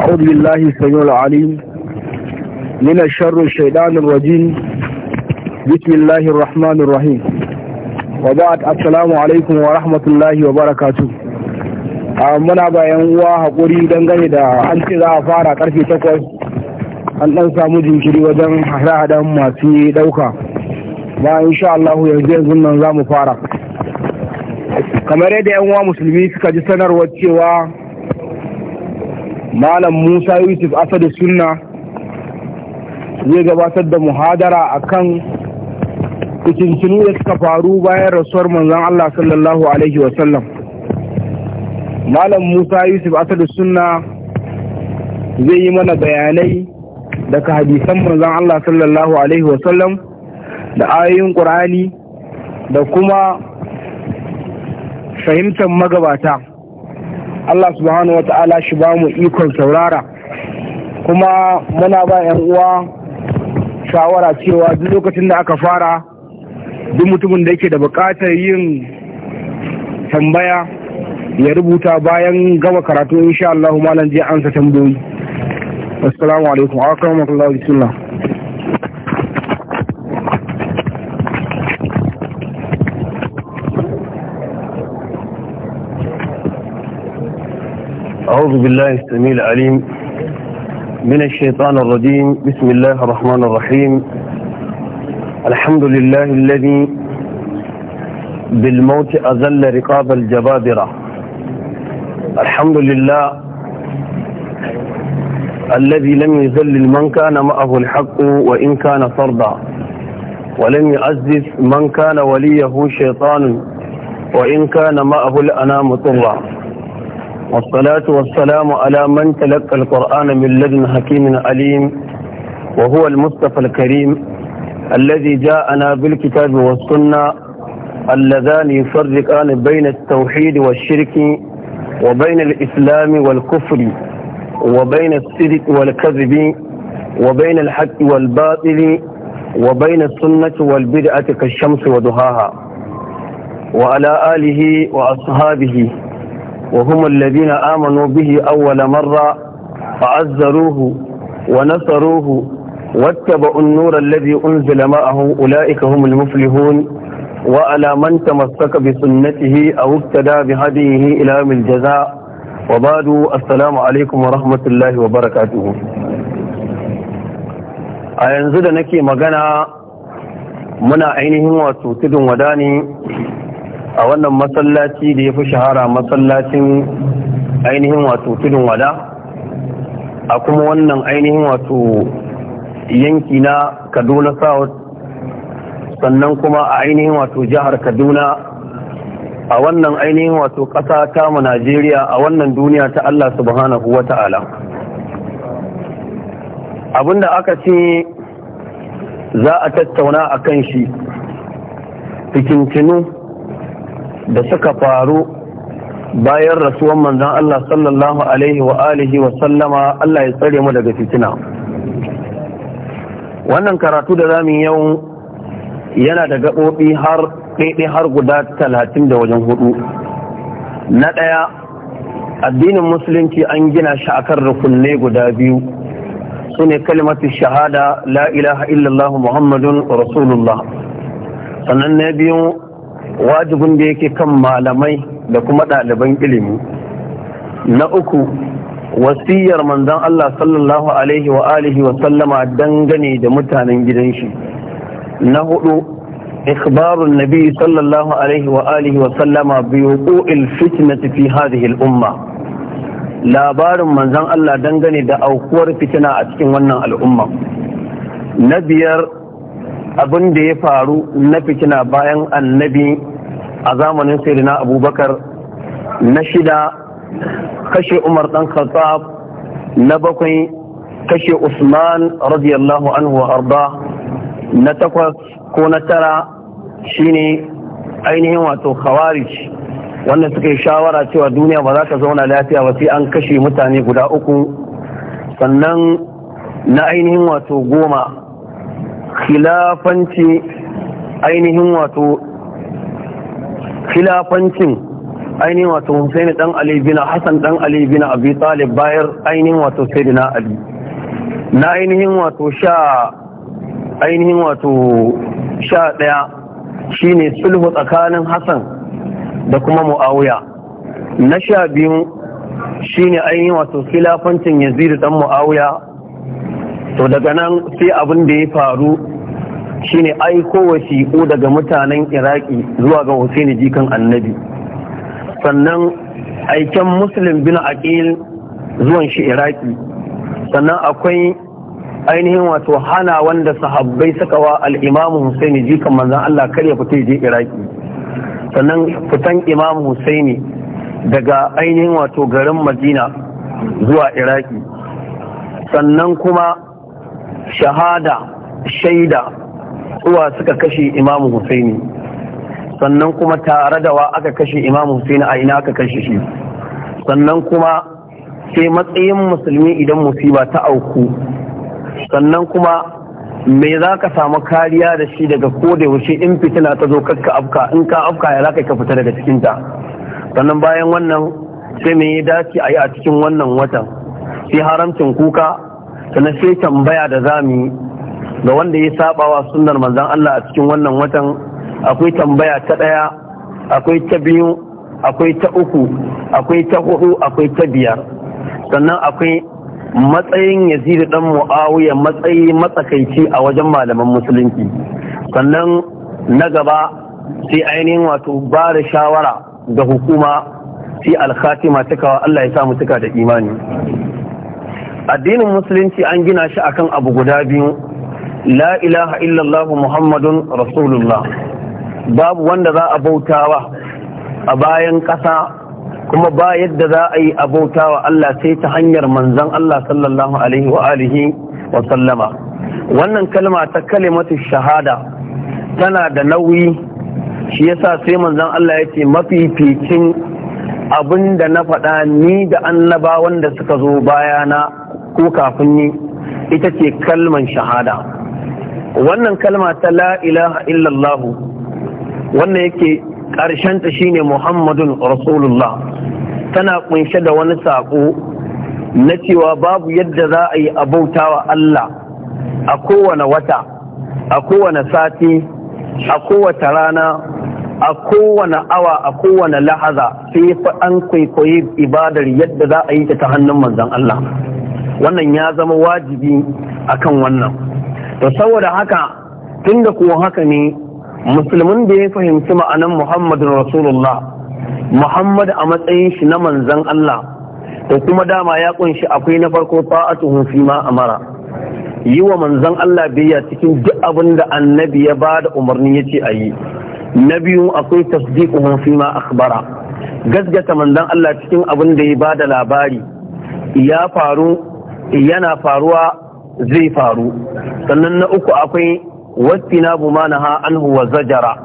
أعوذ بالله السميع العليم من الشر الشيطان الرجيم بسم الله الرحمن الرحيم وبعد السلام عليكم ورحمة الله وبركاته muna bayan uwa haƙuri dangane da an ce za a fara ƙarfe takwas an ɗan samu jinkiri wajen hada-hadan masu ɗauka ba insha Allah za mu fara kamar yadda yan uwa musulmi suka ji sanarwar cewa malam musa yusuf asadu sunna zai gabatar da muhadara akan kucincinu da suka faru bayan rasuwar manzan allah sallallahu alaihi wasallam malam musa yusuf asadu sunna zai yi mana bayanai daga hadisan manzan allah sallallahu alaihi wasallam da ayoyin ƙur'ani da kuma fahimtar magabata Allah subhanahu wa ta'ala shi ba mu ikon saurara kuma muna ba 'yan uwa shawara cewa duk lokacin da aka fara duk mutumin da yake da buƙatar yin tambaya ya rubuta bayan gama karatu insha Allah malam je ansa tambayoyi assalamu alaikum wa rahmatullahi wa أعوذ بالله السميع العليم من الشيطان الرجيم بسم الله الرحمن الرحيم الحمد لله الذي بالموت أذل رقاب الجبابرة الحمد لله الذي لم يذلل من كان معه الحق وإن كان فرضا ولم يعزف من كان وليه شيطان وإن كان معه الأنام طرا والصلاة والسلام على من تلقى القرآن من لدن حكيم عليم وهو المصطفى الكريم الذي جاءنا بالكتاب والسنة اللذان يفرقان بين التوحيد والشرك وبين الإسلام والكفر وبين الصدق والكذب وبين الحق والباطل وبين السنة والبدعة كالشمس ودهاها وعلى آله وأصحابه وهم الذين آمنوا به أول مرة فعزروه ونصروه واتبعوا النور الذي أنزل معه أولئك هم المفلحون وعلى من تمسك بسنته أو اقتدى بهديه إلى يوم الجزاء وبعد السلام عليكم ورحمة الله وبركاته أينزل نكي مجانا منا عينهم muna وداني a wannan masallaci da ya fi shahara masallacin ainihin wato tudun wada a kuma wannan ainihin wato yanki na kaduna south sannan kuma a ainihin wato jihar kaduna a wannan ainihin wato ƙasa ta mu najeriya a wannan duniya ta allah subhanahu wa ta'ala abinda aka ce za a tattauna a kan shi fikintinu da suka faru bayan rasuwan manzan Allah sallallahu alaihi wa alihi wa sallama Allah ya tsare mu daga fitina wannan karatu da zamu yau yana da gaɓoɓi har ɗaiɗai har guda talatin da wajen hudu na ɗaya addinin musulunci an gina shi akan rukunne guda biyu su ne kalimatu shahada la ilaha illallah muhammadun rasulullah sannan na biyu wajibin da yake kan malamai da kuma ɗaliban ilimi na uku wasiyar manzan Allah sallallahu alaihi wa alihi wa sallama dangane da mutanen gidan shi na hudu ikhbarun nabi sallallahu alaihi wa alihi wa sallama bi fitnati fi hadhihi al-umma labarin manzon Allah dangane da aukuwar fitina a cikin wannan al'umma na biyar abin da ya faru na fitina bayan annabi a zamanin sayyidina abubakar na shida kashe umar dan khattab na bakwai kashe usman radiyallahu anhu wa arda na takwas ko na tara shine ainihin wato khawarij wanda suka yi shawara cewa duniya ba za ta zauna lafiya ba sai an kashe mutane guda uku sannan na ainihin wato goma khilafanci ainihin wato khilafancin ainihin wato Hussein dan Ali bin Hassan dan Ali bin Abi Talib bayar ainihin wato Sayyidina Ali na ainihin wato sha ainihin wato sha ɗaya shine sulhu tsakanin Hassan da kuma Muawiya na sha biyu shine ainihin wato khilafancin Yazid dan Muawiya to daga nan sai abin da ya faru shine aiko wasiƙu daga mutanen iraki zuwa ga husaini jikan annabi sannan aiken muslim bin aqil zuwan shi iraki sannan akwai ainihin wato hana wanda sahabbai suka wa al'imamu husaini jikan manzan allah kar ya fita je iraki sannan fitan imamu husaini daga ainihin wato garin madina zuwa iraki sannan kuma shahada shaida suwa suka kashe imamu husaini sannan kuma tare da wa aka kashe imamu husaini a ina aka kashe shi sannan kuma sai matsayin musulmi idan musiba ta auku sannan kuma me za ka samu kariya da shi daga koda yaushe in fitina ta zo kakka afka in ka afka ya za ka fita daga cikinta sannan bayan wannan sai me ya dace a yi a cikin wannan watan sai haramcin kuka sannan sai tambaya da za mu yi ga wanda ya sabawa sunnar manzon Allah a cikin wannan watan akwai tambaya ta ɗaya akwai ta biyu akwai ta uku akwai ta hudu akwai ta biyar sannan akwai matsayin yazidu dan mu'awiya matsayi matsakaici a wajen malaman musulunci sannan na gaba sai ainihin wato ba da shawara ga hukuma sai alkhatima ta kawo Allah ya samu tuka da imani addinin musulunci an gina shi akan abu guda biyu la ilaha illallah muhammadun rasulullah babu wanda za a bautawa a bayan ƙasa kuma ba yadda za a yi a bautawa Allah sai ta hanyar manzan Allah sallallahu alaihi wa alihi wa sallama wannan kalma ta kalimatu shahada tana da nauyi shi yasa sai manzan Allah ya ce mafificin abin da na faɗa ni da annaba wanda suka zo bayana ko kafin ni ita ce kalman shahada wannan kalma ta la ilaha illallahu, wannan yake ƙarshen ta shine muhammadun rasulullah tana kunshe da wani saƙo na cewa babu yadda za a yi abautawa Allah a kowane wata a kowane sati a kowace rana a kowane awa a kowane lahaza sai fa an kwaikwayi ibadar yadda za a yi ta hannun manzon Allah wannan ya zama wajibi akan wannan to saboda haka tunda kuwa haka ne musulmin da ya fahimci ma'anan muhammadu rasulullah muhammad a matsayin shi na manzan allah da kuma dama ya kunshi akwai na farko ta'atuhu fi ma amara yi wa manzan allah biya cikin duk abin da annabi ya ba da umarni ya ce a yi na biyu akwai tasdiquhu fi ma akhbara gasgata manzan allah cikin abin da ya ba da labari ya faru yana faruwa zai faru sannan na uku akwai na bumanaha anhu wa zajara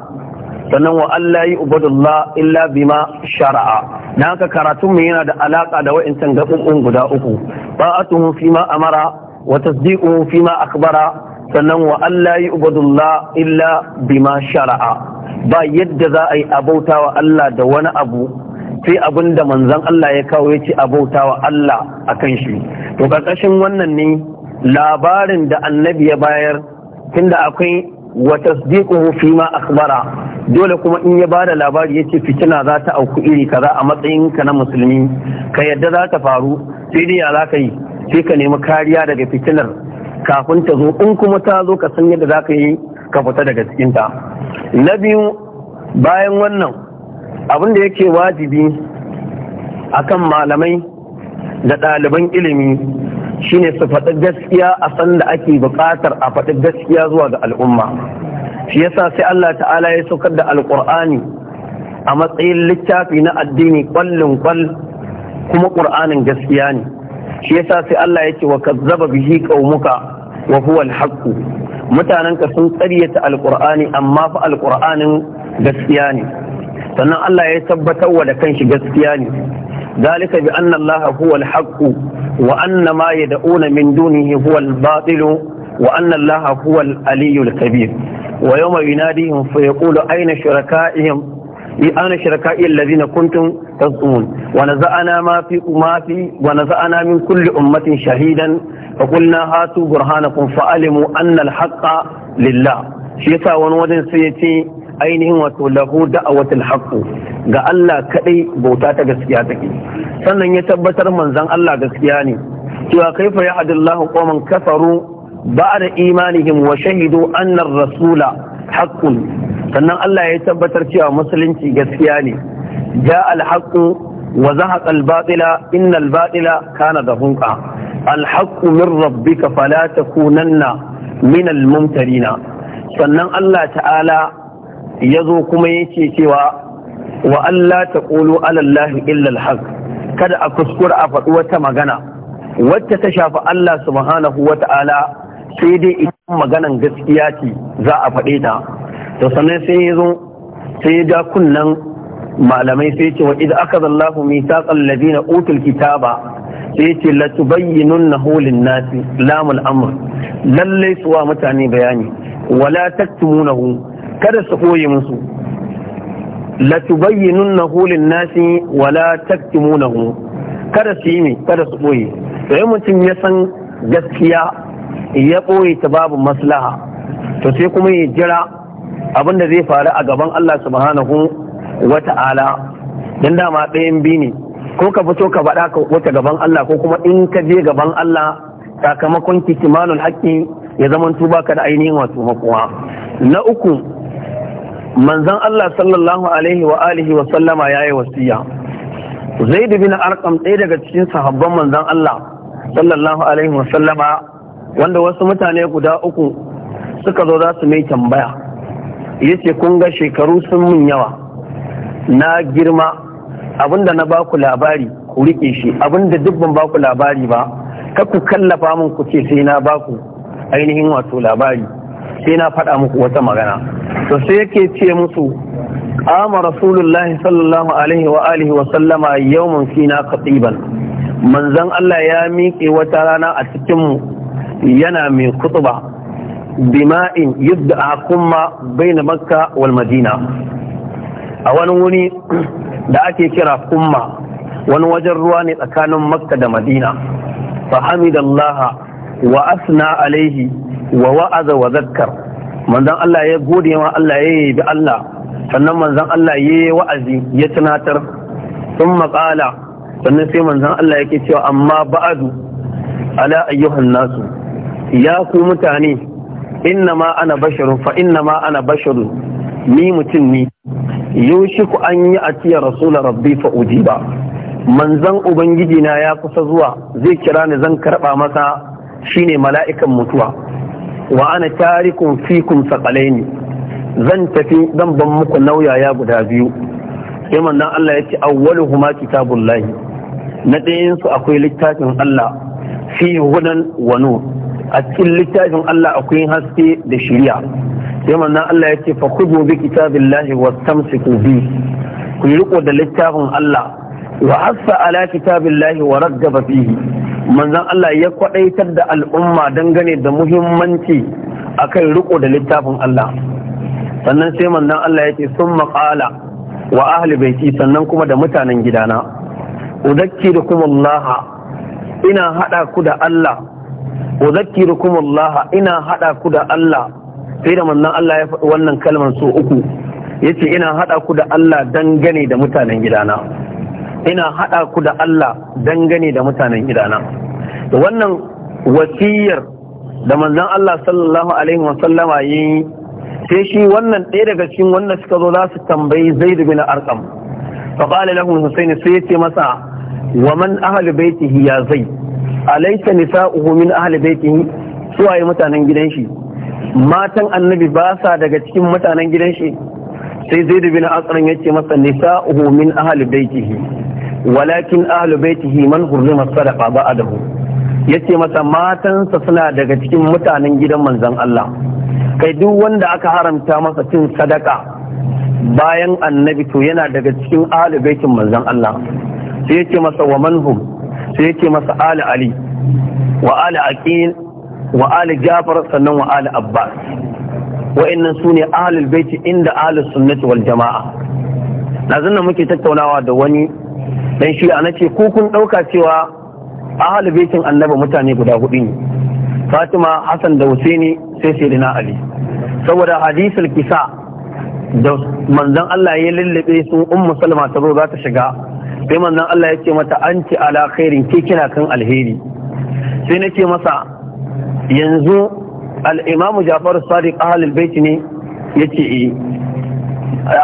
sannan wa Allah yi ubadullah illa bima shara'a na haka karatun mu yana da alaka da wa'incan gaɓuɓɓun guda uku ba'atuhu fi ma amara wa tasdiquhu fi ma akbara sannan wa Allah yi ubadullah illa bima shara'a ba yadda za a yi abauta wa Allah da wani abu sai abin da manzon Allah ya kawo ya ci abauta wa Allah akan shi to ƙarƙashin wannan ne labarin da annabi ya bayar tunda akwai wa tasdiquhu fi ma akhbara dole kuma in ya bada labari yace fitina za ta auku iri kaza a matsayin ka na musulmi ka yadda za ta faru sai dai ya zaka yi sai ka nemi kariya daga fitinar kafin ta zo in kuma ta zo ka san yadda zaka yi ka fita daga cikin ta na biyu bayan wannan abin da yake wajibi akan malamai da ɗaliban ilimi shine su faɗi gaskiya a san da ake buƙatar a faɗi gaskiya zuwa ga al'umma shi yasa sai Allah ta'ala ya saukar da alƙur'ani a matsayin littafi na addini kwallin kwal kuma ƙur'anin gaskiya ne shi yasa sai Allah ya ce wa kazzaba bihi qaumuka wa huwa al-haqqu sun ƙaryata alƙur'ani amma fa alƙur'anin gaskiya ne sannan Allah ya tabbatar wa da kanshi gaskiya ne ذلك بأن الله هو الحق وأن ما يدعون من دونه هو الباطل وأن الله هو العلي الكبير ويوم يناديهم فيقول أين شركائهم أين شركائي الذين كنتم تزعمون ونزعنا ما في ما في ونزعنا من كل أمة شهيدا فقلنا هاتوا برهانكم فعلموا أن الحق لله شيخا ونوجن سيتي ainihin wato lahu da'awatul haqqu ga Allah kadai bauta ta gaskiya take sannan ya tabbatar manzon Allah gaskiya ne cewa kaifa ya'adullahu qauman kafaru ba'da imanihim wa shahidu anna ar-rasula haqqun sannan Allah ya tabbatar cewa musulunci gaskiya ne ja'a al-haqqu wa zahaqa al-batila inna al-batila kana zahunqa al-haqqu min rabbika fala takunanna min al-mumtarina sannan Allah ta'ala ya zo kuma yake cewa wa Allah ta ƙolo alallahi illal haq kada a kuskura a faɗi wata magana wacce ta shafi Allah subhanahu wa ta'ala sai dai idan maganan gaskiya ce za a faɗe ta to sannan sai ya zo sai ya kunnan malamai sai ce wa idan aka zallahu mithaqal ladina utul kitaba sai ce la tubayyinunnahu lin-nasi lamul amr lalle suwa mutane bayani wala taktumunhu kada su koye musu la tubayyinunnahu lin-nasi wa la taktimunahu kada su yi kada su koye to mutum ya san gaskiya ya koye ta babu maslaha to sai kuma ya jira abin da zai faru a gaban Allah subhanahu wa ta'ala dan dama ɗayan biyu ne ko ka fito ka faɗa ka wata gaban Allah ko kuma in ka je gaban Allah sakamakon kitimanul haƙƙi ya zama tuba ka da ainihin wato makuwa na uku Manzan Allah sallallahu alaihi wa alihi wa sallama yayi wasiya Zaid bin Arqam ɗaya daga cikin sahabban Manzan Allah sallallahu alaihi wa sallama wanda wasu mutane guda uku suka zo za su mai tambaya yace kun ga shekaru sun mun yawa na girma abinda na ba ku labari ku rike shi abinda duk ban ba ku labari ba kar ku kallafa min ku ce sai na ba ku ainihin wato labari sai na faɗa muku wata magana to sai yake ce musu ama rasulullahi sallallahu alaihi wa alihi wa sallama yawman fina khatiban manzon Allah ya miƙe wata rana a cikin mu yana mai kutuba bima'in yadda kuma baina makka wal madina a wani wuni da ake kira kumma wani wajen ruwa ne tsakanin makka da madina fa hamidallaha wa asna alaihi wa wa'aza wa zakkar manzon Allah ya gode ma Allah ya bi Allah sannan manzon Allah ya yi wa'azi ya tunatar sun maƙala sannan sai manzon Allah yake cewa amma ba'adu ala ayyuhan nasu ya ku mutane inna ma ana basharun fa inna ma ana basharun ni mutum ne yushiku an yi atiya rasulun rabbi fa ujiba manzan ubangiji na ya kusa zuwa zai kira ni zan karba masa shine mala'ikan mutuwa wa ana tarikun fikum saqalaini zan tafi zan ban muku nauyaya guda biyu sai manzon Allah yace awwaluhuma kitabullahi na ɗayan su akwai littafin Allah fi hudan wa nur a cikin littafin Allah akwai haske da shirya sai manzon Allah ce fa khudhu bi kitabillahi wastamsiku bi ku riko da littafin Allah wa asfa ala kitabillahi wa raggaba fihi manzan Allah ya kwaɗaitar da al'umma dangane da muhimmanci akan riko da littafin Allah sannan sai manzan Allah ya ce sun maƙala wa ahli baiti sannan kuma da mutanen gidana kuma Allah ina haɗa ku da Allah kuma Allah ina haɗa ku da Allah sai da manzan Allah ya faɗi wannan kalmar so uku ya ce ina haɗa ku da Allah dangane da mutanen gidana ina haɗa ku da Allah dangane da mutanen gidana wannan wasiyar da manzon Allah sallallahu alaihi wasallama yi sai shi wannan ɗaya daga cikin wannan suka zo za su tambayi zai bin Arqam fa qala lahu Husayn sai yace masa wa man ahli baitihi ya Zaid alaysa nisa'uhu min ahli baitihi suwaye mutanen gidan shi matan annabi ba sa daga cikin mutanen gidan shi sai zai da bin asirin ya ce masa nisa min ahli baitihi walakin ahlu baitihi man hurrima sadaqa ba'dahu yace masa matansa suna daga cikin mutanen gidan manzon Allah kai duk wanda aka haramta masa cin sadaka bayan annabi to yana daga cikin ahlu baitin manzon Allah sai yace masa wa manhum sai yace masa ali ali wa ali aqil wa ali jafar sannan wa ali abbas wa'annan sune ahlul baiti inda ahlus sunnati wal jama'a na muke tattaunawa da wani dan shi ana ce ko kun dauka cewa ahlul baitin annabi mutane guda hudu ne Fatima Hassan da Husaini sai Sayyidina Ali saboda hadisul kisa da manzon Allah ya lullube su ummu Salma ta zo za ta shiga sai manzon Allah ya ce mata anti ala khairin ke kina kan alheri sai nake masa yanzu al-Imam Ja'far Sadiq ahlul bait ne yace eh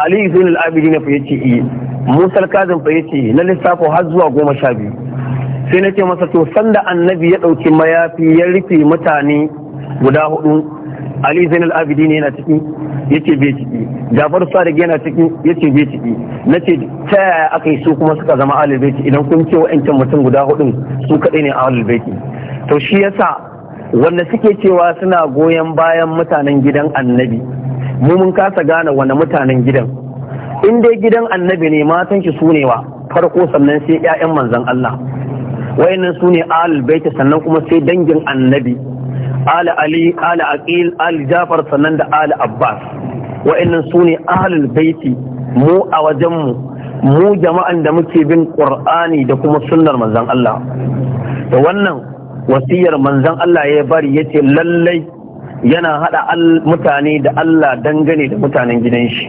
Ali al Abidin ne yace eh musar kazin fa yace na lissafo har zuwa goma sha biyu sai na ce masa to sanda annabi ya ɗauki mayafi ya rufe mutane guda hudu ali zain abidi ne yana ciki yace bai ciki jafar sadiq yana ciki yace bai ciki Na ce ta yaya aka yi su kuma suka zama ahlul idan kun ce wa'ancan mutum guda hudu su kadai ne a baiti to shi yasa wanda suke cewa suna goyon bayan mutanen gidan annabi mu mun kasa gane wani mutanen gidan in dai gidan annabi ne matan ki su ne wa farko sannan sai ƴaƴan manzon Allah wayannan su ne al baiti sannan kuma sai dangin annabi al ali al aqil al jafar sannan da al abbas wayannan su ne al baiti mu a wajen mu mu jama'an da muke bin qur'ani da kuma sunnar manzon Allah da wannan wasiyar manzon Allah ya bari yace lallai yana hada mutane da Allah dangane da mutanen gidan shi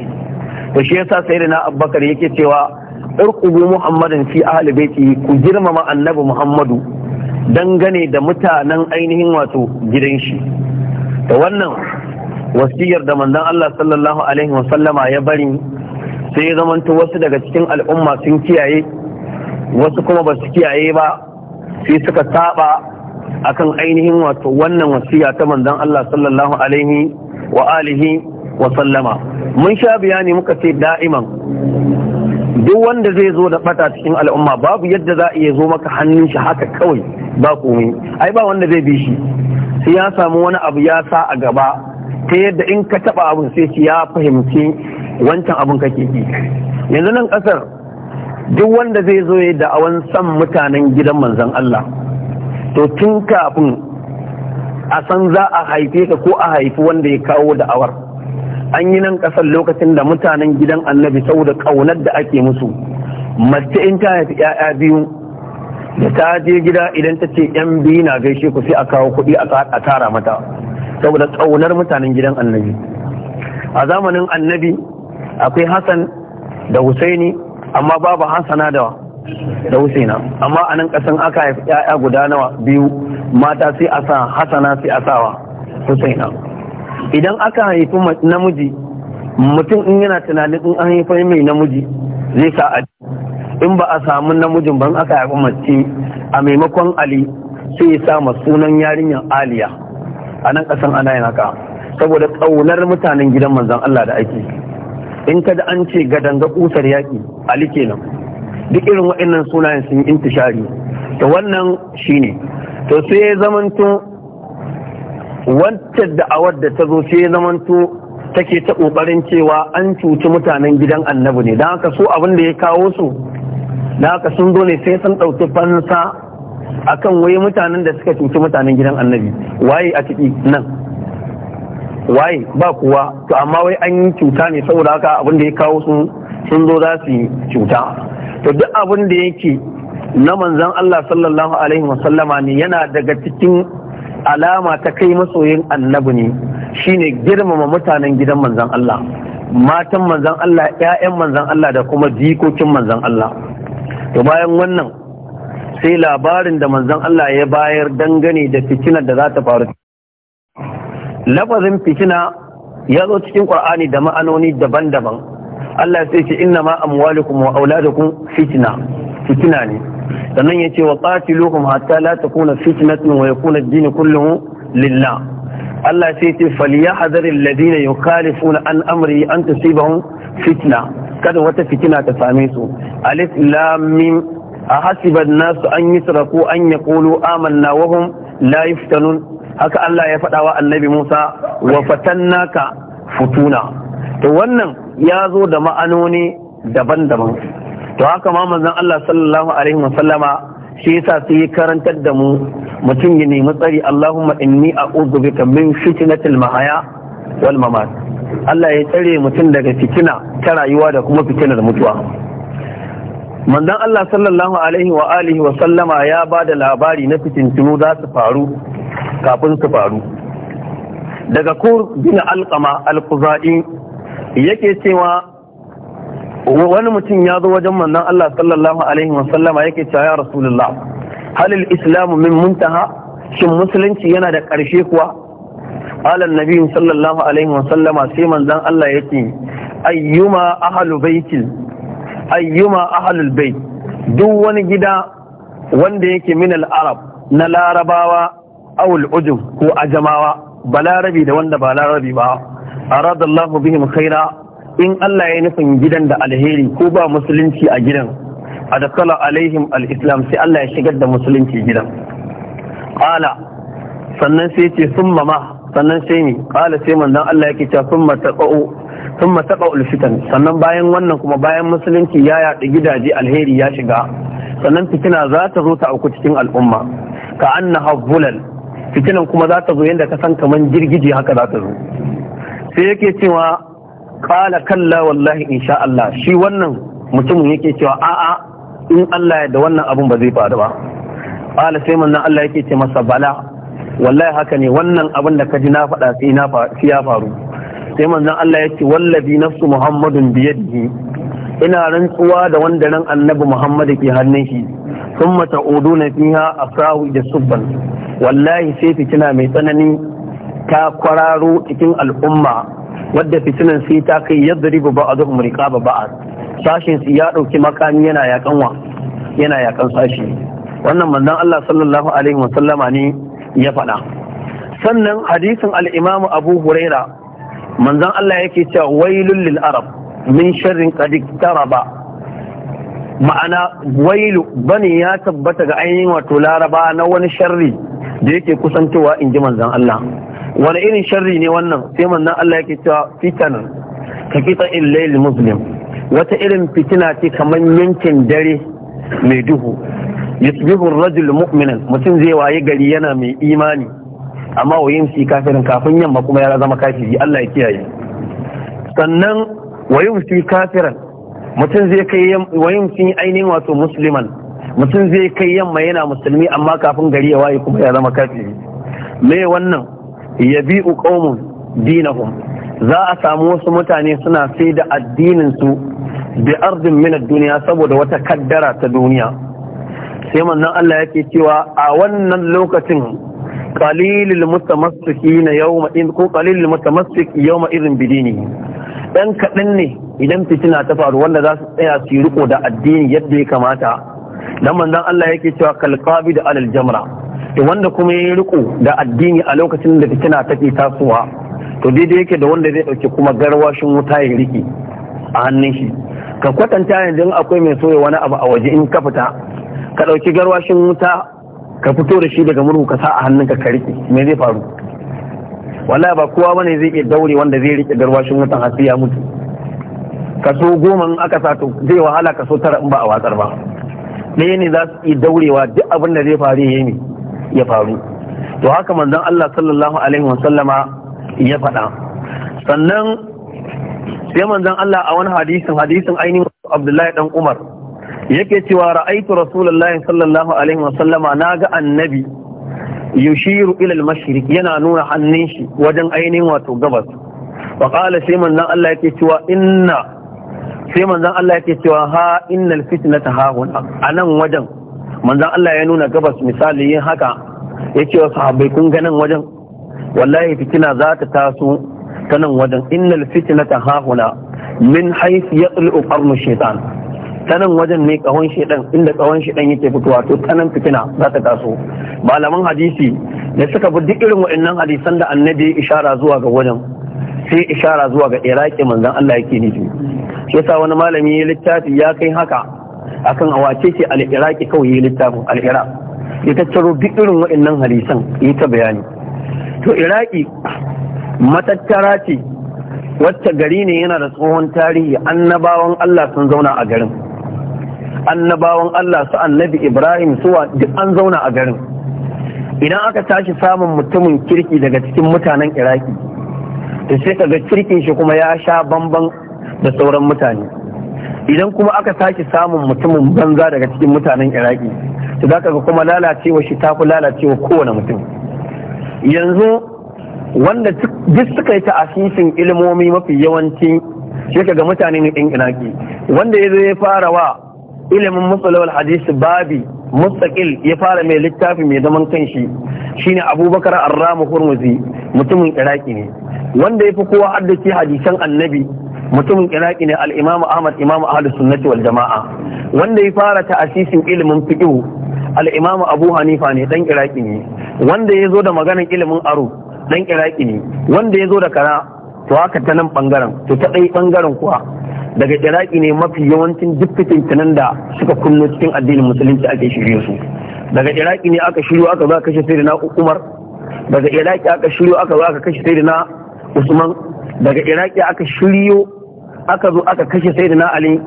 to shi yasa na abubakar yake cewa irqubu muhammadin fi ahli baiti ku girmama annabi muhammadu dangane da mutanen ainihin wato gidan shi da wannan wasiyar da manzon Allah sallallahu alaihi wasallama ya bari sai ya zamanto wasu daga cikin al'umma sun kiyaye wasu kuma ba su kiyaye ba sai suka saba akan ainihin wato wannan wasiya ta manzon Allah sallallahu alaihi wa alihi wa mun sha bayani muka ce da'iman duk wanda zai zo da bata cikin al'umma babu yadda za a iya zo maka hannun shi haka kawai ba komai ai ba wanda zai bi shi sai ya samu wani abu ya sa a gaba ta yadda in ka taba abun sai ya fahimci wancan abun kake ki yanzu nan kasar duk wanda zai zo ya da'awan san mutanen gidan manzon Allah to tun kafin a san za a haife ka ko a haifi wanda ya kawo da'awar an yi nan kasar lokacin da mutanen gidan annabi saboda ƙaunar da ake musu mace in ta haifi 'ya'ya biyu da ta je gida idan ta ce 'yan biyu na gaishe ku sai a kawo kuɗi a tara mata saboda ƙaunar mutanen gidan annabi a zamanin annabi akwai hassan da husaini amma babu hassana da da husaina amma a nan ƙasan aka haifi 'ya'ya guda nawa biyu mata sai a sa hassana sai a sawa husaina idan aka haifi namiji mutum in yana tunanin in an haifi mai namiji zai sa a in ba a samu namijin ban aka haifi mace a maimakon ali sai ya sa sunan yarinyar aliya a nan kasan ana yin haka saboda ƙaunar mutanen gidan manzan Allah da ake in ka an ce ga ƙusar yaƙi ali kenan duk irin waɗannan sunayen sun yi intishari to wannan shine to sai ya zamanto wancan da'awar da ta zo sai zamanto take ta kokarin cewa an cuci mutanen gidan annabi ne don haka su abin da ya kawo su don haka sun zo ne sai sun ɗauki fansa akan waye mutanen da suka cuci mutanen gidan annabi waye a ciki nan waye ba kuwa to amma wai an yi cuta ne saboda haka abin da ya kawo su sun zo za su yi cuta to duk abin da yake na manzon Allah sallallahu alaihi wasallama ne yana daga cikin alama ta kai masoyin annabi ne shine girmama mutanen gidan Manzan Allah matan Manzan Allah 'ya'yan Manzan Allah da kuma jikokin Manzan Allah to bayan wannan sai labarin da Manzan Allah ya bayar dangane da fitina da za ta faru lafazin fitina ya zo cikin Qur'ani da ma'anoni daban-daban Allah sai ce inna ma amwalukum wa auladukum fitna fitina ne sannan ya ce wa qatiluhum hatta la takuna fitnatun wa yakuna ad jini kullum lillah Allah sai ce ya alladhina funa an amri an tusibahum fitina kada wata fitina ta same su alif lam mim ahasiba nasu an sarako an kolo amanna wa la yuftanun haka Allah ya faɗa wa annabi Musa wa naka futuna to wannan ya zo da ma'anoni daban-daban to haka ma manzon Allah sallallahu alaihi wa sallama shi yasa sai ya karantar da mu mutum ya nemi tsari Allahumma inni a'udhu bika min fitnatil mahaya wal mamat Allah ya tsare mutum daga fitina ta rayuwa da kuma fitinar mutuwa manzon Allah sallallahu alaihi wa alihi wa sallama ya ba da labari na fitintunu za su faru kafin su faru daga kur bin alqama al yake cewa wani mutum ya zo wajen manzon Allah sallallahu alaihi wasallama yake cewa ya rasulullah halil islamu min muntaha shin musulunci yana da ƙarshe kuwa alan nabi sallallahu alaihi wasallama sai manzon Allah yake ayyuma ahlu baitil ayyuma ahlul bait duk wani gida wanda yake min al-arab na larabawa awul ujum ko ajamawa balarabi da wanda ba larabi ba aradallahu bihim khaira in Allah ya nufin gidan da alheri ko ba musulunci a gidan adakala alaihim al-islam sai Allah ya shigar da musulunci gidan qala sannan sai ce summa ma sannan sai ni qala sai manzon Allah yake cewa summa taqau summa taqau al-fitan sannan bayan wannan kuma bayan musulunci ya yaɗa gidaje alheri ya shiga sannan fitina za ta zo ta auku cikin al'umma ka annaha bulal fitinan kuma za ta zo yadda ka san kaman girgije haka za ta zo sai yake cewa qala kalla wallahi sha Allah shi wannan mutumin yake cewa a'a in Allah ya da wannan abun ba zai faru ba qala sai manzon Allah yake ce masa bala wallahi haka ne wannan abin da ka ji na faɗa sai na ya faru sai manzon Allah ya ce wallabi nafsu muhammadun biyadihi ina rantsuwa da wanda ran annabi muhammad ke hannun shi thumma ta'uduna fiha asawi da subban wallahi sai fitina mai tsanani ta kwararo cikin al'umma wadda fitinan sai ta kai yadda ribu ba a zuhun riƙa ba ba'a sashin su ya ɗauki makami yana yakan wa yana yakan sashi wannan manzon Allah sallallahu alaihi wa sallama ne ya faɗa sannan hadisin al-Imam Abu Huraira manzon Allah yake cewa wailul lil arab min sharrin qad taraba ma'ana wailu bane ya tabbata ga ainihin wato laraba na wani sharri da yake kusantowa in ji manzon Allah wani irin sharri ne wannan sai manzon Allah yake cewa fitan ka kita illal muslim wata irin fitina ce kamar yankin dare mai duhu yusbihu ar-rajul mu'minan mutum zai waye gari yana mai imani amma wayin shi kafirin kafin yamma kuma ya zama kafiri Allah ya kiyaye sannan wayin shi kafiran mutum zai kai wayin shi ainihin wato musliman mutum zai kai yamma yana musulmi amma kafin gari ya waye kuma ya zama kafiri me wannan Ya yabi'u qaumun dinahum za a samu wasu mutane suna sai da addinin su bi ardin duniya saboda wata kaddara ta duniya sai manzon Allah yake cewa a wannan lokacin qalilul mutamassikina yawma in ko qalilul mutamassik yawma idin bidini dan kadan ne idan fitina ta faru wanda za su tsaya su riko da addini yadda ya kamata dan manzon Allah yake cewa kalqabi da alal jamra da wanda kuma ya riko da addini a lokacin da fitina take tasowa to daidai yake da wanda zai dauke kuma garwashin wuta ya riki a hannun shi ka kwatanta yanzu akwai mai soya wani abu a waje in ka fita ka dauki garwashin wuta ka fito da shi daga murhu ka sa a hannun ka rike me zai faru wallahi ba kowa bane zai iya daure wanda zai rike garwashin wutan har sai ya mutu kaso goma in aka sa to zai wahala kaso tara in ba a watsar ba ɗaya ne za su iya daurewa duk abin da zai faru ya yi ya faru to haka manzon Allah sallallahu alaihi wasallama ya faɗa sannan sai manzon Allah a wani hadisin hadisin ainihin Abdullahi dan Umar yake cewa ra'aitu rasulullahi sallallahu alaihi wasallama naga annabi yushiru ila al-mashriq yana nuna hannun shi wajen ainihin wato gabas wa qala sai manzon Allah yake cewa inna sai manzon Allah yake cewa ha innal fitnata ha huna anan wajen manzon Allah ya nuna gabas misali yin haka ya ce wasu sahabbai kun ganin wajen wallahi fitina za ta taso ta nan wajen innal ta hahuna min ya tsulu ƙarnu shaitan ta nan wajen ne kahon shaitan inda kahon shaitan yake fitowa to ta nan fitina za ta taso malaman hadisi da suka bi duk irin waɗannan hadisan da annabi ishara zuwa ga wajen sai ishara zuwa ga iraki manzon Allah yake nufi shi yasa wani malami ya littafi ya kai haka akan a wace ce al kawai yi littafin al'ira. ya tattaro duk irin waɗannan halisan yi ta bayani to Iraki, matattara ce wacce gari ne yana da tsohon tarihi annabawan Allah sun zauna a garin annabawan Allah su annabi Ibrahim suwa duk an zauna a garin idan aka tashi samun mutumin kirki daga cikin mutanen Iraki da sai kaga kirkin shi kuma ya sha bamban da sauran mutane idan kuma aka sake samun mutumin banza daga cikin mutanen iraki to za ka ga kuma lalacewa shi ta fi lalacewa kowane mutum yanzu wanda duk suka yi ta asisin ilimomi mafi yawanci shi ka ga mutane ne iraki wanda ya zo ya fara wa ilimin musulawar hadisi babi mustaqil ya fara mai littafi mai zaman kanshi shine abubakar arramu hurmuzi mutumin iraki ne wanda ya fi kowa haddace hadisan annabi mutumin iraki ne al-imam ahmad imam ahlus sunnati wal jama'a wanda ya fara ta'asisin ilimin fiqh al-imam abu hanifa ne dan iraki ne wanda ya zo da maganar ilimin aro dan iraki ne wanda ya zo da kara to haka ta nan bangaren to ta ɗai bangaren kuwa daga iraki ne mafi yawancin duk fitintunan da suka kunno cikin addinin musulunci ake shirye su daga iraki ne aka shiryo aka za kashe sai na umar daga iraki aka shiryo aka za kashe sai na usman daga iraki aka shiryo aka zo aka kashe na ali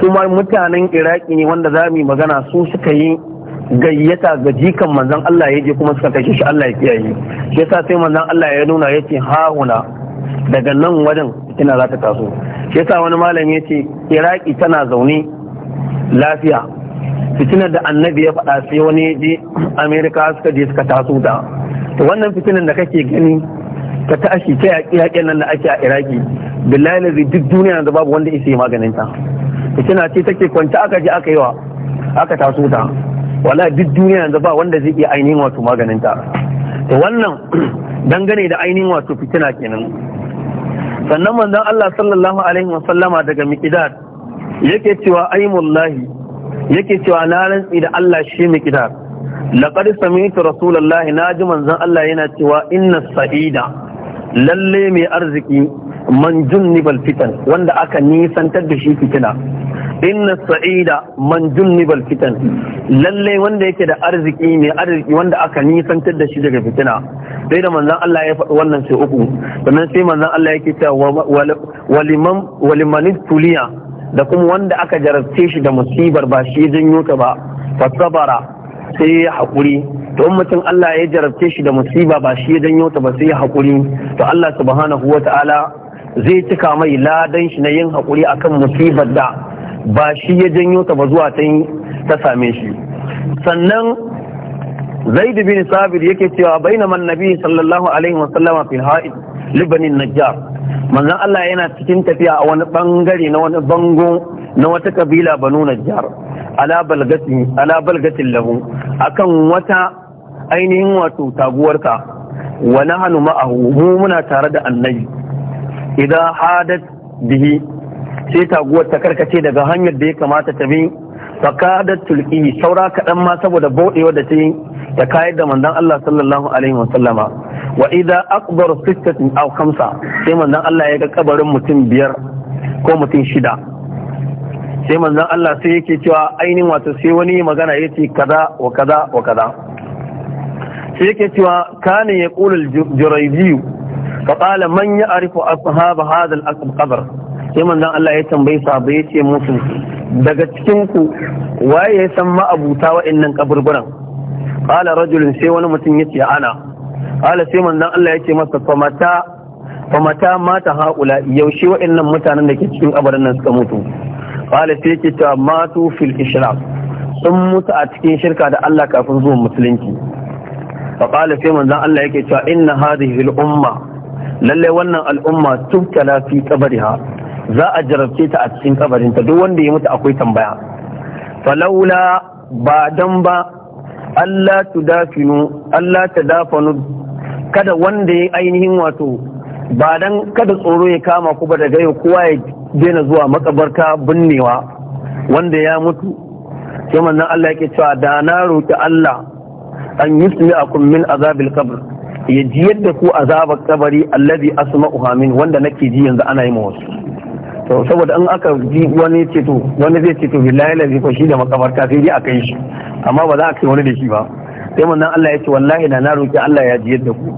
kuma mutanen iraki ne wanda za mu magana su suka yi gayyata ga jikan manzan Allah ya je kuma suka kashe shi Allah ya kiyaye shi yasa sai manzan Allah ya nuna yace hauna daga nan wajen ina za ta taso shi yasa wani malami yace iraki tana zaune lafiya fitinar da annabi ya faɗa sai wani je amerika suka je suka taso da wannan fitinar da kake gani ta tashi ta yaƙi yaƙen nan da ake a iraki billahi na duk duniya yanzu babu wanda isa yi maganin ta ita na ce take kwanta aka je aka yi wa aka taso ta wala duk duniya yanzu ba wanda zai iya ainihin wato maganin ta to wannan dangane da ainihin wato fitina kenan sannan manzon Allah sallallahu alaihi wa sallama daga miqdad yake cewa aimullahi yake cewa na rantsi da Allah shi miqdad laqad sami'tu rasulullahi naji manzon Allah yana cewa inna sa'ida lalle mai arziki man junnibal fitan wanda aka nisantar da shi fitina inna sa'ida man junnibal fitan lalle wanda yake da arziki mai arziki wanda aka nisantar da shi daga fitina sai da manzon Allah ya faɗi wannan sai uku sannan sai manzon Allah yake cewa waliman waliman tuliya da kuma wanda aka jarabce shi da musibar ba shi janyo ka ba fasabara sai ya haƙuri to mutum Allah ya jarabce shi da musiba ba shi ya janyo ta ba sai ya haƙuri to Allah subhanahu ta'ala zai cika mai ladan shi na yin haƙuri akan musibar da ba shi ya janyo ta ba zuwa ta same shi sannan زيد بن ثابت yake cewa bainama annabi sallallahu alaihi wasallam fi ha'id libanin najjar manzon Allah yana cikin tafiya a wani bangare na wani bango na wata kabila banu najjar ala balgatin ala balgatin lahu akan wata ainihin wato taguwarka wa nahnu ma'ahu mu muna tare da annabi idan hadat bihi sai taguwar ta karkace daga hanyar da ya kamata ta bi fakadat tulqi saura kaɗan ma saboda bauɗewa da ta yi ta kayar da manzon Allah sallallahu alaihi wa sallama wa idza akbar sittatin aw sai manzon Allah ya ga kabarin mutum biyar ko mutum shida sai manzon Allah sai yake cewa ainihin wato sai wani magana ya ce kaza wa kaza wa kaza sai yake cewa kane ya yaqulul juraybiyu fa qala man ya'rifu ashab hadha al-qabr sai manzon Allah ya tambayi sahabbai yace musu daga cikin ku waye ya san ma'abuta wa'annan kaburburan qala rajulun sai wani mutum ya ce ana qala sai manzon Allah yace masa fa mata fa mata mata haula yaushe wa'annan mutanen da ke cikin kabarin nan suka mutu qala sai yake cewa matu fil ishraq sun mutu a cikin shirka da Allah kafin zuwan musulunci fa qala sai manzon Allah yake cewa inna hadhihi al umma lalle wannan al'umma tubtala fi qabriha za a jarabce ta a cikin kabarinta duk wanda ya mutu akwai tambaya falaula ba dan ba Allah tudafinu Allah tadafanu kada wanda ya ainihin wato ba dan kada tsoro ya kama ku ba daga yau kowa ya daina zuwa makabarta binnewa wanda ya mutu sai manzon Allah yake cewa da na roki Allah an yusli akum min azabil qabr ya ji yadda ku azabar kabari alladhi asma'uha min wanda nake ji yanzu ana yi wasu to saboda in aka ji wani ceto wani zai ce to billahi lazi ko shi da makabarta sai dai a kai shi amma ba za a kai wani da shi ba sai manzon Allah ya ce wallahi da na roki Allah ya ji yadda ku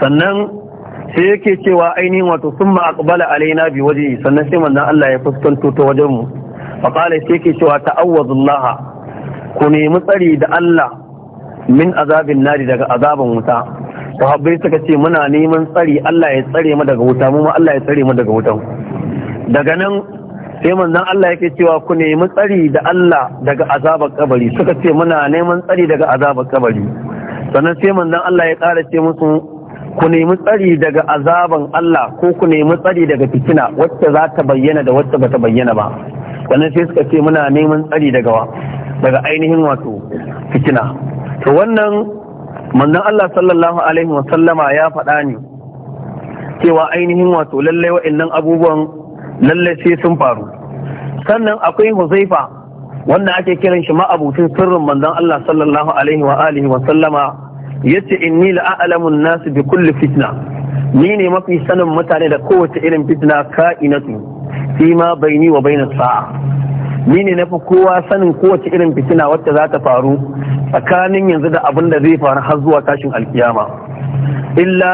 sannan sai yake cewa ainihin wato summa aqbala alaina bi waje sannan sai manzan Allah ya fuskanto ta wajen mu fa sai yake cewa ta'awwazullaha ku nemi tsari da Allah min azabin nari daga azaban wuta sahabbai suka ce muna neman tsari Allah ya tsare mu daga wuta mu Allah ya tsare mu daga wutan daga nan sai manzan Allah yake cewa ku nemi tsari da Allah daga azabar kabari suka ce muna neman tsari daga azabar kabari sannan sai manzan Allah ya ƙara ce musu ku nemi tsari daga azaban Allah ko ku nemi tsari daga fitina wacce za ta bayyana da wacce ba ta bayyana ba sannan sai suka ce muna neman tsari daga daga ainihin wato fitina to wannan manzon Allah sallallahu alaihi wa sallama ya faɗa ne cewa ainihin wato lalle wa'annan abubuwan lalle sai sun faru sannan akwai Huzaifa wanda ake kiran shi ma'abucin sirrin manzon Allah sallallahu alaihi wa alihi wa sallama yace inni la an nasu bi kulli fitna ni ne mafi sanin mutane da kowace irin fitna ka'inatu fi ma baini wa bainas sa'a ni ne nafi kowa sanin kowace irin fitina wacce za ta faru tsakanin yanzu da abin da zai faru har zuwa tashin alkiyama illa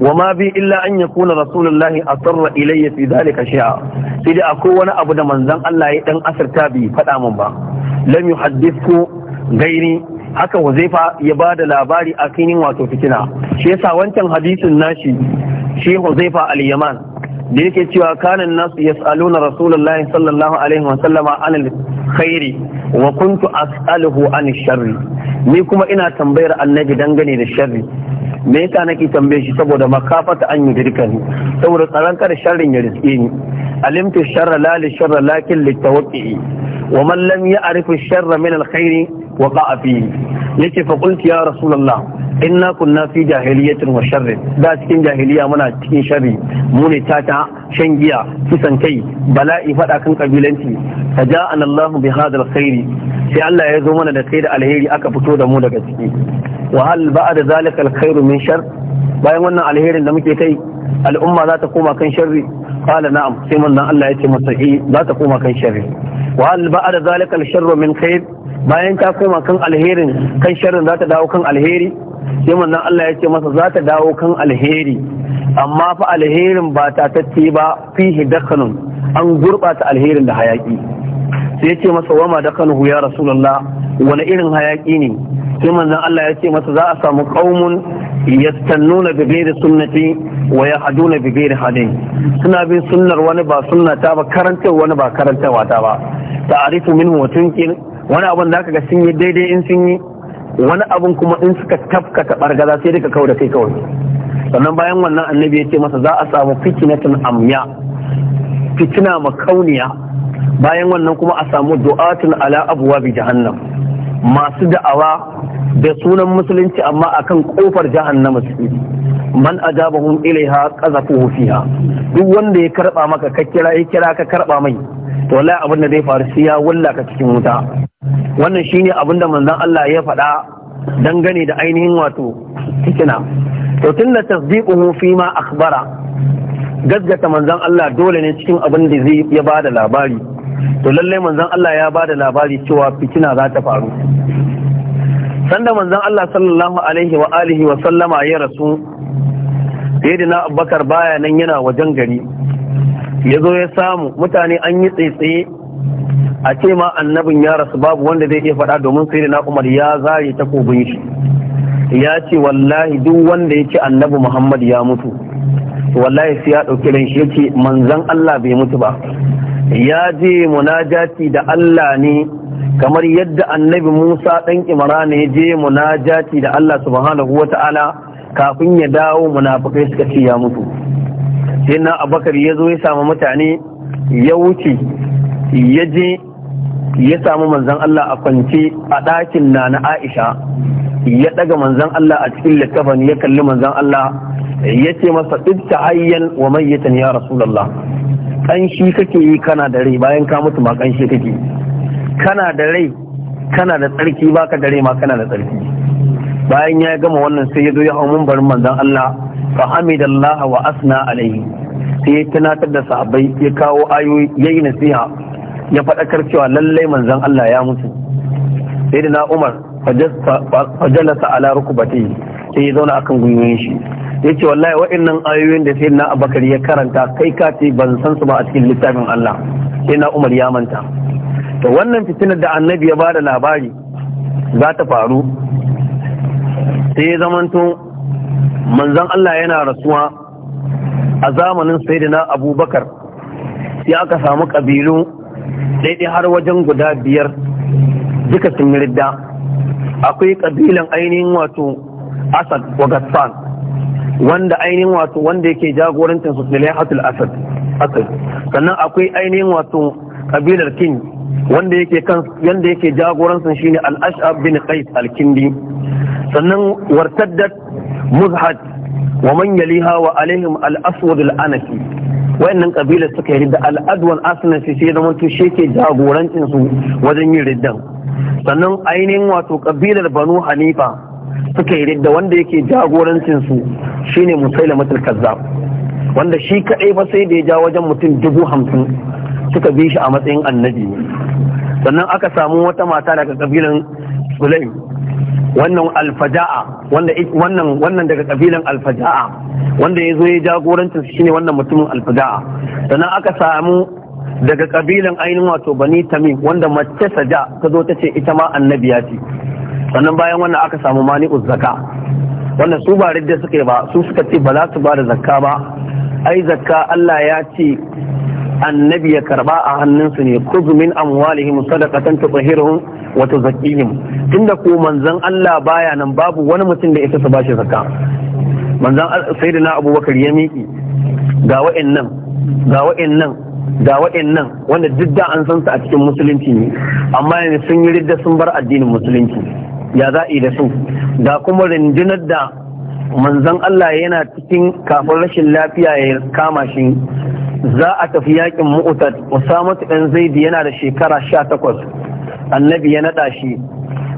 wa ma bi illa an kuna rasulullahi asarra ilayya fi dhalika shay'a sai dai akwai wani abu da manzon Allah ya dan asarta bi faɗa min ba lam yuhaddithu gairi haka huzaifa ya ba da labari a kinin wato fitina shi yasa wancan hadisin nashi shi huzaifa al-yaman da yake cewa kanan nasu yas'aluna rasulullahi sallallahu alaihi wa sallama an khairi wa kuntu as'aluhu an sharri ni kuma ina tambayar annabi dangane da sharri me yasa nake tambaye shi saboda makafata an yi dirkani saboda tsaron kada sharrin ya riske ni alimtu sharra la li sharra lakin li tawqi'i wa man lam ya'rif sharra min al-khairi a فيه yace fa qulti ya rasulullah inna kunna fi jahiliyatin wa sharri da cikin jahiliya muna cikin sharri mu ne tata shan giya kisan kai bala'i faɗa kan kabilanci fa ja'ana allah bi hadha alkhairi sai allah ya zo mana da kai da alheri aka fito da mu daga ciki wa hal da zalika alkhairu min shar bayan wannan alherin da muke kai al'umma za ta koma kan sharri qala na'am sai manzon Allah ya ce masa eh za ta koma kan sharri Wahal hal da zalika alsharru min bayan ta koma kan alherin kan sharrin za ta dawo kan alheri sai manzon Allah ya ce masa za ta dawo kan alheri amma fa alherin ba ta tatti ba fihi dakhalun an gurbata alherin da hayaki sai ya ce masa wama dakhalu ya rasulullah wani irin hayaki ne sai manzon Allah ya ce masa za a samu qaumun yastannuna bi ghairi sunnati wa yahduna bi ghairi hadin suna bin sunnar wani ba sunnata ba karantar wani ba karantarwa ta ba ta'arifu minhu wa tunkir wani abin da aka ga sun yi daidai in sun yi wani abin kuma in suka tafkata bargaza sai daga kawai da kai kawai sannan bayan wannan annabi ya ce masa za a samu fitinatin amya fitina makauniya bayan wannan kuma a samu du'atun ala abuwa bi jahannam masu da'awa da sunan musulunci amma akan kofar jahannama Musulunci. man ajabahum ilaiha qazafuhu fiha duk wanda ya karba maka ka kira ya kira ka karba mai to wallahi abin da zai faru sai ya wallaka cikin wuta wannan shine abin da manzon Allah ya faɗa dangane da ainihin wato tikina to tunda tasdiquhu fi ma akhbara gaggata manzon Allah dole ne cikin abin da zai ya bada labari to lalle manzon Allah ya bada labari cewa fitina za ta faru sanda manzon Allah sallallahu alaihi wa alihi wa sallama ya rasu sayyidina Abubakar baya nan yana wajen gari ya zo ya samu mutane an yi tsaitsaye a ce ma annabin ya rasu babu wanda zai iya faɗa domin sayyidina Umar ya zare takobin shi ya ce wallahi duk wanda ya ce annabi Muhammad ya mutu wallahi sai ya ɗauki ran shi ya ce manzon Allah bai mutu ba ya je munajati da Allah ne kamar yadda annabi Musa ɗan Imran ya je munajati da Allah subhanahu ta'ala kafin ya dawo munafukai suka ce ya mutu sai na abakar ya zo ya samu mutane ya wuce ya je ya samu manzan Allah a kwance a ɗakin na na Aisha ya ɗaga manzan Allah a cikin littafin ya kalli manzan Allah ya ce masa ibta ayyan wa mayyatan ya rasulallah kanshi kake yi kana da rai bayan ka mutu ma kanshi kake kana da rai kana da tsarki baka da rai ma kana da tsarki bayan ya gama wannan sai ya zo ya hau mumbarin manzon Allah fa hamidallaha wa asna alaihi sai ya tunatar da sahabbai ya kawo ayoyi ya yi nasiha ya faɗakar cewa lallai manzon Allah ya mutu sai da na Umar fajalasa ala rukubati sai ya zauna akan gwiwoyin shi ya ce wallahi wa'annan ayoyin da sai na abakar ya karanta kai ka ce ban san su ba a cikin littafin Allah sai na umar ya manta to wannan fitinar da annabi ya bada labari za ta faru sai ya zamanto manzon Allah yana rasuwa a zamanin sayyidina abubakar sai aka samu kabilu daidai har wajen guda biyar duka sun ridda akwai kabilan ainihin wato asad wa gassan wanda ainihin wato wanda yake jagorancin su Sulayatul Asad Asad sannan akwai ainihin wato kabilar King wanda yake kan yanda yake jagorancin shine Al-Ash'ab bin Qais Al-Kindi sannan wartaddat Muzhad wa man yaliha wa alaihim Al-Aswad Al-Anasi wayannan kabilar suka yi da Al-Adwan Asnasi sai da mutu shi ke jagorancin su wajen yin riddan sannan ainihin wato kabilar Banu Hanifa suka yi da wanda yake jagorancin su shine musailamatul kazzab wanda shi kadai ba sai da ya ja wajen mutum dubu hamsin suka bi shi a matsayin annabi sannan aka samu wata mata daga kabilan sulaim wannan alfaja'a wanda wannan wannan daga kabilan alfaja'a wanda ya zo ya jagorancin shine wannan mutumin alfaja'a sannan aka samu daga kabilan ainihin wato bani tamim wanda mace saja ta zo ta ce ita ma annabiya ce sannan bayan wannan aka samu mani zaka wannan su ba ridda suka ba su suka ce ba za su ba da zakka ba ai zakka Allah ya ce annabi ya karba a hannunsu ne kuzu min amwalihim sadaqatan tutahhiruhum wa tuzakkihim tunda ko manzon Allah baya nan babu wani mutum da ita su shi zakka manzon sayyidina Abubakar ya miki ga wa'annan ga wa'annan ga wa'annan wanda duk da an san su a cikin musulunci ne amma yanzu sun yi ridda sun bar addinin musulunci ya za'i da su ga kuma rundunar da manzon Allah yana cikin kafin rashin lafiya ya kama shi za a tafi yakin mu'tad Musamman ɗan Zaidi yana da shekara sha takwas. annabi ya naɗa shi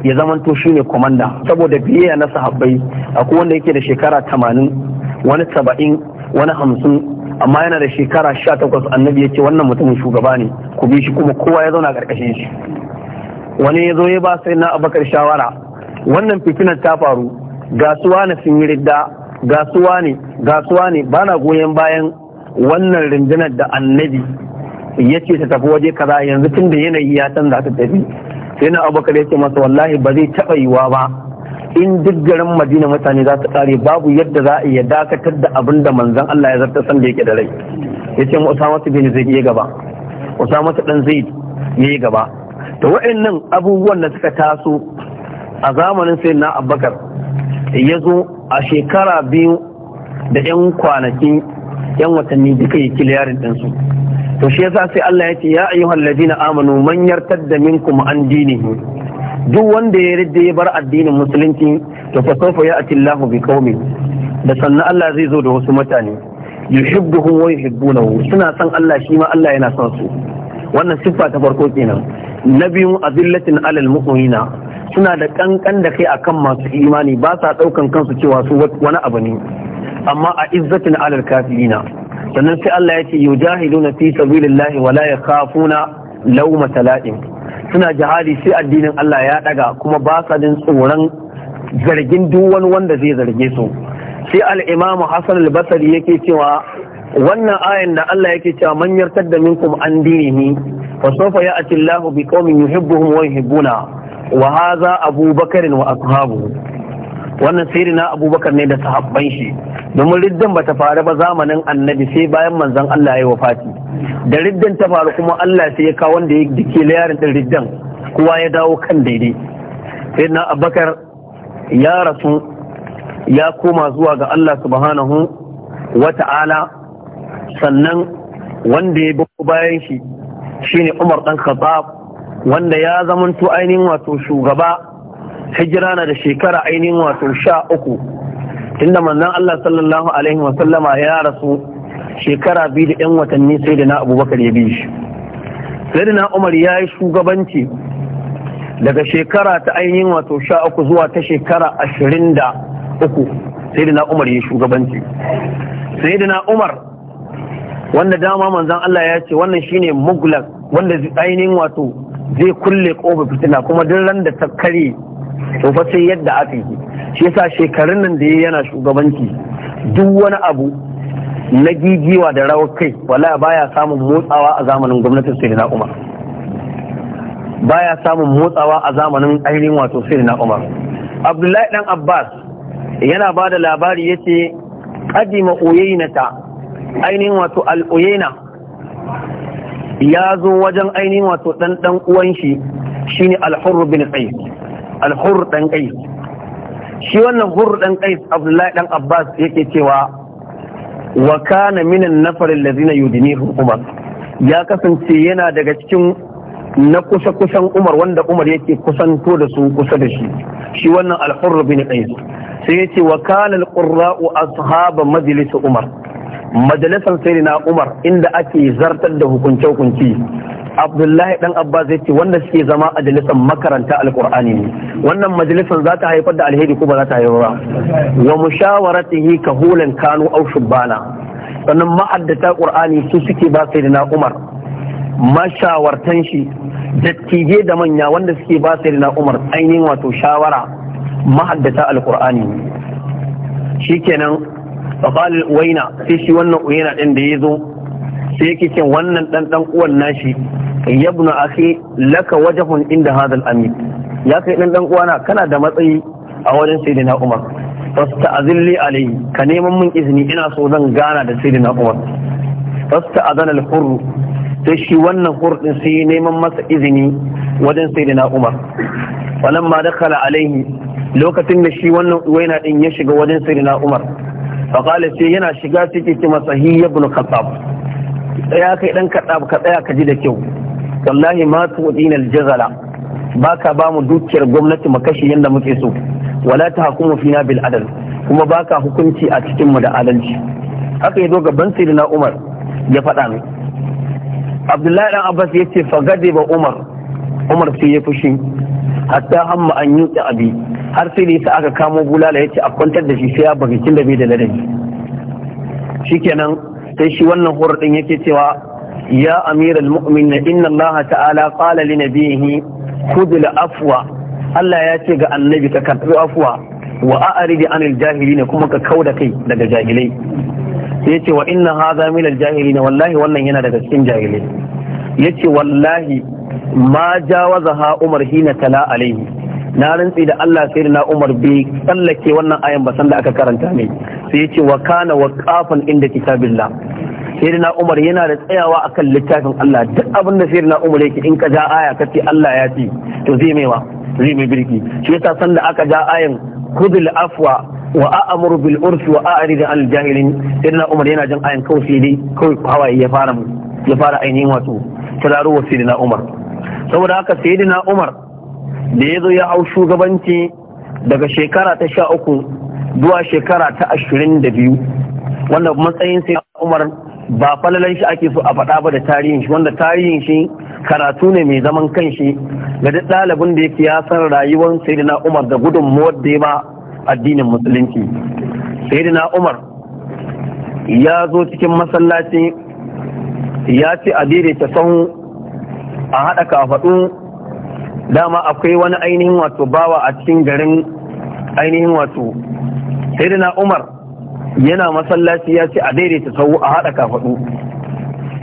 ya shi shine komanda saboda biyayya na sahabbai akwai wanda yake da shekara tamanin, wani saba'in, wani hamsin. amma yana da shekara sha takwas annabi ya wannan mutumin shugaba ne ku bi shi kuma kowa ya zauna a ƙarƙashin shi wani ya zo ya ba sai na abakar shawara wannan fitinar ta faru gasuwa na sun yi ridda gasuwa ne gasuwa ne ba na goyon bayan wannan rundunar da annabi ya ce ta tafi waje kaza yanzu tun da yanayi ya canza ta tafi sai na abakar ya ce masa wallahi ba zai taɓa yiwa ba in duk garin madina mutane za su tsare babu yadda za a iya dakatar da abin da manzon Allah ya zarta san da yake da rai ya ce mu bin zai yi gaba usama dan zai yi gaba da wa'annan abubuwan da suka taso a zamanin sai na abubakar ya zo a shekara biyu da 'yan kwanaki 'yan watanni duka yi kiliyarin ɗinsu to shi yasa sai Allah ya ce ya ayyuhal na amanu man taddamin kuma an dinihi duk wanda ya yarda ya bar addinin musulunci to fa sawfa ya'ti Allahu bi qaumin da sannan Allah zai zo da wasu mutane yuhibbuhum wa yuhibbunahu suna son Allah shi ma Allah yana son su wannan siffa ta farko kenan na biyu azillatin alal mu'mina suna da kankan da kai akan masu imani ba sa daukan kansu cewa su wani abu ne amma a izzatin alal kafirina sannan sai Allah ya ce yujahiduna fi sabilillahi wa la yakhafuna lawmata la'im suna jihadi sai addinin Allah ya daga kuma ba sa jin tsoron zargin duk wani wanda zai zarge su sai al-Imam Hassan al-Basri yake cewa wannan ayan da Allah yake cewa man yartar da minkum an dinihi fa sawfa ya'ti Allahu bi qaumin yuhibbuhum wa yuhibbuna wa hadha Abu Bakar wa ashabu wannan sirri na Abu Bakar ne da sahabban shi domin riddan bata faru ba zamanin Annabi sai bayan manzon Allah ya wafati da riddan ta faru kuma Allah sai ya kawo wanda ya dike layarin din riddan kowa ya dawo kan daidai sai na Abubakar ya rasu ya koma zuwa ga Allah subhanahu wa ta'ala sannan wanda ya bi bayan shi shine Umar dan Khattab wanda ya zamanto ainihin wato shugaba hijira na da shekara ainihin wato sha uku tunda manzon Allah sallallahu alaihi wa sallama ya rasu shekara biyu da yan watanni sai da na Abubakar ya bi shi sai na Umar ya yi shugabanci daga shekara ta ainihin wato sha uku zuwa ta shekara ashirin da uku sai da na Umar ya yi shugabanci sai da na Umar wanda dama manzan Allah ya ce wannan shine muglak wanda ainihin wato zai kulle kofa fitina kuma duk ran da ta kare to fa sai yadda aka yi shi yasa shekarun nan da yana shugabanci duk wani abu na gigiwa da rawar kai wallahi baya samun motsawa a zamanin gwamnatin na Umar baya samun motsawa a zamanin ainihin wato na Umar Abdullahi dan Abbas yana ba da labari yace qadima uyainata ainihin wato al'uyena ya zo wajen ainihin wato ɗan uwan shi shine al-hurr bin qais al-hurr dan qais shi wannan hurr dan qais abdullahi dan abbas yake cewa wa kana min an-nafar alladhina yudinihu umar ya kasance yana daga cikin na kusa kusan umar wanda umar yake kusanto da su kusa da shi shi wannan al-hurr bin qais sai yace wa kana al-qurra'u ashaba majlis umar majalisar sai na umar inda ake zartar da hukunce-hukunci abdullahi dan abbas zai ce wanda suke zama a jalisar makaranta alkur'ani ne wannan majalisar za ta haifar da alheri ko ba za ta haifar ba wa mushawaratihi ka hulan kanu au shubbana sannan ma'addata qur'ani su suke ba sai na umar mashawartan shi dattije da manya wanda suke ba sai na umar ainihin wato shawara ma'addata alkur'ani shikenan babal uwaina sai shi wannan uyana din da ya zo sai yake cin wannan dan dan uwan nashi yabna akhi laka wajhun inda hadal Amin ya kai dan dan uwana kana da matsayi a wajen sayyidina Umar azilli alai ka neman mun izini ina so zan gana da sayyidina Umar fasta'azana al hur sai shi wannan hur din sai neman masa izini wajen sayyidina Umar walamma dakala alaihi lokacin da shi wannan uwaina din ya shiga wajen sayyidina Umar faƙala sai yana shiga suke ce masa hiya ibn tsaya kai ɗan kaɗa ka tsaya ka ji da kyau wallahi ma tu'dina al-jazala baka ba mu dukiyar gwamnati mu kashe yanda muke so wala tahkumu fina bil adal. kuma baka hukunci a cikin mu da adalci haka yazo gaban sayyidina Umar ya faɗa ne. Abdullahi dan Abbas yace fagade ba Umar umar sai ya fushi hatta hamma an yi abi har sai da yasa aka kamo bulala ce a kwantar da shi sai ya bagakin da bai da ladabi shikenan sai shi wannan horar din yake cewa ya amiral mu'minin inna allaha ta'ala qala li nabiyihi khudh al afwa Allah ya ce ga annabi ka karbi afwa wa a'rid anil jahilin kuma ka kauda kai daga jahilai sai yace wa inna hadha min al jahilin wallahi wannan yana daga cikin jahilai yace wallahi ma ha umar hina tala alaihi na rantsi da Allah sai na Umar bai tsallake wannan ayan ba sanda aka karanta ne sai yace wa kana kafan inda kitabillah na Umar yana da tsayawa akan littafin Allah duk abin da na Umar yake in ka ja aya kace Allah ya ce to zai mai wa zai mai birki shi yasa sanda aka ja ayan khudil afwa wa a'muru bil urfi wa a'rid al jahilin na Umar yana jan ayan kawai sai dai kawai hawaye ya fara mu ya fara ainihin wato turaro wa na Umar saboda haka na Umar da ya zo ya hau shugabanci daga shekara ta sha uku zuwa shekara ta ashirin da biyu wanda matsayin sai Umar ba falalan shi ake so a faɗa ba da tarihin shi wanda tarihin shi karatu ne mai zaman kanshi ga duk ɗalibin da yake ya san rayuwar na Umar da gudun da ya ba addinin musulunci na Umar ya zo cikin masallaci ya ce a daidaita sahu a haɗa kafaɗu dama akwai wani ainihin wato bawa a cikin garin ainihin wato sai na umar yana masallaci ya ce a daidaita sahu a haɗa kafaɗu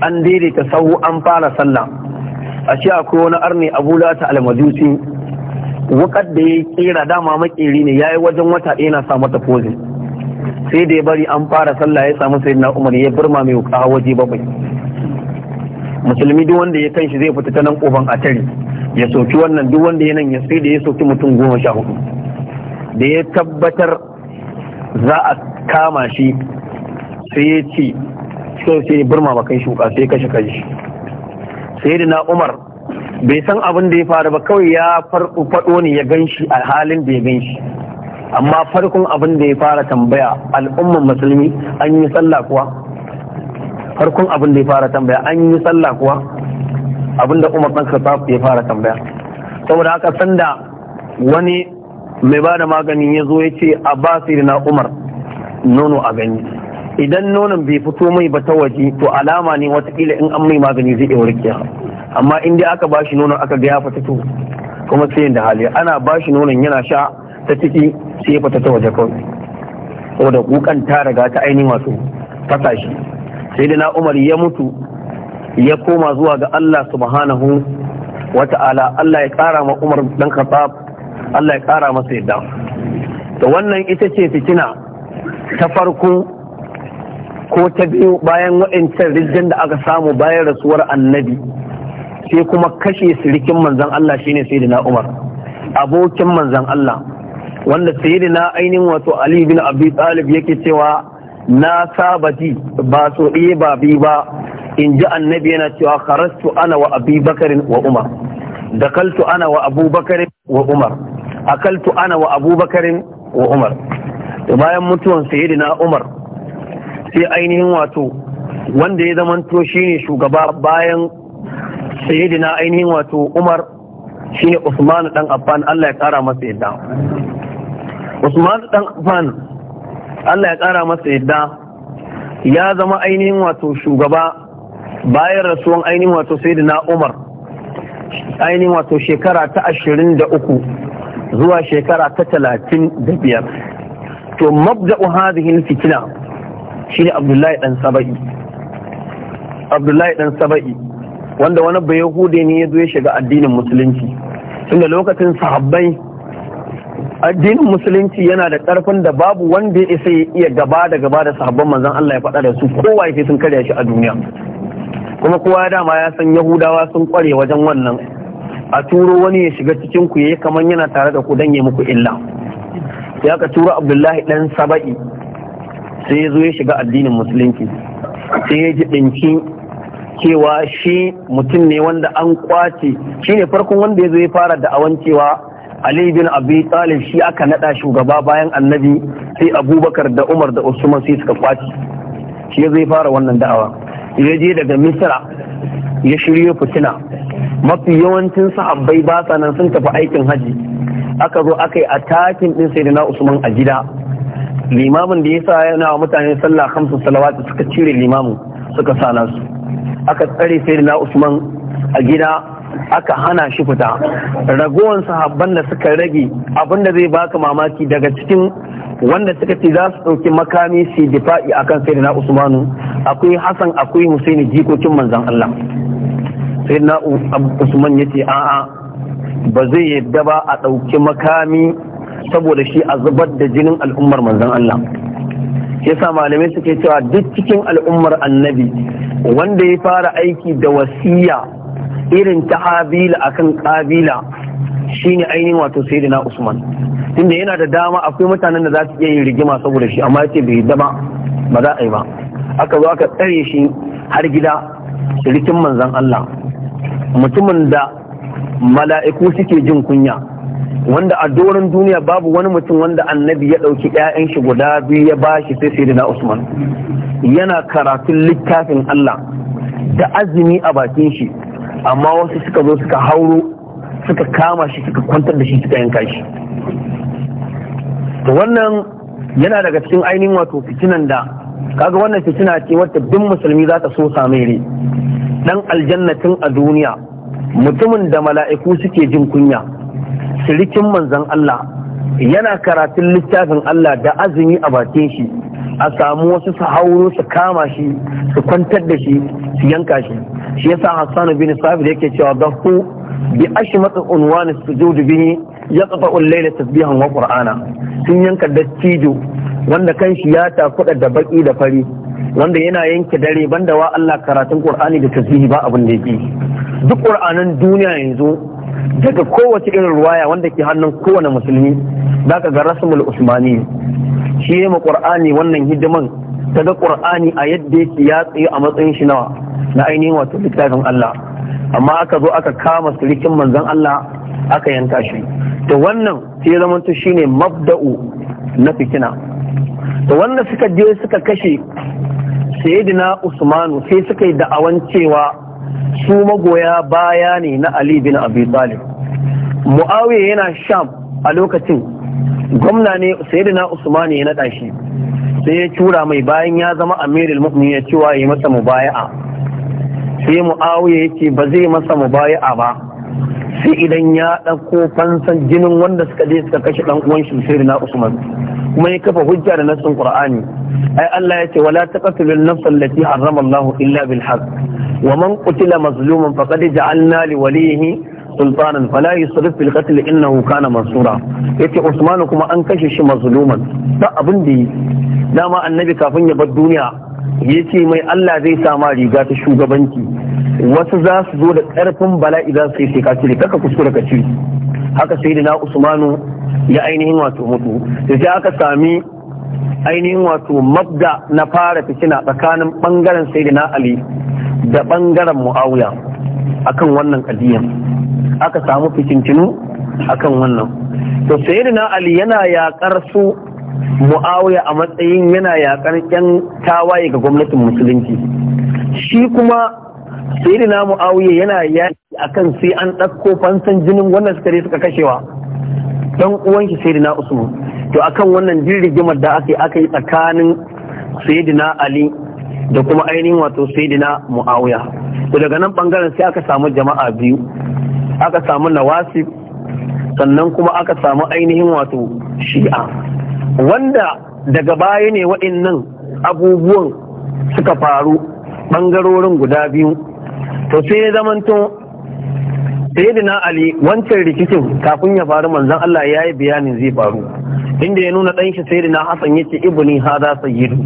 an daidaita sahu an fara sallah a shi akwai wani arni abu ta almajusi wukar da ya kera dama makeri ne ya yi wajen wata ɗaya na sa mata sai da ya bari an fara sallah ya samu sayyidina umar ya birma mai wuka waje bakwai musulmi duk wanda ya kanshi zai fita ta nan kofan a tare ya soki wannan duk wanda ya nan ya sai da ya soki mutum goma sha hudu da ya tabbatar za a kama shi sai ya ce so sai ya burma ba kai shuka sai kashe kai sai da na umar bai san abin da ya faru ba kawai ya faɗo ne ya gan shi a halin da ya gan shi amma farkon abin da ya fara tambaya al'umman musulmi an yi sallah kuwa farkon abin da ya fara tambaya an yi sallah kuwa abin da umar ɗan khattab ya fara tambaya saboda haka sanda wani mai ba da magani ya zo ya ce a basiri na umar nono a gani idan nonon bai fito mai ba ta waje to alama ne watakila in an mai magani zai iya warkiya amma in dai aka bashi nonon aka gaya ya fita to kuma sai da hali ana bashi nonon yana sha ta ciki sai ya fita ta waje kawai saboda kukan ta riga ta ainihin wato fasashi. na Umar ya mutu ya koma zuwa ga Allah subhanahu wa ta'ala. Allah ya kara ma Umar dan Khattab Allah ya kara masa yadda to wannan ita ce fitina ta farko ko ta biyu bayan waɗancan rijjan da aka samu bayan rasuwar annabi sai kuma kashe sirikin manzan Allah shine na Umar abokin manzan Allah wanda na ainihin wato Ali bin Abi Talib yake cewa na saba ji ba so iya ba bi ba in ji annabi yana cewa kharastu ana wa abi bakarin wa umar dakaltu ana wa abu bakarin wa umar akaltu ana wa abu bakarin wa umar bayan mutuwan na umar sai ainihin wato wanda ya zama shi shine shugaba bayan na ainihin wato umar shine usman dan affan Allah ya kara masa yadda usman dan affan Allah ya ƙara masa yadda ya zama ainihin wato shugaba bayan rasuwan ainihin wato sai na Umar ainihin wato shekara ta ashirin da uku zuwa shekara ta talatin da biyar to mabda'u hadhihi fitina shine Abdullahi ɗan Saba'i Abdullahi dan Saba'i wanda wani bayahude ne ya zo ya shiga addinin musulunci tunda lokacin sahabbai addinin musulunci yana da ƙarfin da babu wanda ya sai iya gaba da gaba da sahabban manzon Allah ya faɗa da su kowa ya sun karya shi a duniya kuma kowa dama ya san yahudawa sun kware wajen wannan a turo wani ya shiga cikin ku yayi kaman yana tare da ku dan ya muku illa ya ka turo abdullahi dan saba'i sai ya zo ya shiga addinin musulunci sai ya ji dinki cewa shi mutum ne wanda an kwace shi ne farkon wanda ya zo ya fara da'awan cewa Ali bin Abi Talib shi aka nada shugaba bayan annabi sai Abubakar da Umar da Usman sai suka kwaci shi zai fara wannan da'awa ya je daga Misra ya shirya fitina mafi yawancin sahabbai ba sa nan sun tafi aikin haji aka zo aka yi atakin din sayyidina Usman a gida limamin da ya sa yana wa mutane sallah hamsu salawatu suka cire limamin suka sa nasu aka tsare sayyidina Usman a gida aka hana shi fita ragowar sahabban da suka rage abin zai baka mamaki daga cikin wanda suka ce za su ɗauki makami su difa'i akan kan na usmanu akwai hassan akwai husaini jikokin manzan allah sayyidina usman ya ce a'a ba zai yadda ba a ɗauki makami saboda shi a zubar da jinin al'ummar manzan allah yasa malamai suke cewa duk cikin al'ummar annabi wanda ya fara aiki da wasiya irin ta abila akan kabila shine ainihin wato saidina usman tunda yana da dama akwai mutanen da za su iya yin rigima saboda shi amma yace bai dama ba za a yi ba aka zo aka tsare shi har gida shirikin manzan Allah mutumin da mala'iku suke jin kunya wanda a doron duniya babu wani mutum wanda annabi ya ɗauki 'ya'yan shi guda biyu ya ba shi sai sayyidina Usman yana karatun littafin Allah da azumi a bakin shi amma wasu suka zo suka hauro suka kama shi suka kwantar da shi suka yanka shi to wannan yana daga cikin ainihin wato fitinan da kaga wannan fitina ce wata duk musulmi za ta so same ne dan aljannatin a duniya mutumin da mala'iku suke jin kunya sirikin manzon Allah yana karatun littafin Allah da azumi a bakin shi a samu wasu su su kama shi su kwantar da shi su yanka shi shi yasa Hassan bin da yake cewa ku bi matsa su unwan sujud ya yaqta al-layla tasbihan wa qur'ana sun yanka dattijo wanda kanshi ya takuda da baki da fari wanda yana yanke dare banda wa Allah karatun ƙur'ani da tasbihi ba abin da yake duk Qur'anin duniya yanzu daga kowace irin ruwaya wanda ke hannun kowane musulmi zaka ga rasmul usmani shi ya qur'ani wannan hidiman ta ga qur'ani a yadda yake ya tsaye a matsayin shi nawa na ainihin wato littafin Allah amma aka zo aka kama surikin manzon Allah aka yanka shi to wannan sai zama shi shine mabda'u na fitina to wanda suka je suka kashe sayyidina usmanu sai suka yi da'awan cewa su magoya baya ne na Ali bin Abi Talib Muawiya yana Sham a lokacin gwamna ne Sayyidina Usman ya naɗa shi sai ya tura mai bayan ya zama Amirul Mu'minin ya cewa ya masa mubaya'a sai Muawiya yake ba zai masa mubaya'a ba sai idan ya ɗauko fansan jinin wanda suka je suka kashe ɗan uwan shi sai na Usman kuma ya kafa hujja da nassin Qur'ani ai Allah ya ce wala taqtulu an-nafs allati harrama Allah illa bil haqq wa man qutila mazluman faqad ja'alna li walihi sultanan fala yusrif fil qatl innahu kana mansura yace Usman kuma an kashe shi mazluman ba abin da yi dama annabi kafin ya bar duniya ya ce mai Allah zai sama riga ta shugabanci wasu za su zo da ƙarfin bala'i za su yi sai ka cire kaka kuskura ka cire haka sai da na usmanu ya ainihin wato mutu da sai aka sami ainihin wato mabda na fara fitina tsakanin bangaren sai da na ali da bangaren mu'awiya akan wannan kadiyan aka samu fitintinu akan wannan to sai da na ali yana yaƙar su mu'awiya a matsayin yana yakar yan tawaye ga gwamnatin musulunci shi kuma na mu'awiya yana yaki akan sai an ɗauko fansan jinin wannan suka suka kashewa dan uwan shi na usman to akan wannan jirgin da aka yi aka yi tsakanin sayyidina ali da kuma ainihin wato na muawiya to daga nan bangaren sai aka samu jama'a biyu aka samu nawasi, sannan kuma aka samu ainihin wato shi'a wanda daga baya ne waɗannan abubuwan suka faru ɓangarorin guda biyu to sai ya zamanto sayyidina ali wancan rikicin kafin ya faru manzon Allah ya yi bayanin zai faru inda ya nuna ɗanshi sayyidina hassan yake ibni hada sayyidu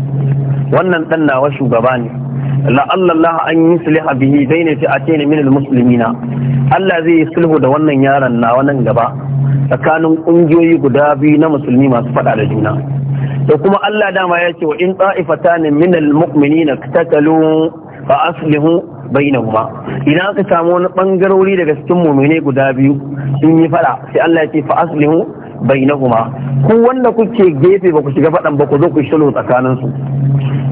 wannan ɗan nawa shugaba ne la'alla Allah an yusliha bihi baina fi'atayn min al-muslimina Allah zai yi sulhu da wannan yaron na wannan gaba tsakanin kungiyoyi guda biyu na musulmi masu fada da juna da kuma Allah dama ya ce wa in ta'ifatan min al-mu'minina qatalu fa aslihu bainahuma idan aka samu wani bangarori daga cikin mu'mine guda biyu sun yi fada sai Allah ya ce fa aslihu bainahuma ku wanda kuke gefe ba ku shiga fadan ba ku zo ku shiru tsakanin su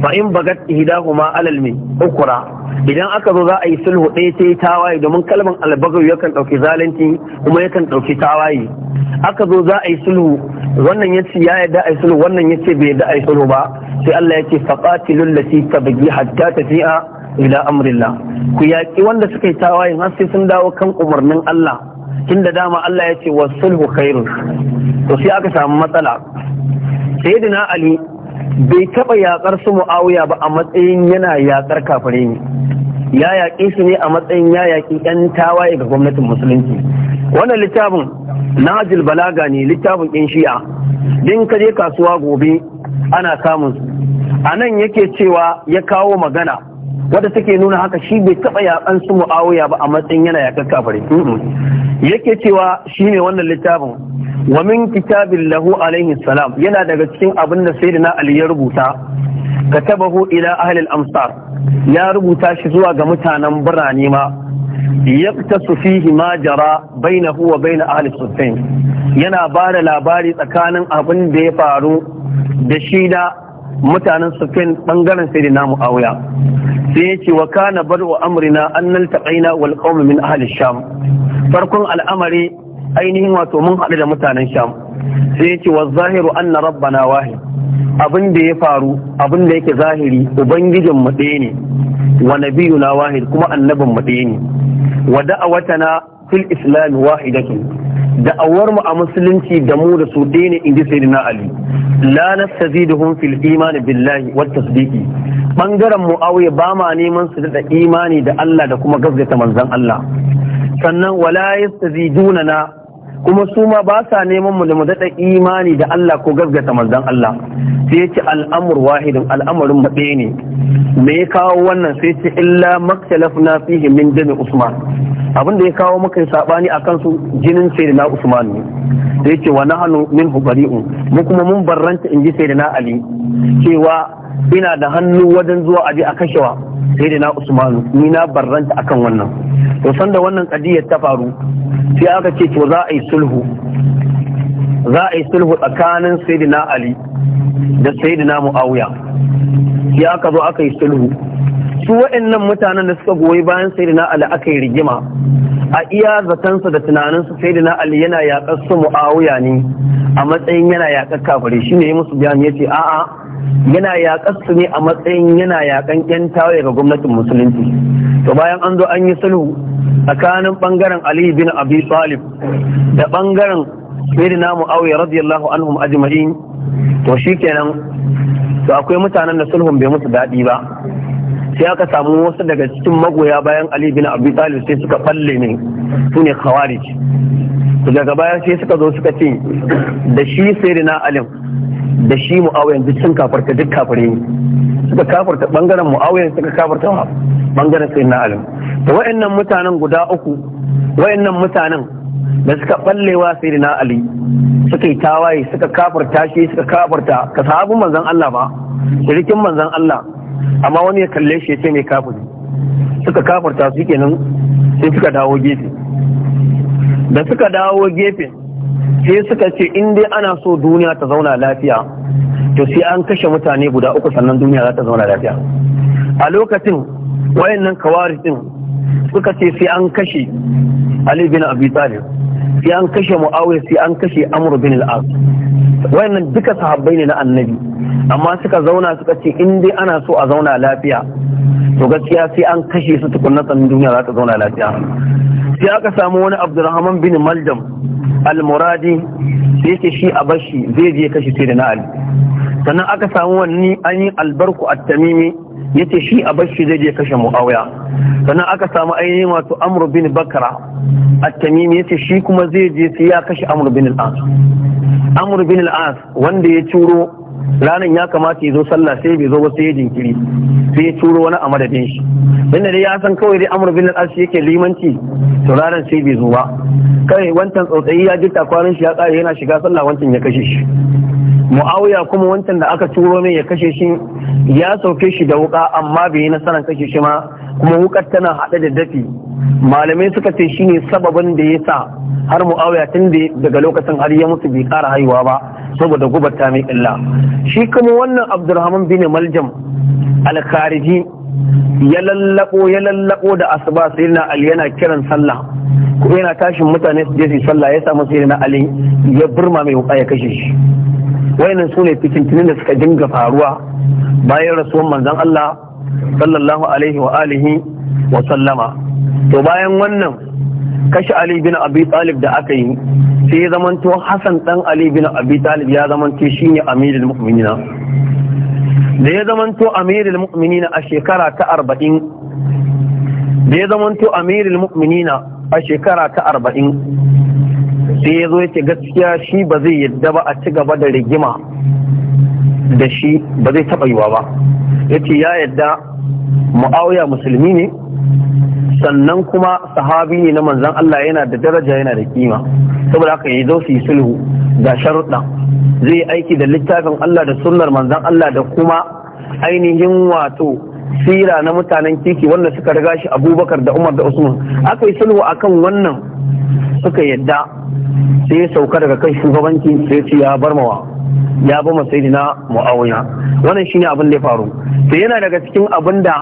fa in bagat ihdahuma alal min ukra idan aka zo za a yi sulhu ɗaya yi tawaye domin kalman albagawi yakan ɗauki zalunci kuma yakan ɗauki tawaye aka zo za a yi sulhu wannan ya ce ya yarda a yi sulhu wannan ya ce bai yarda a yi sulhu ba sai Allah ya ce faqatilul lati bagi hatta tafi'a ila amrillah ku yaƙi wanda suka yi tawaye har sai sun dawo kan umarnin Allah tunda dama Allah ya ce sulhu khairun to sai aka samu matsala sayyidina ali bai taɓa yaƙar su mu'awiya ba a matsayin yana yaƙar kafare ne ya yaƙi su ne a matsayin ya yaƙi 'yan tawaye ga gwamnatin musulunci wannan littafin najil balaga ne littafin ɗin shi'a din ka je kasuwa gobe ana samun a nan yake cewa ya kawo magana wadda take nuna haka shi bai taɓa yaƙan su mu'awiya ba a matsayin yana yaƙar kafare yake cewa shi ne wannan littafin wa min kitabin lahu alaihi salam yana daga cikin abin da sai na ali ya rubuta katabahu ila ahlil amsar ya rubuta shi zuwa ga mutanen birane ma yaktasu fihi ma jara bainahu wa bain ahli sufain yana ba da labari tsakanin abin da ya faru da shi da mutanen sufyan bangaren sai da namu awuya sai ya ce wa kana bar wa amrina an nan taƙaina wal qawmi min ahli sham farkon al'amari ainihin wato mun haɗu da mutanen sham sai ya ce wa zahiru anna rabbana wahid abin da ya faru abin da yake zahiri ubangijin mu ɗaya ne wa nabiyuna wahid kuma annabin mu ɗaya ne wa da'awatana fil islam wahidatun da awarmu a musulunci da mu da su daina in ji sayyidina ali la nastaziduhum fil iman billahi wat tasdiqi bangaren muawiya ba ma neman su da imani da Allah da kuma gaskata manzon Allah sannan wala yastaziduna na kuma su ma ba sa neman mu da mu daɗa imani da Allah ko gaskata manzon Allah sai ya ce al'amur wahidin al'amarin baɗe ne me ya kawo wannan sai ya ce illa maktalafna fihi min dami Usman abin da ya kawo maka muka sabani akan su jinin sayyidina Usman ne sai ya ce wa nahnu min hubari'un mu kuma mun barranta in ji sayyidina Ali cewa ina da hannu wajen zuwa aje a kashewa sai da na usmanu ni na barranta akan wannan to sanda wannan kadiyar ta faru sai aka ce to za a yi sulhu za a yi sulhu tsakanin sayyidina ali da sayyidina muawiya sai aka zo aka yi sulhu su waɗannan mutanen da suka goyi bayan sayyidina ali aka yi rigima a iya zatansa da tunaninsu sai da na Ali yana yaƙar su mu'awuya ne a matsayin yana yaƙar kafare shi ne ya musu biya ya ce a'a yana yaƙar su ne a matsayin yana yaƙan ƴan tawaye ga gwamnatin musulunci to bayan an zo an yi sulhu tsakanin bangaren Ali bin Abi Talib da bangaren sayyidina Muawiya radiyallahu anhum ajma'in to kenan to akwai mutanen da sulhun bai musu daɗi ba sai aka samu wasu daga cikin magoya bayan Ali bin Abi Talib sai suka falle ne su ne khawarij daga baya sai suka zo suka ce da shi sayyidina Ali da shi Muawiya duk sun kafarta duk kafare ne suka kafarta bangaren Muawiya suka kafarta bangaren sayyidina Ali to wayannan mutanen guda uku wayannan mutanen da suka fallewa sai na Ali suka yi tawaye suka kafarta shi suka kafarta ka sabu manzon Allah ba shirikin manzon Allah amma wani ya kalle shi ya ce mai kafiri suka kafarta su kenan sai suka dawo gefe da suka dawo gefe sai suka ce in dai ana so duniya ta zauna lafiya to sai an kashe mutane guda uku sannan duniya za ta zauna lafiya a lokacin wayannan kawari din suka ce sai an kashe Ali bin Abi sai an kashe Muawiya sai an kashe Amr bin al-As wayannan duka sahabbai ne na annabi amma suka zauna suka ce in dai ana so a zauna lafiya to gaskiya sai an kashe su tukunna sannan duniya za ta zauna lafiya sai aka samu wani abdurrahman bin maljam al-muradi sai yake shi a bashi zai je kashe sai da na ali sannan aka samu wani an yi albarku at-tamimi yace shi a bashi zai je kashe muawiya sannan aka samu ainihin wato amr bin bakra at-tamimi yace shi kuma zai je sai ya kashe amr bin al-as amur bin al'as wanda ya turo ranar ya kamata ya zo sallah sai bai zo ba sai ya jinkiri sai ya turo wani a madadin shi inda dai ya san kawai dai amur bin al'as yake limanci to ranar sai bai zo ba kai wancan tsotsayi ya jita kwanan shi ya tsaya yana shiga sallah wancan ya kashe shi muawiya kuma wancan da aka turo mai ya kashe shi ya sauke shi da wuka amma bai yi nasarar kashe shi ma kuma wukar tana haɗe da dafi malamai suka ce shine sababin da ya sa har mu'awiya tun da daga lokacin har ya mutu bai ƙara haihuwa ba saboda gubar ta mai illa shi kuma wannan abdurrahman bin maljam alkhariji ya lallabo ya lallabo da asuba sai na ali yana kiran sallah kuma yana tashin mutane su je su sallah ya samu sai na ali ya burma mai wuka ya kashe shi wayannan sune fitintunin da suka dinga faruwa bayan rasuwan manzon Allah sallallahu alaihi wa alihi wa sallama to bayan wannan kashe Ali bin Abi Talib da aka yi sai ya zamanto Hassan dan Ali bin Abi Talib ya zamanto shine amirul mu'minin da ya zamanto amirul mu'minin a shekara ta arba'in da ya zamanto amirul mu'minin a shekara ta arba'in sai ya zo ya ce gaskiya shi ba zai yadda ba a ci gaba da rigima da shi ba zai taɓa yiwa ba ya ce ya yadda mu'awiya musulmi ne sannan kuma sahabi ne na manzan Allah yana da daraja yana da kima saboda haka ya zo su yi sulhu ga sharuɗa zai aiki da littafin Allah da sunnar manzan Allah da kuma ainihin wato sira na mutanen kirki wanda suka riga shi abubakar da umar da usman aka yi sulhu akan wannan suka yadda sai ya sauka daga kan shugabanci sai ce ya bar mawa ya ba masai na mu'awiya wannan shine abin da ya faru to yana daga cikin abin da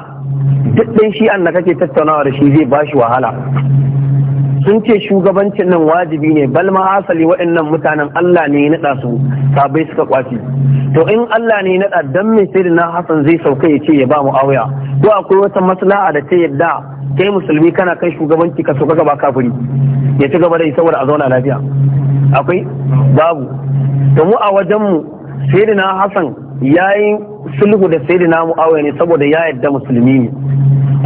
duk ɗan shi'an da kake tattaunawa da shi zai ba shi wahala sun ce shugabancin nan wajibi ne bal ma asali waɗannan mutanen Allah ne ya naɗa su sabai suka kwafi to in Allah ne ya naɗa dan me sai na Hassan zai sauka ya ce ya ba mu auya ko akwai wata maslaha da ta yadda kai musulmi kana kai shugabanci ka sauka gaba kafiri ya ci gaba da saboda a zauna lafiya akwai babu to mu a wajen mu na Hassan yayin sulhu da sayyidina Muawiya ne saboda ya yadda musulmi ne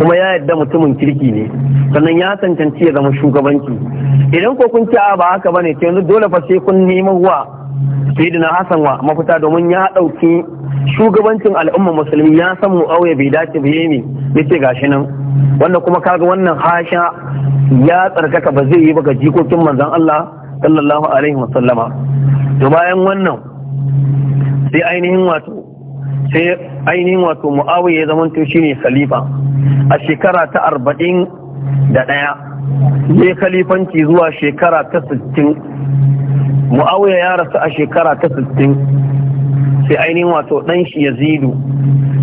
kuma ya yadda mutumin kirki ne sannan ya tantance ya zama shugabanci idan ko kun ci a ba haka bane to yanzu dole fa sai kun neman wa sayyidina hasan wa mafita domin ya dauki shugabancin al'umma musulmi ya san mu'awiya bai dace ba yemi yace gashi nan wannan kuma kaga wannan hasha ya tsarkaka ba zai yi ba ga jikokin manzon Allah sallallahu alaihi wa sallama to bayan wannan sai ainihin wato sai ainihin wato mu'awiya ya zama to shine khalifa a shekara ta arba'in da ɗaya ne kalifanci zuwa shekara ta sittin mu'awiya ya rasu a shekara ta sittin sai ainihin wato ɗan shi zidu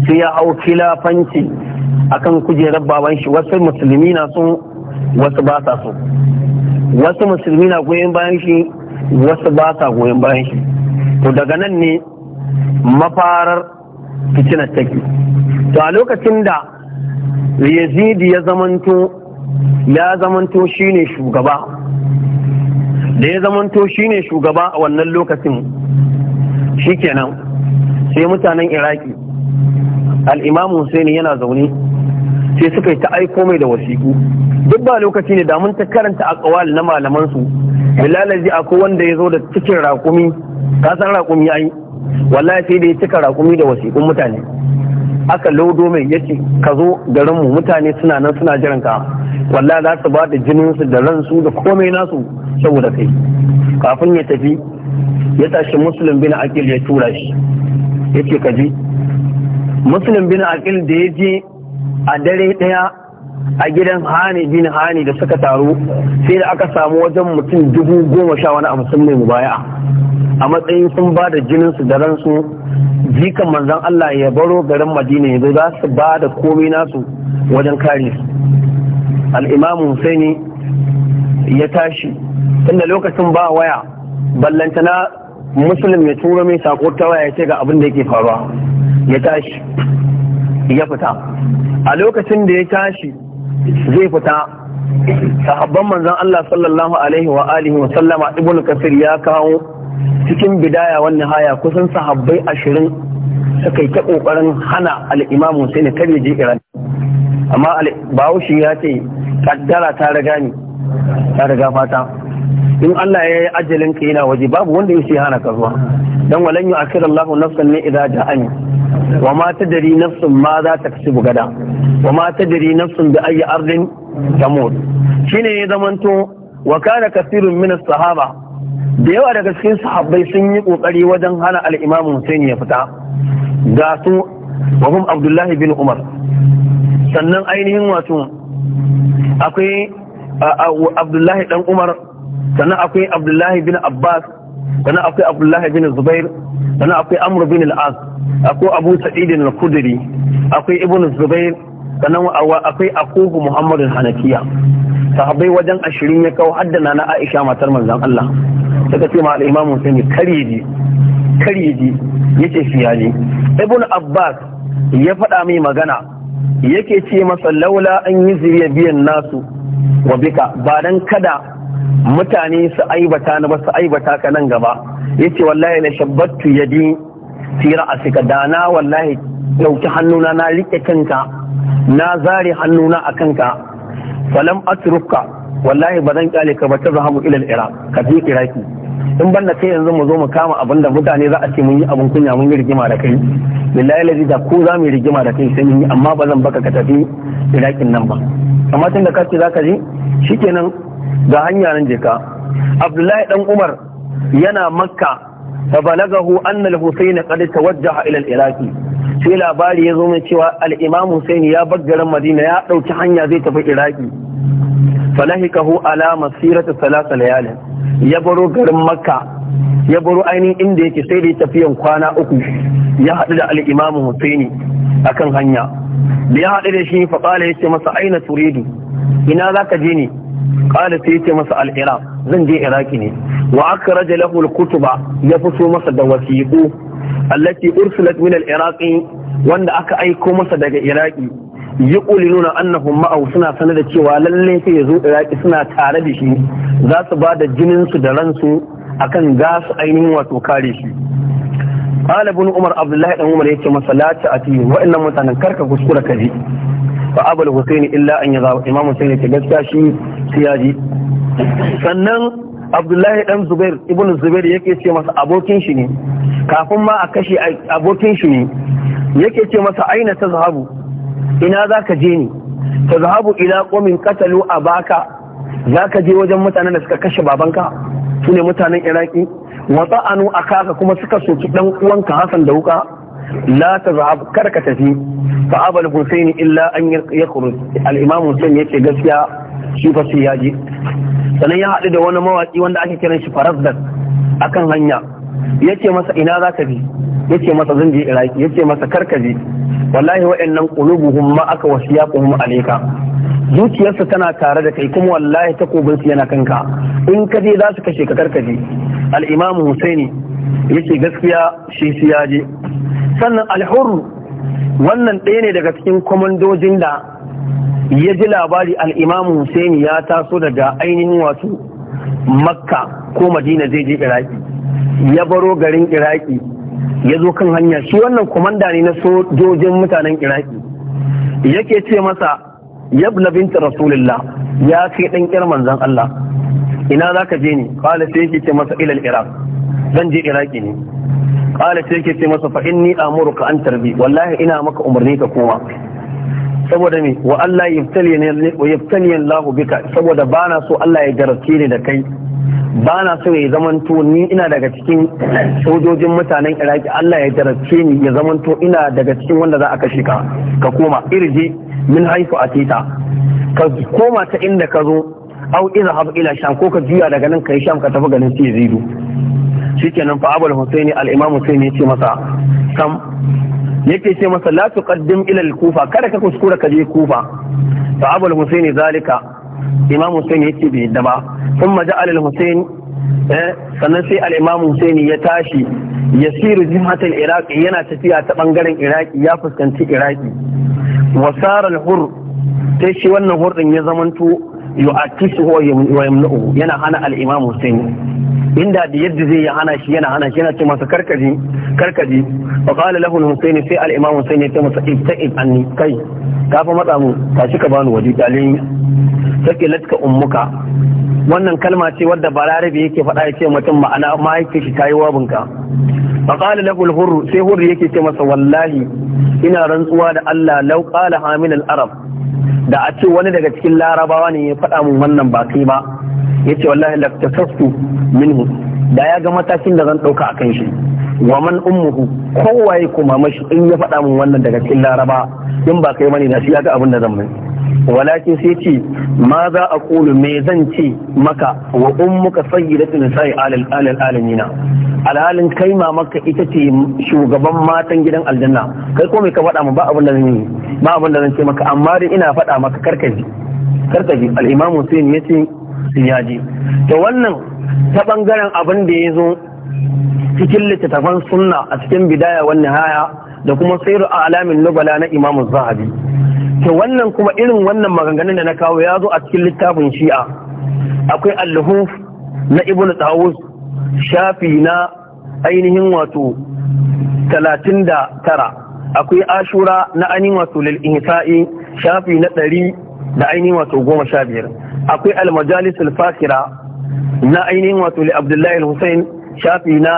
sai ya hau kilafanci akan kujerar baban shi wasu musulmi na sun wasu ba sa so wasu musulmi na goyon bayan shi wasu ba sa goyon bayan shi to daga nan ne mafarar fitinar take to a lokacin da yazidi ya zamanto ya zamanto shine shugaba da ya zamanto shine shugaba a wannan lokacin shikenan sai mutanen iraki al'imamu ne yana zaune sai suka yi ta aiko mai da wasiku duk ba lokaci ne damun ta karanta a kawal na malamansu bilalazi akwai wanda ya zo da cikin rakumi ka san rakumi ai wallahi sai da ya cika rakumi da wasikun mutane aka laudo mai yake ka zo garinmu mutane suna nan suna jiran ka wallahi za su ba da jininsu da ransu da komai nasu saboda kai kafin ya tafi ya tashi musulun bin akil ya tura shi ya ce ka bin akil da ya je a dare ɗaya a gidan hani bin hani da suka taru sai da aka samu wajen mutum dubu goma sha wani abu sun mai baya. a matsayin sun ba da jininsu da ransu jikan manzan Allah ya baro garin Madina yanzu za su ba da komai nasu wajen kare su al'imamu Husaini ya tashi tunda lokacin ba waya na musulun ya tura mai sako ta waya ya ce ga abin da yake faruwa ya tashi ya fita a lokacin da ya tashi zai fita sahabban manzon Allah sallallahu alaihi wa alihi wa sallama ibn kasir ya kawo cikin bidaya wannan haya kusan sahabbai ashirin suka yi ta kokarin hana al-imam Hussein kar je Iran amma Bahaushe ya ce kaddara ta riga ni ta riga fata in Allah ya yi ajalin ka yana waje babu wanda yake hana ka zuwa dan walan yu akira Allahu nafsan ne idza ja'ani wa ma tadri nafsun ma za ta kasu gada wa ma tadri nafsun bi ayi ardin tamut shine ya zamanto wa kana kasirun min as-sahaba da yawa daga cikin sahabbai sun yi kokari wajen hana al-Imam Hussein ya fita ga su wa hum Abdullah bin Umar sannan ainihin wato akwai Abdullahi dan Umar sannan akwai abdullahi bin abbas sannan akwai abdullahi bin zubair sannan akwai amr bin al-as akwai abu sa'id al-khudri akwai ibn zubair sannan akwai akuhu muhammad hanafiya Sahabai wajen ashirin ya kawo haddana na aisha matar manzon allah daga ce ma al-imam musulmi kariji kariji yace fiyali ibn abbas ya faɗa mai magana yake ce masa laula an yi zuriya biyan nasu wa bika ba dan kada mutane su aibata na ba su aibata ka nan gaba yace wallahi la shabbattu yadi fi ra'sika da na wallahi dauki hannuna na rike kanka na zare hannuna a kanka falam atruka wallahi ba zan kyale ka ba ta zahabu ila iraq ka je iraki in ban da kai yanzu mu zo mu kama abin da mutane za a ce mun yi abin kunya mun yi rigima da kai billahi lazi da ko za mu yi rigima da kai sai mun yi amma ba zan baka ka tafi irakin nan ba amma tun da kace zaka je shikenan ga hanya nan je ka abdullahi dan umar yana makka فبلغه أن الحسين قد توجه إلى العراق sai labari ya zo mai cewa imam Hussein ya baggaran Madina ya ɗauki hanya zai tafi Iraki falahikahu ala masiratu salasa layalin ya baro garin makka ya baro ainihin inda yake sai da tafiyan kwana uku ya haɗu da al-imam husaini akan hanya da ya haɗu da shi faƙala ya ce masa aina turidu ina za ka je ne ƙala sai yace ce masa al-iraq zan je iraki ne wa aka raja lahul kutuba ya fito masa da wasiƙu allati ursulat min al-iraqi wanda aka aiko masa daga iraki yuquluna annahun ma'ahu suna sanar da cewa lallai sai ya zo iraki suna tare da shi za su ba da jininsu da ransu akan za su ainihin wato kare shi qala umar abdullahi Ɗan umar yake masa la ta'ati wa'annan mutanen karka kuskura kaji abu da hussaini illa an yi yaza imam ne ta gaskiya shi yaji. sannan abdullahi Ɗan zubair ibn zubair yake ce masa abokin shi ne kafin ma a kashe abokin shi ne yake ce masa aina ta zahabu ina za ka je ni ta zahabu ila komin katalu a baka za ka je wajen mutanen da suka kashe babanka su ne mutanen iraki wata anu a kaka kuma suka soki dan uwanka hasan da wuka la ta zahabu kar ka tafi fa abal husaini illa an ya al-imam husain yace gaskiya shi fa sai ya je sannan ya haɗu da wani mawaki wanda ake kiran shi farazdat akan hanya yace masa ina za ka bi yace masa zan je iraki yace masa karka je wallahi wa'annan qulubuhum ma aka kuma alayka zuciyarsa tana tare da kai kuma wallahi takobin su yana kanka in ka je za su kashe ka karka je al-imam husaini yake gaskiya shi su ya je sannan al-hurr wannan ɗaya ne daga cikin komandojin da ya ji labari al-imam husaini ya taso daga ainihin wato makka ko madina zai je iraki ya baro garin iraki ya zo kan hanya shi wannan kwamandan ne na sojojin mutanen iraki yake ce masa Yabla binta rasulillah ya kai dan kyar manzan Allah ina za ka je ne kala sai yake ce masa ilal iraq zan je iraki ne kala sai yake ce masa fa inni amuruka an tarbi wallahi ina maka umarni ka koma saboda me wa Allah yabtali ne wa yabtali bika saboda bana so Allah ya jarabce ni da kai bana so ya zamanto ni ina daga cikin sojojin mutanen Iraki Allah ya jarabce ni ya zamanto ina daga cikin wanda za a kashe ka ka koma irji min haifu atita ka koma ta inda ka zo au izhab ila sham ko ka juya daga nan kai sham ka tafi ganin sai zidu shikenan fa abul husaini al imam husaini ya ce masa kam yake ce masa la tuqaddim ila al-kufa kada ka kuskura ka je kufa fa al husayn zalika imam husayn yake bi yadda ba thumma ja'ala al-husayn eh, sannan sai al-imam husayn ya tashi yasiru jihat al-iraq yana tafiya ta bangaren iraki ya fuskanci iraki wasara al-hur sai shi wannan hurdin ya zamanto yu'akkisuhu wa yamna'uhu yana hana al-imam Hussein inda da yadda zai ya hana shi yana hana shi yana ce masa karkaji karkaji fa qala lahu al-Hussein sai al-imam Hussein ya ce masa ibta'ib anni kai ka fa matsa mu tashi ka bani waje dalin sakilatka ummuka wannan kalma ce wadda balarabe yake faɗa ya ce mutum ma'ana ma yake shi tayi wabinka fa qala lahu al-hurr sai hurr yake ce masa wallahi ina rantsuwa da Allah law qala hamin al-arab da a ce wani daga cikin larabawa ne ya faɗa mun wannan ba kai ba yace wallahi laqtasastu minhu da ya ga matakin da zan ɗauka a kan shi wa man ummuhu kowaye kuma mashi in ya faɗa min wannan daga cikin laraba in ba kai mani na shi ya ga abin da zan mai walakin sai ce ma za a kulu me zan ce maka wa ummuka sayyidatu nisa'i alal alal alamina alhalin kai mamaka ita ce shugaban matan gidan aljanna kai ko ka faɗa min ba abin da zan yi ba abin da zan ce maka amma dai ina faɗa maka karkaji karkaji al-imamu ne yace sun yaji to wannan ta ɓangaren abin da ya zo cikin littattafan sunna a cikin bidaya wani haya da kuma sairu a alamin nubala na imamu zahabi to wannan kuma irin wannan maganganun da na kawo ya zo a cikin littafin shi'a akwai alluhu na ibnu tawus shafi na ainihin wato talatin da tara akwai ashura na ainihin wato lil ihsa'i shafi na ɗari da ainihin wato goma sha biyar akwai almajalis alfakira na ainihin wato li abdullahi al shafi na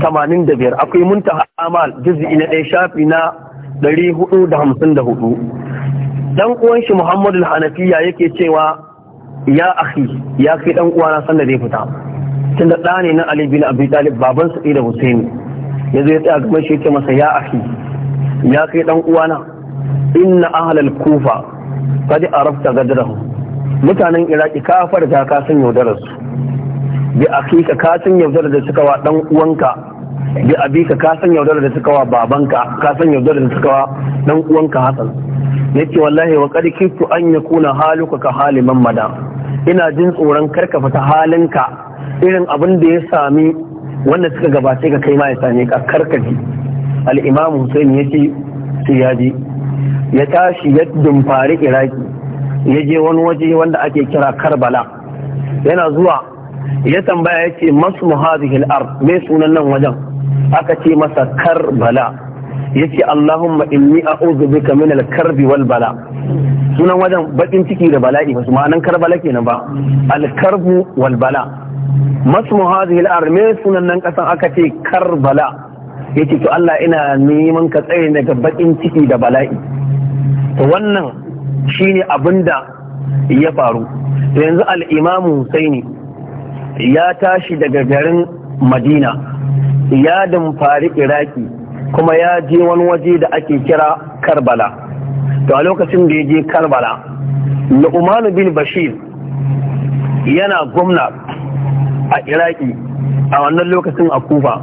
tamanin da biyar. akwai muntaha amal juz'i na ɗaya shafi na ɗari da da hamsin hudu dan uwan shi muhammadu hanafiya yake cewa ya akhi ya kai dan na sanda zai fita tunda da ne na ali bin abi talib baban su da ya yazo ya tsaya gaban shi yake masa ya akhi ya kai dan na inna ahlal kufa a arafta gadrahum mutanen iraki ka farga ka san yaudarar su bi kika ka san yaudarar da suka wa dan uwanka bi bi ka san yaudarar da suka wa babanka ka san yaudarar da suka wa dan uwanka hasan yace wallahi wa qad kiftu an yakuna haluka ka hali mada ina jin tsoron karka fita halinka irin abin da ya sami wanda suka gabace ka kai ma ya same ka karkaji al-imam Hussein yace sai ya ya tashi ya dumfari iraki ya je wani waje wanda ake kira karbala yana zuwa ya tambaya ya ce masu muhazihil ar me sunan nan wajen aka ce masa karbala ya ce allahumma inni a'udhu bika min karbi wal bala sunan wajen bakin ciki da bala'i ba su ma'anan karbala kenan ba alkarbi wal bala masu muhazihil ar me sunan nan kasan aka ce karbala ya ce to Allah ina neman ka tsaye daga bakin ciki da bala'i to wannan shine da ya faru yanzu al'imamu husaini ya tashi daga garin madina ya damfari iraki kuma ya je wani waje da ake kira karbala to a lokacin da ya je karbala lu'manu bin bashir yana gwamna a iraki a wannan lokacin a kufa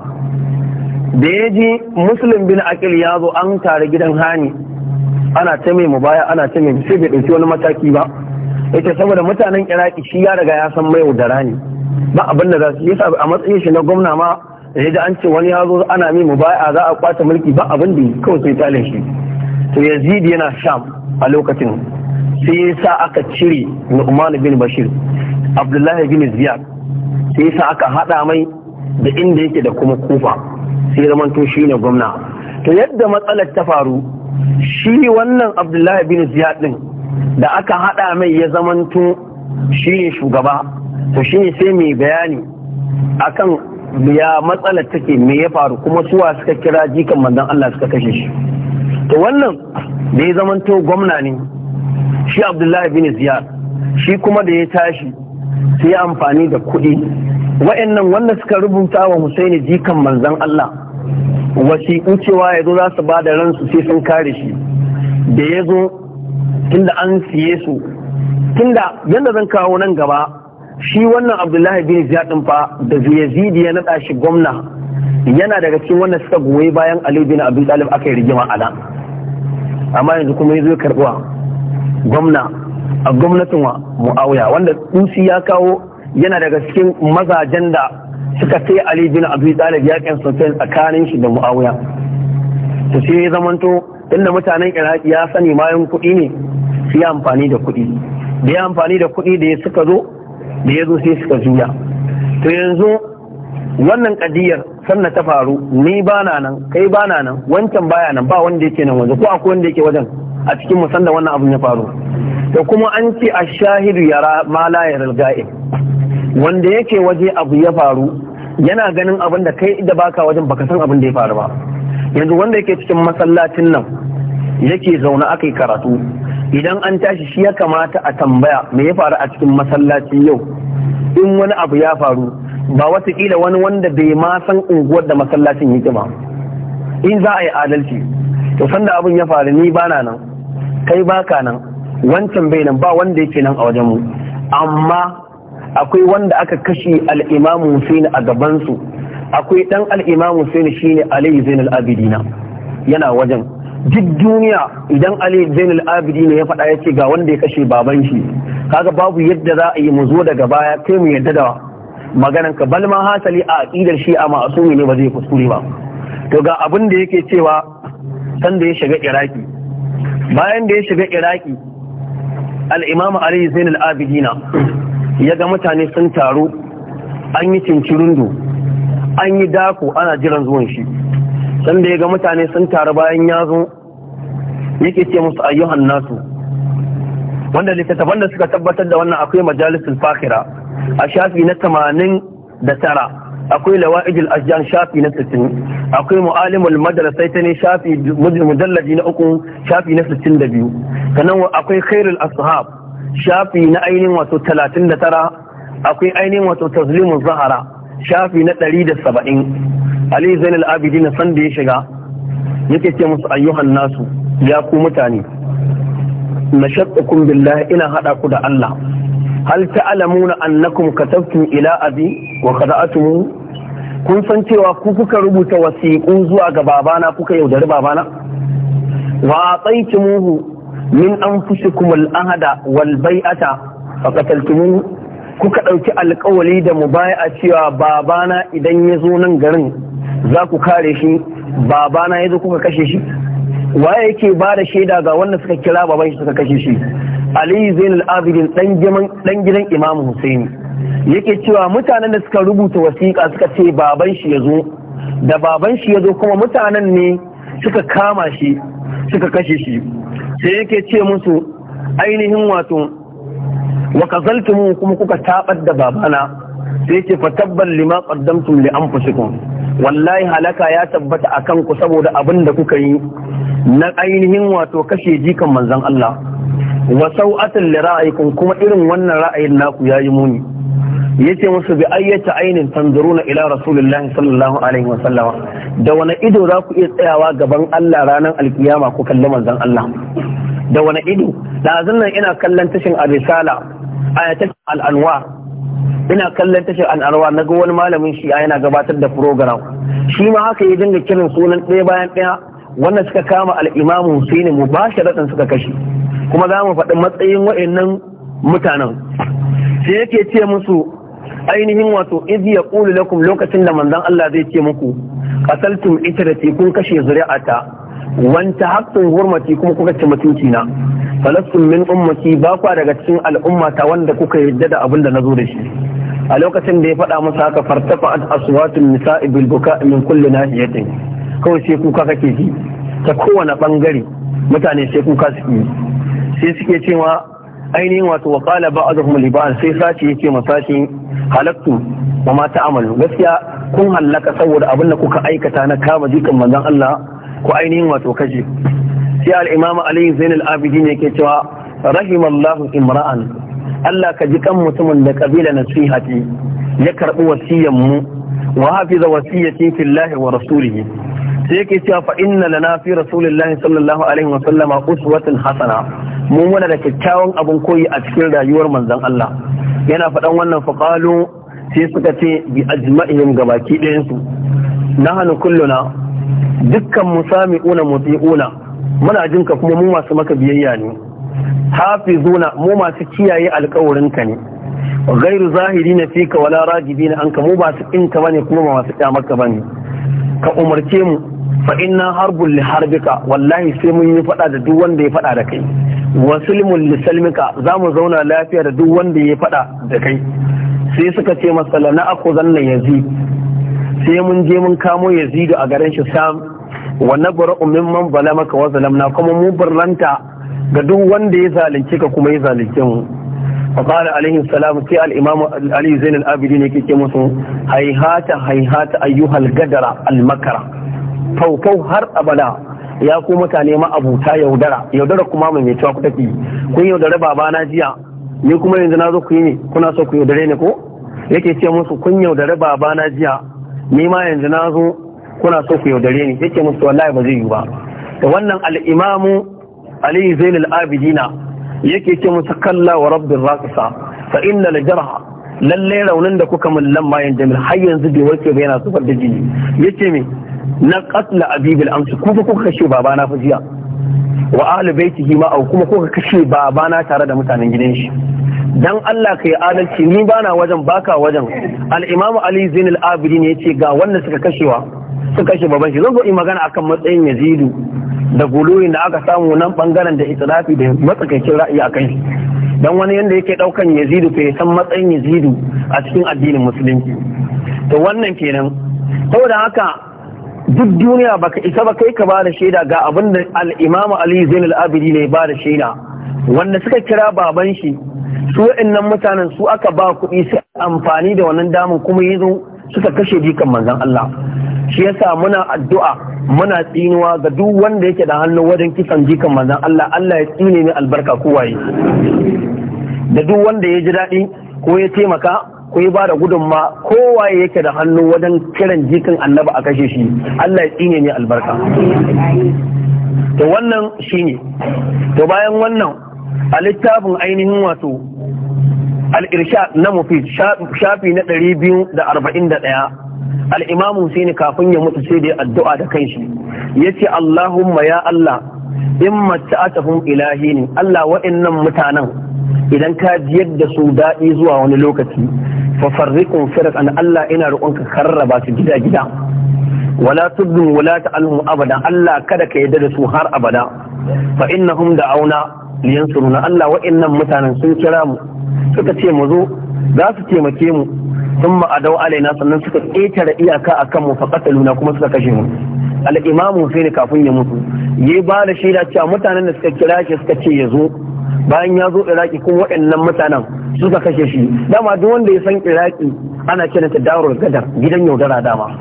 da ya je musulun bin akil ya zo an tare gidan hani ana ta mai mubaya ana ta mai sai bai ɗauki wani mataki ba yake saboda mutanen iraki shi ya riga ya san mai da rani ba abin da za su yi a matsayin shi na gwamna ma da ji an ce wani ya zo ana mai mubaya za a kwace mulki ba abin da kawai sai talin shi to yazid yana sham a lokacin sai ya sa aka cire nu'man bin bashir abdullahi bin ziyad sai ya sa aka hada mai da inda yake da kuma kufa sai zamanto shi ne gwamna to yadda matsalar ta faru shi wannan abdullahi bin ziyad din da aka hada mai ya zamanto shi ne shugaba to shi ne sai mai bayani akan ya matsalar take me ya faru kuma suwa suka kira jikan manzon Allah suka kashe shi to wannan da ya zamanto gwamna ne shi abdullahi bin ziyad shi kuma da ya tashi sai amfani da kuɗi wa'annan wanda suka rubuta wa Husaini jikan manzon Allah wasiƙu cewa ya zo za su ba da ransu sai sun kare shi da ya zo tunda an siye su tunda yadda zan kawo nan gaba shi wannan abdullahi bin ziyad fa da Ziyazidi ya naɗa shi gwamna yana daga cikin wannan suka goyi bayan ali bin abi talib aka yi rigima ala amma yanzu kuma ya ya karɓuwa gwamna a gwamnatin wa mu'awuya wanda tsusi ya kawo yana daga cikin mazajen da suka sai Ali bin Abi Talib ya kan sosai tsakanin shi da Muawiya to sai ya zamanto inda mutanen Iraki ya sani mayan kuɗi ne su yi amfani da kuɗi da ya amfani da kuɗi da ya suka zo da ya zo sai suka juya to yanzu wannan kadiyar sannan ta faru ni ba na nan kai ba na nan wancan baya nan ba wanda yake nan wanzu ko akwai wanda yake wajen a cikin mu da wannan abin ya faru to kuma an ce ashahidu yara ma la yaral ga'ib wanda yake waje abu ya faru yana ganin abin da kai da baka wajen baka san abin da ya faru ba yanzu wanda yake cikin masallacin nan yake zaune aka yi karatu idan an tashi shi ya kamata a tambaya me ya faru a cikin masallaci yau in wani abu ya faru ba watakila wani wanda bai ma san unguwar da masallacin yake ba in za a yi adalci to sanda abin ya faru ni bana nan kai baka nan wancan bai nan ba wanda yake nan a wajen mu amma akwai wanda aka kashe al'imamu Hussein a gabansu akwai ɗan al'imamu Hussein shine Ali Zainul Abidina yana wajen duk duniya idan Ali Zainul Abidina ya faɗa ya ce ga wanda ya kashe baban shi kaga babu yadda za a yi mu zo daga baya kai mu yadda da maganan ka bal ma hasali a aqidar shi a masu ne ba zai kuskure ba to ga abin da yake cewa sanda ya shiga Iraki bayan da ya shiga Iraki al-Imam Ali Abidina ya ga mutane sun taru an yi cincirundu an yi dako ana jiran zuwan shi sanda ya ga mutane sun taru bayan ya zo yake ce musu ayyuhan nasu wanda littattafan da suka tabbatar da wannan akwai majalisul fakira a shafi na tamanin da tara akwai lawa'ijil ajiyar shafi na sittin akwai mu'alimul madarasa ta ne shafi mujallaji na uku shafi na sittin da biyu sannan akwai khairul ashab shafi na ainihin wato 39 akwai ainihin wato tazlimu zahara shafi na 170 ali zain al-abidi na san da ya shiga yake ce musu ayyuhan nasu ya ku mutane na shaqqukum billahi ina hada ku da Allah hal ta'lamuna annakum katabtum ila abi wa qada'tum kun san cewa ku kuka rubuta wasiƙu zuwa ga babana kuka yaudari babana wa ataytumuhu min anfusikum al-ahada wal bai'ata mu kuka ɗauki alƙawali da mu baya a cewa babana idan ya zo nan garin za ku kare shi babana ya zo kuka kashe shi waye yake ba da shaida ga wanda suka kira baban shi suka kashe shi aliyu zainul abidin dan gidan imam husaini yake cewa mutanen da suka rubuta wasiƙa suka ce baban shi ya zo da baban shi ya zo kuma mutanen ne suka kama shi suka kashe shi sai yake ce musu ainihin wato wa mu kuma kuka tabar da babana sai yake fa tabban lima qaddamtum li anfusikum wallahi halaka ya tabbata akan ku saboda abin da kuka yi na ainihin wato kashe jikan manzon Allah wa sau'atan da ra'ayikum kuma irin wannan ra'ayin naku ya yi muni yace musu bi ayyata ainin tanzuruna ila rasulillahi sallallahu alaihi wa sallama da wani ido za ku iya tsayawa gaban Allah ranar alkiyama ku kalli manzon Allah da wani ido da nan ina kallon tashin arisala ayatul al ina kallon tashin al'anwa na ga wani malamin shi yana gabatar da program shi ma haka ya dinga kiran sunan ɗaya bayan ɗaya wannan suka kama al'imamu husaini mu ba shi suka kashe kuma za mu faɗi matsayin wa'annan mutanen sai yake ce musu ainihin wato idh yaqulu lakum lokacin da manzon Allah zai ce muku qataltum da kun kashe zuri'ata wanta haƙƙin hurmati kuma kuka ci mutunci na falastum min ummati ba kwa daga cikin al'ummata wanda kuka yarda da abin da zo da shi a lokacin da ya faɗa masa haka fartafa aswatun nisa'i bil buka min kulli nahiyatin kawai sai kuka kake ji ta kowane bangare mutane sai kuka suke yi sai suke cewa ainihin wato wa qala ba'dhum li ba'd sai sashi yake masashi halaktu wa ma ta'amalu gaskiya kun hallaka saboda abin da kuka aikata na kama jikin manzon Allah ko ainihin wato kaje sai al-imam Ali Zainab Abidin yake cewa rahimallahu imra'an Allah ka ji kan mutumin da kabila nasihati ya karbi wasiyan mu wa hafiza wasiyati fillahi wa rasulihi da yake cewa fa inna lana fi rasulillahi sallallahu alaihi wa sallama uswatun hasana mun muna da kyakkyawan abun koyi a cikin rayuwar manzon Allah yana faɗan wannan faqalu sai suka ce bi ajma'ihim gabaki ɗayan su nahnu kulluna dukkan musami'una muti'una muna jinka kuma mu masu maka biyayya ne hafizuna mu masu kiyaye alƙawarin ka ne ghairu zahirina fika wala na anka mu ba su kinka bane kuma ba masu kyamarka bane ka umarce mu fa inna harbul li harbika wallahi sai mun yi fada da duk wanda ya fada da kai wa sulmun li salmika zamu zauna lafiya da duk wanda ya fada da kai sai suka ce masa la na aku zanna yazid sai mun je mun kamo yazid a garin shi sam wa nabra man balamaka wa zalamna kuma mu barranta ga duk wanda ya zalunce ka kuma ya zalunce mu فقال عليه السلام سي الإمام علي زين العابدين يكي مسو هيهات هيهات أيها القدر المكرة فوقو هر أبدا ya ku mutane ma abuta yaudara yaudara kuma mai mai cewa ku take kun yaudara babana jiya ni kuma yanzu na ku yi ne kuna so ku yaudare ni ko yake ce musu kun yaudare babana jiya ni ma yanzu na kuna so ku yaudare ni yake musu wallahi ba zai yi ba da wannan al'imamu ali zainul abidina yake ce musu kalla wa rabbin raqisa fa inna la jarha lalle raunin da kuka min lamma yan jamil har yanzu bai warke ba yana zubar da jini yace me na qatla abibil amsi kuma kuka kashe babana fa jiya wa ahli baitihi ma au kuma kuka kashe babana tare da mutanen gidan shi dan Allah kai adalci ni bana wajen baka wajen al-imamu ali zainul abidin yace ga wanda suka kashewa su kashe baban shi zan zo in magana akan matsayin yazidu da guluyin da aka samu nan bangaren da itirafi da matsakaicin ra'ayi a kai dan wani yanda yake daukan yazidu fa san matsayin yazidu a cikin addinin musulunci to wannan kenan saboda haka duk duniya baka isa ba kai ka bada shaida ga abin da al-Imam Ali Zain al ne ne da shaida wanda suka kira baban shi su wa'annan mutanen su aka ba kuɗi su amfani da wannan damun kuma yi. suka kashe jikan manzan Allah shi yasa muna addu'a muna tsinuwa ga duk wanda yake da hannu wajen kisan jikan manzan Allah Allah ya tsine ni albarka kowaye da duk wanda ya ji daɗi ko ya taimaka ko ya bada gudunma kowaye yake da hannu wajen kiran jikan annabi a kashe shi Allah ya tsine ni albarka to wannan shine to bayan wannan a littafin ainihin wato al-irsha na mufi shafi na 241 al-imamu sai kafin ya mutu sai da addu'a da kanshi yace Allahumma ya Allah in mata'atahum ilahi ne Allah Waɗannan mutanen idan ka jiyar da su daɗi zuwa wani lokaci fa farriqun firqan Allah ina roƙonka karraba su gida gida wala tuddun wala ta'alhum abada Allah kada ka yarda da su har abada fa innahum da'auna liyansuruna Allah wa'annan mutanen sun kira mu suka ce mu zo za su taimake mu sun ma'adau alaina sannan suka ƙetare iyaka a kanmu fa kuma suka kashe mu al'imamu sai kafin ya mutu ya ba da shaida cewa mutanen da suka kira shi suka ce ya zo bayan ya zo iraki kuma waɗannan mutanen suka kashe shi dama duk wanda ya san iraki ana kiranta darul gadar gidan yaudara dama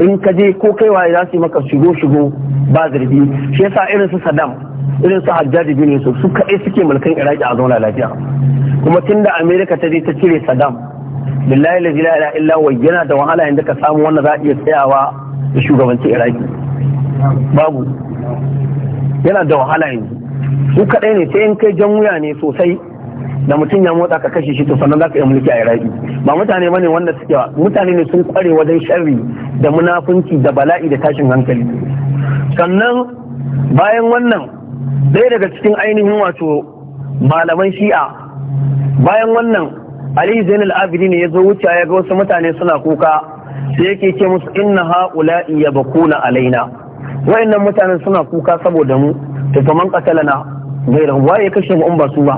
in ka je ko kai waye za su yi maka shigo shigo ba zargi shi yasa irin su Saddam irin su Hajjaj bin Yusuf su kaɗai suke mulkan Iraki a zauna lafiya kuma tunda Amerika ta je ta cire Saddam billahi la ilaha illa wa yana da wahala inda ka samu wannan za a iya tsayawa da shugabanci Iraki babu yana da wahala yanzu su kaɗai ne sai in kai jan wuya ne sosai da mutum ya motsa ka kashe shi to sannan za ka yi mulki a iraki ba mutane bane wanda suke mutane ne sun kware wajen sharri da munafunci da bala'i da tashin hankali sannan bayan wannan ɗaya daga cikin ainihin wato malaman shi'a bayan wannan ali zainal abidi ne ya zo wuce ya ga wasu mutane suna kuka sai yake ce musu inna haula'i bakuna alaina wayannan mutanen suna kuka saboda mu to faman zainab waye ya kashe mu in ba su ba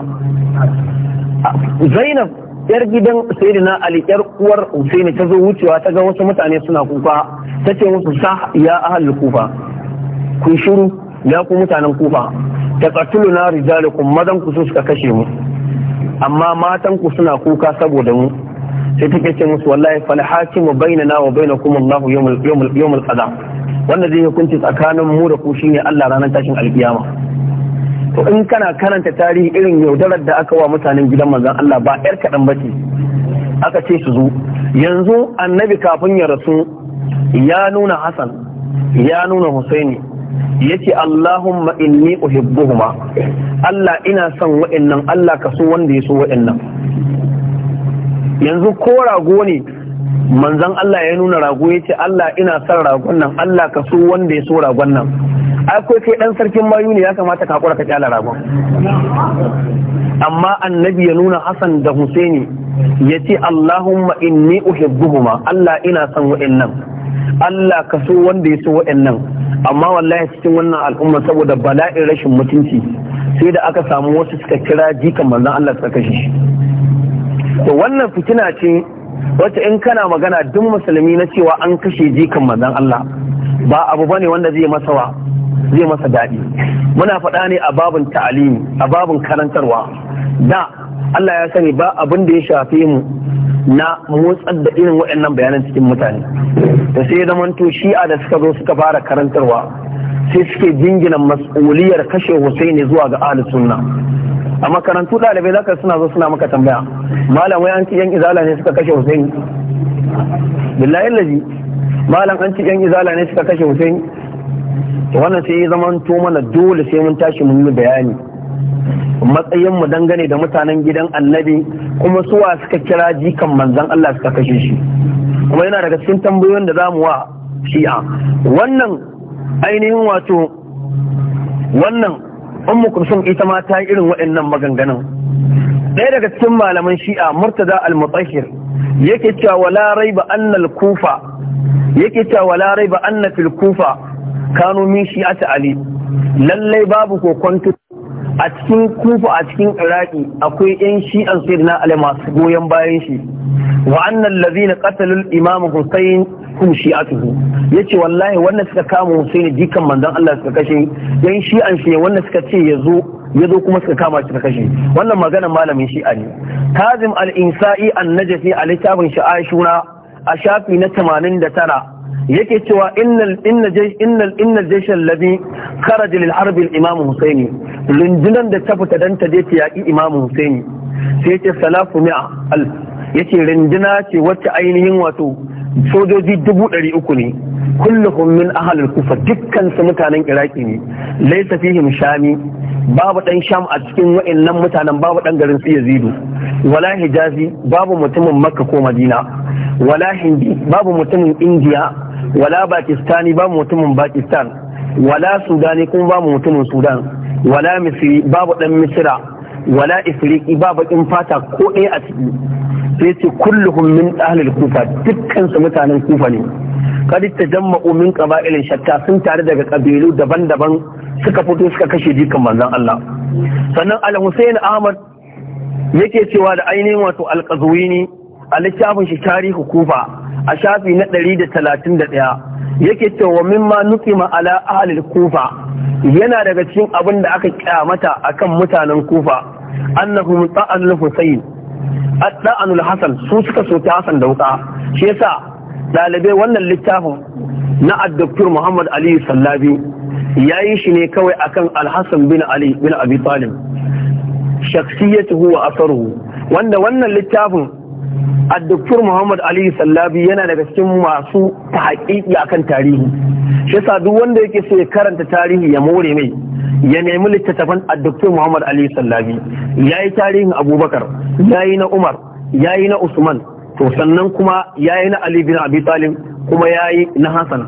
Zainab yar gidan Sayyidina Ali yar uwar Husaini ta zo wucewa ta ga wasu mutane suna kuka ta ce musu sa ya ahal kufa ku shiru ya ku mutanen kufa ta tsatulu na rijalukum madan ku su suka kashe mu amma matan ku suna kuka saboda mu sai take ce musu wallahi fal hakimu bainana wa bainakum Allahu yawmul yawmul yawmul qada wanda zai hukunci tsakanin mu da ku shine Allah ranar tashin alkiyama to in kana karanta tarihi irin yaudarar da aka wa mutanen gidan manzon Allah ba yar kaɗan ba ce aka ce su zo yanzu annabi kafin ya rasu ya nuna Hassan ya nuna Husaini yace Allahumma inni uhibbuhuma Allah ina son wa'annan Allah ka so wanda ya so wa'annan yanzu ko rago ne manzan Allah ya nuna rago ya ce Allah ina son ragon nan Allah ka so wanda ya so ragon nan akwai kai dan sarkin mayu ne ya kamata ka hakura ka kyala ragon amma annabi ya nuna Hassan da Husaini ya ce Allahumma inni uhibbuhuma Allah ina son wa'annan Allah ka so wanda ya so wa'annan amma wallahi cikin wannan al'umma saboda bala'in rashin mutunci sai da aka samu wasu suka kira jikan manzan Allah suka kashe shi to wannan fitina ce wata in kana magana duk musulmi na cewa an kashe jikan manzon Allah ba abu bane wanda zai masa zai masa daɗi muna faɗa ne a babin ta'alimi a babin karantarwa da Allah ya sani ba abin da ya shafe mu na motsar da irin waɗannan bayanan cikin mutane da sai zaman to shi'a da suka zo suka fara karantarwa sai suke jingina mas'uliyar kashe Hussaini zuwa ga ahlus sunna a makarantu ɗalibai zaka suna zo suna maka tambaya malam wai an ci yan izala ne suka kashe Hussein billahi lazi malam an ci yan izala ne suka kashe Hussein wannan sai ya zama to mana dole sai mun tashi mun yi bayani matsayin mu dangane da mutanen gidan annabi kuma suwa suka kira jikan manzon Allah suka kashe shi kuma yana daga cikin tambayoyin da zamu wa shi'a wannan ainihin wato wannan ummu kulsum ita ma ta yi irin waɗannan maganganun ɗaya daga cikin malaman shi'a murtaza al-mutahhir yake cewa wala raiba anna al-kufa yake cewa wala raiba anna fil kufa kanu min shi'ati ali lallai babu ko kwantu a cikin kufa a cikin iraki akwai yan shi'an sayyidina ali masu goyon bayan shi wa annal ladina qatalul imam husayn hum shi'atuhu yace wallahi wannan suka kama husaini jikan manzon Allah suka kashe yan shi'an shi wannan suka ce yazo yazo kuma suka kama shi kashe wannan magana malamin shi'a ne kazim al-insa'i an-najfi a littafin sha'ashuna a shafi na 89 yake cewa innal inna jaysh innal lil harb imam husaini rundunar da ta fita dan ta je ta yaki imam husaini sai ce salafu mi'a al yace rinduna ce wacce ainihin wato sojoji dubu ɗari uku ne kulluhum min ahalul kufa dukkan su mutanen iraki ne laysa fihim shami babu dan sham a cikin wa'annan mutanen babu dan garin su yazidu wala hijazi babu mutumin makka ko madina wala hindi babu mutumin indiya wala pakistani babu mutumin pakistan wala sudani kuma babu mutumin sudan wala misri babu dan misira wala isriki ba bakin fata ko ɗaya a ciki sai ce kulluhum min ahlil kufa dukkan su mutanen kufa ne ta tajamma'u min qaba'ilin shatta sun tare daga kabilu daban-daban suka fito suka kashe dukkan manzon Allah sannan al-Husayn Ahmad yake cewa da ainihin wato al-Qazwini a littafin shi tarihi kufa a shafi na ɗari da da talatin ɗaya. yake cewa mimma ma ala ahli kufa yana daga cikin abin da aka kyamata akan mutanen kufa annahum ta'anul husayn at-ta'anul hasan su suka soki hasan da wuka shi yasa dalibai wannan littafin na addoktor Muhammad Ali Sallabi ya yi shi ne kawai akan Alhassan bin Ali bin Abi Talib shaksiyatu huwa asaruhu wanda wannan littafin addoktor muhammad ali sallabi yana daga cikin masu ta haƙiƙi akan tarihi shi yasa duk wanda yake so ya karanta tarihi ya more mai ya nemi littattafan addoktor muhammad ali sallabi ya yi tarihin abubakar ya yi na umar ya yi na usman to sannan kuma ya yi na ali bin abi talib kuma ya yi na hassan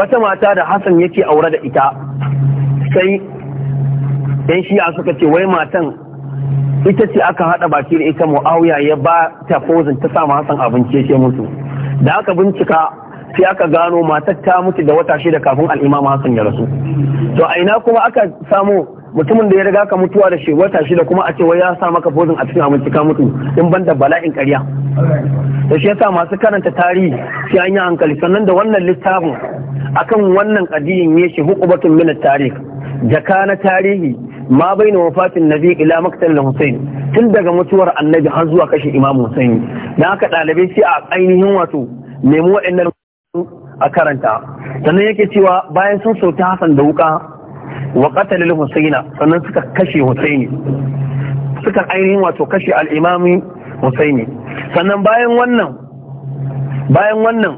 wata mata da hassan yake aure da ita sai yan shi'a suka ce wai matan ita ce aka haɗa baki da ita mu'awiya ya ba ta fozin ta samu hasan abinci ya mutu da aka bincika sai aka gano matar ta mutu da wata shida kafin al'imam hasan ya rasu to a ina kuma aka samu mutumin da ya riga ka mutuwa da shi wata shida kuma a ce wai ya sa maka fozin a cikin abinci ka mutu in ban da bala'in ƙarya da shi yasa masu karanta tarihi sai an yi hankali sannan da wannan littafin akan wannan kadiyin ya shi hukubatun min tarihi jaka na tarihi ma bai baina wafatin nabi ila maktal Hussein tun daga mutuwar annabi har zuwa kashe Imam Hussein na haka ɗalibai sai a ainihin wato nemi waɗannan a karanta sannan yake cewa bayan sun sauta Hassan da wuka wa qatalil Husaina sannan suka kashe Husaini suka ainihin wato kashe al-Imam Husaini sannan bayan wannan bayan wannan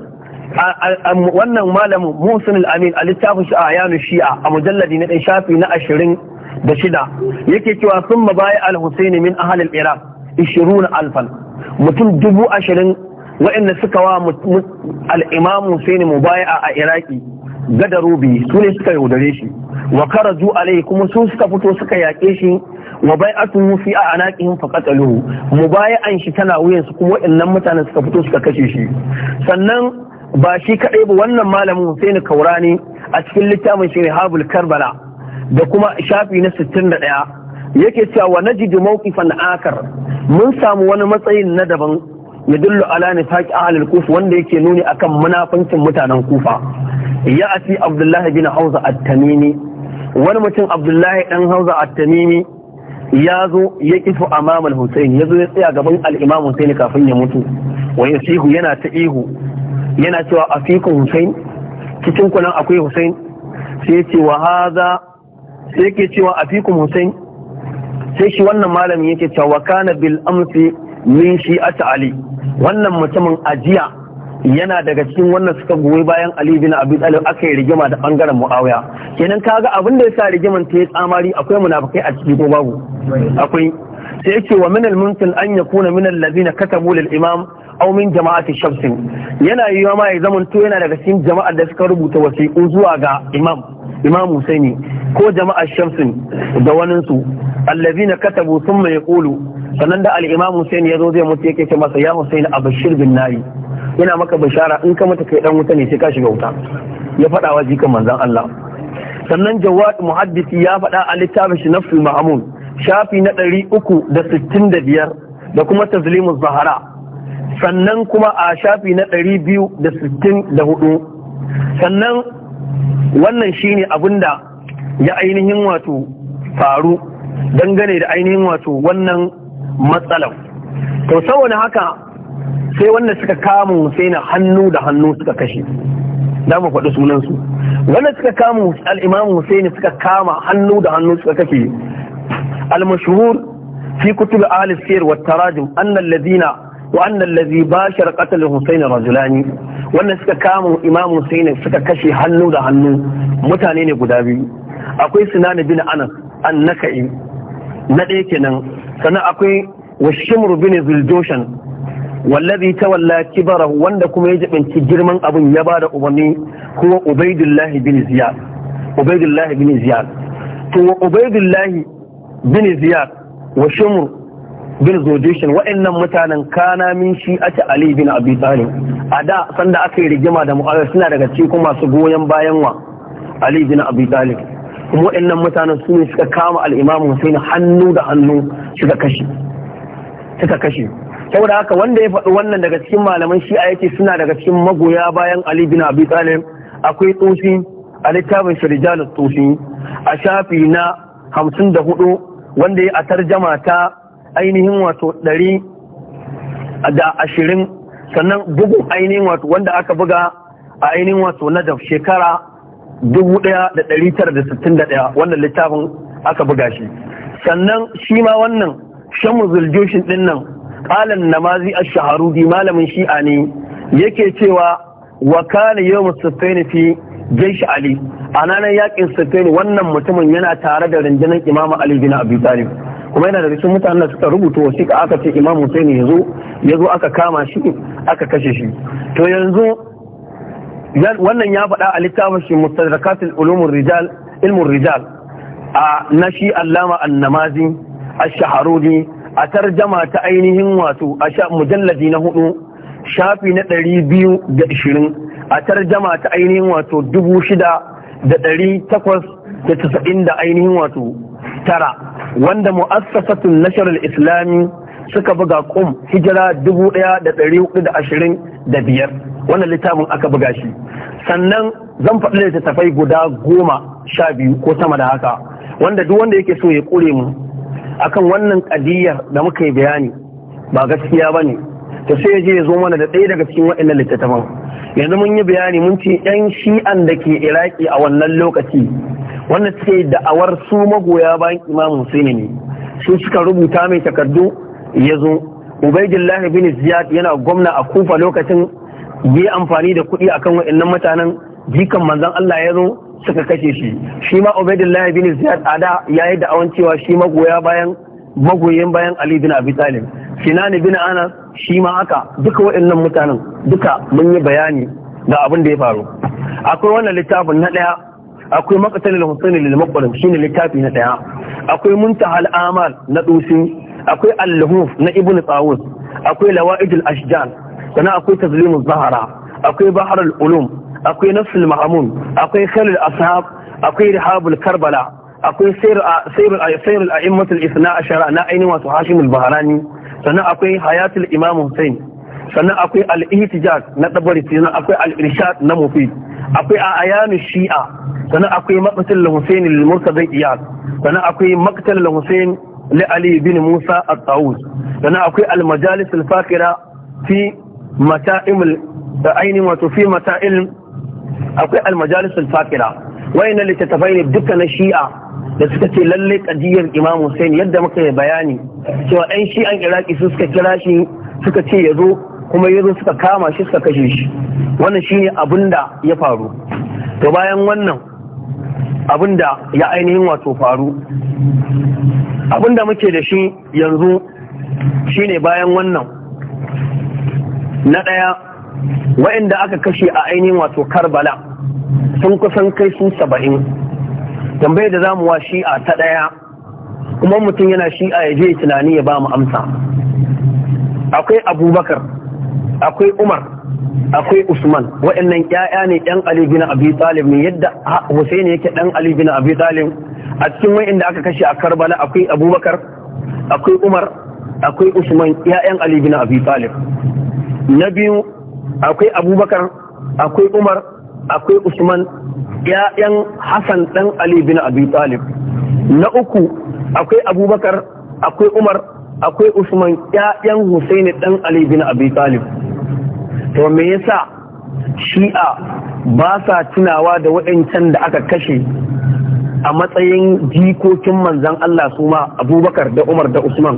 wannan malamin musulun amin a littafin shi a yanu shi'a a mujalladi na ɗan shafi na ashirin da shida yake cewa sun mabayi al-husaini min ahal al-iraq ishirun alfan mutum dubu ashirin wa'inda suka wa al-imam husaini mubaya a iraki Gada Robi su ne suka yaudare shi wa karaju alai kuma su suka fito suka yaƙe shi wa bai'atuhu fi anaqihim faqataluhu mubaya'an shi tana wuyan su kuma waɗannan mutanen suka fito suka kashe shi sannan ba shi kaɗai ba wannan malamin Hussein Kaurani a cikin littafin shi Habul Karbala da kuma shafi na 61 yake cewa wa najidu mawqifan akar mun samu wani matsayin na daban ya dullu ala nifaqi ahli kufa wanda yake nuni akan munafincin mutanen kufa ya ati abdullahi bin hauza at-tamimi wani mutum abdullahi dan hauza at-tamimi ya zo ya kifu amam al-husayn ya zo ya tsaya gaban al-imam husayn kafin ya mutu wa yasihu yana ta ihu yana cewa afikum husayn cikin ku nan akwai husayn sai ya ce wa hadha sai yake cewa Afiku husain sai shi wannan malami yake cewa wa kana bil amsi min shi'ati ali wannan mutumin ajiya yana daga cikin wannan suka goyi bayan ali bin abi talib aka yi rigima da bangaren muawiya kenan kaga abin da ya sa rigiman ta yi tsamari akwai munafikai a ciki ko babu akwai sai yake wa min al mumkin an yakuna min katabu lil imam au min jama'ati shamsin yana yiwa ma ya zamanto yana daga cikin jama'ar da suka rubuta wasiqu zuwa ga imam imam husaini ko jama'a shamsin da waninsu na katabu mai yaqulu sannan da al-imam husaini zo zai mutu yake ce masa ya husaini Bashir bin nari yana maka bishara in ka mutu kai dan wuta ne sai ka shiga wuta ya faɗa wa jikan manzon Allah sannan jawad muhaddisi ya faɗa a littafin shi nafsul ma'amun shafi na ɗari uku da sittin da biyar da kuma tazlimu zahara sannan kuma a shafi na ɗari biyu da sittin da hudu sannan wannan shine abin da ya ainihin wato faru dangane da ainihin wato wannan matsalar to saboda haka sai wanda suka kama Hussein hannu da hannu suka kashe da mu faɗi sunansu wanda suka kama al-Imam Hussein suka kama hannu da hannu suka kashe al-mashhur fi kutub al-sir wa tarajum Annan Ladina. wa lazi ba bashar qatl husayn rajulani wannan suka kama imamu husayn suka kashe hannu da hannu mutane ne guda biyu akwai sinani bin anas Naka'i, na ɗaya kenan sannan akwai washimru bin zuldoshan wallazi tawalla kibarahu wanda kuma ya jibinci girman abin ya da umarni kuma ubaidullahi bin ziyad ubaidullahi bin ziyad to ubaidullahi bin ziyad wa bil zojishin waɗannan mutanen kana min shi ta ali bin abi talib a da sanda aka yi rigima da Muawiya suna daga cikin masu goyon bayan wa ali bin abi talib kuma waɗannan mutanen su ne suka kama al-imam Hussein hannu da hannu suka kashe suka kashe saboda haka wanda ya faɗi wannan daga cikin malaman shi'a yake suna daga cikin magoya bayan ali bin abi talib akwai tsofi a littafin shirjalar tsofi a shafi na hamsin da hudu wanda ya a tarjama ta ainihin wato ɗari da ashirin sannan bugun ainihin wato wanda aka buga a ainihin wato na da shekara dubu ɗaya da ɗari tara da sittin da ɗaya wannan littafin aka buga shi sannan shi ma wannan shamu zuljushin ɗin nan ƙalan namazi a shaharudi malamin shi'a ne yake cewa wa kana yawmu sufaini fi jaishi ali a ranar yakin sufaini wannan mutumin yana tare da rundunar imamu ali bin abi talib kuma yana da cikin mutanen da suka rubuta wasiƙa aka ce imam Hussein ya zo ya zo aka kama shi aka kashe shi to yanzu wannan ya faɗa a littafin shi mustadrakatul ulumur rijal ilmur rijal a nashi allama annamazi ash a tarjama ta ainihin wato a mujalladi na hudu shafi na ɗari biyu da ishirin a tarjama ta ainihin wato dubu shida da ɗari takwas da tasa'in da ainihin wato tara wanda mu'assasatun nashar al-islami suka buga kum hijira 1425 wannan littafin aka buga shi sannan zan faɗi littattafai guda goma sha biyu ko sama da haka wanda duk wanda yake so ya ƙure mu akan wannan ƙadiyar da muka yi bayani ba gaskiya ba ne to sai ya je ya zo mana da ɗaya daga cikin waɗannan littattafan yanzu mun yi bayani mun ce yan shi'an da ke iraki a wannan lokaci wanda suke da'awar su magoya bayan imam husaini ne su suka rubuta mai takardu ya zo ubaidillahi bin ziyad yana gwamna a kufa lokacin yi amfani da kuɗi akan wa'annan mutanen jikan manzon Allah ya zo suka kashe shi shi ma ubaidillahi bin ziyad a da yayi da'awan cewa shi magoya bayan magoyin bayan Ali bin Abi Talib Sinani bin Anas shi ma haka duka waɗannan mutanen duka mun yi bayani ga abin da ya faru akwai wannan littafin na ɗaya akwai al husaini lil shi shine littafi na ɗaya akwai al amal na dusi akwai al-luhuf na ibn tawus akwai al ashjan sannan akwai tazlimuz zahara akwai al ulum akwai nafsul mahamun akwai khalil ashab akwai rihabul karbala akwai sayrul a'immatul isna ashara na ainihin wato al baharani sannan akwai hayatul imam hussein sannan akwai al-ihtijaj na tabari sannan akwai al-irshad na Mufi. akwai ayanu shi'a sannan akwai maqtal hussein lil murtaza iyad sannan akwai maqtal hussein li ali bin musa at-tawus sannan akwai al-majalis al-fakira fi mata'im ainihin wato fi mata'il akwai al-majalis al-fakira wayannan littattafai ne dukkan shi'a da suka ce lalle kadiyar imam Hussein yadda muka yi bayani cewa ɗan shi an iraki su suka kira shi suka ce ya zo kuma ya zo suka kama shi suka kashe shi wannan shi ne abin da ya faru to bayan wannan abin da ya ainihin wato faru abin da muke da shi yanzu shine bayan wannan na ɗaya wa'inda aka kashe a ainihin wato karbala sun kusan kai su saba'in tambayar da za mu wa shi'a ta ɗaya kuma mutum yana shi'a ya je tunani ya ba mu amsa akwai abubakar akwai umar akwai usman waɗannan ƴaƴa ne ɗan ali bin abi talib ne yadda hussein yake ɗan ali bin abi talib a cikin waɗanda aka kashe a karbala akwai abubakar akwai umar akwai usman ƴaƴan ali bin abi talib na biyu akwai abubakar akwai umar akwai usman ‘ya'yan hassan ɗan ali bin abi talib na uku akwai abubakar akwai umar akwai usman ‘ya'yan husaini ɗan ali bin abi talib to me yasa shi'a ba sa tunawa da waɗancan da aka kashe a matsayin jikokin manzan Allah su ma abubakar da umar da usman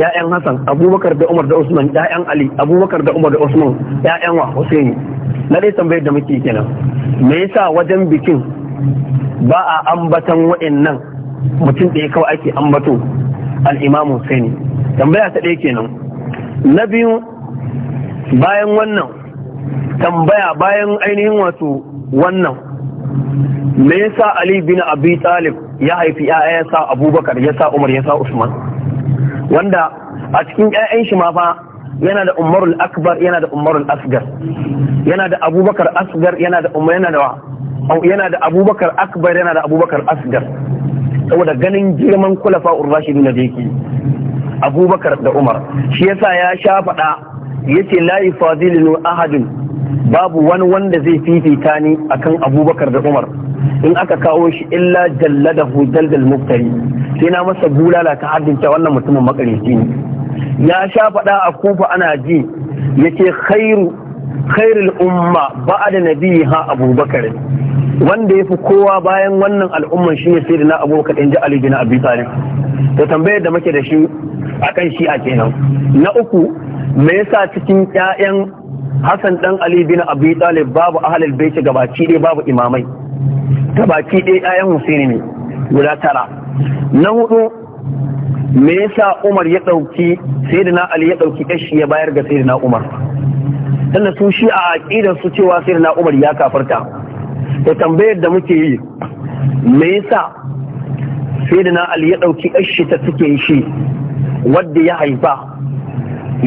ya'yan hassan abubakar da umar da usman ya'yan ali abubakar da umar da usman ya'yan wa husaini na dai tambayar da muke kenan me yasa wajen bikin ba a ambatan wa'annan mutum ɗaya kawai ake ambato al'imam imam tambaya ta ɗaya kenan na biyu bayan wannan tambaya bayan ainihin wato wannan me yasa Ali bin Abi Talib ya haifi 'ya'ya ya sa Abubakar ya sa Umar ya sa Usman wanda a cikin 'ya'yan shi ma fa yana da umarul akbar yana da umarul asgar yana da abubakar asgar yana da umar yana da yana da abubakar akbar yana da abubakar asgar saboda ganin girman kulafa urrashidin na yake abubakar da umar shi yasa ya sha faɗa yace layi yufadilu ahadin babu wani wanda zai fifita ni akan abubakar da umar in aka kawo shi illa Jalla jalladahu daldal muftari sai na masa bulala ta haddin wannan mutumin makareci ne ya sha faɗa a kufa ana ji ya ce khairul umma ba da nabi ha abubakar wanda ya fi kowa bayan wannan al'ummar shi ne sai da na abubakar in ji ali na abu talib to tambayar da muke da shi akan shi a kenan na uku me yasa cikin ƴaƴan Hassan ɗan Ali bin Abi Talib babu ahlul ga gabaci dai babu imamai gabaci dai ƴaƴan Husaini ne guda tara na hudu me yasa Umar ya dauki sayyidina Ali ya dauki kashi ya bayar ga sayyidina Umar tunda su shi a aqidar su cewa sayyidina Umar ya kafarta Ka tambayar da muke yi me yasa sayyidina Ali ya dauki kashi ta take shi wanda ya haifa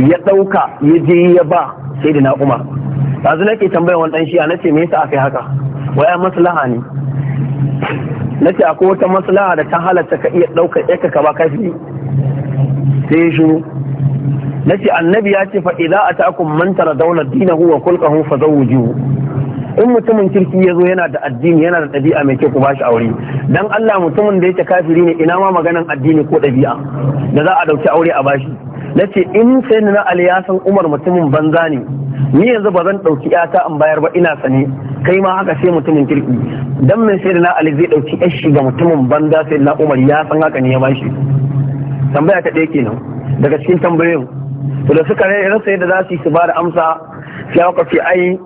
ya ɗauka, ya je ya ba sayyidina Umar yanzu nake tambayar wannan shi a nace me yasa aka yi haka waya maslaha ne Nace ce akwai wata maslaha da ta halatta ka iya ɗaukar yaka ka ba kafi sai ya shiru na ce annabi ya ce za a ta'akun mantara daular dinahu wa kulkahu fa hu. in mutumin kirki ya zo yana da addini yana da ɗabi'a mai kyau ku ba shi aure dan Allah mutumin da yake kafiri ne ina ma maganan addini ko ɗabi'a da za a ɗauki aure a bashi na ce in sai na ali ya umar mutumin banza ne ni yanzu ba zan ɗauki yata an bayar ba ina sane kai ma haka sai mutumin kirki dan mai sai na ali zai ɗauki yashi ga mutumin banza sai na umar ya san haka ne ya shi? tambaya ta ɗaya kenan daga cikin tambayoyin to da suka rasa yadda za su yi su ba da amsa sai aka ce ai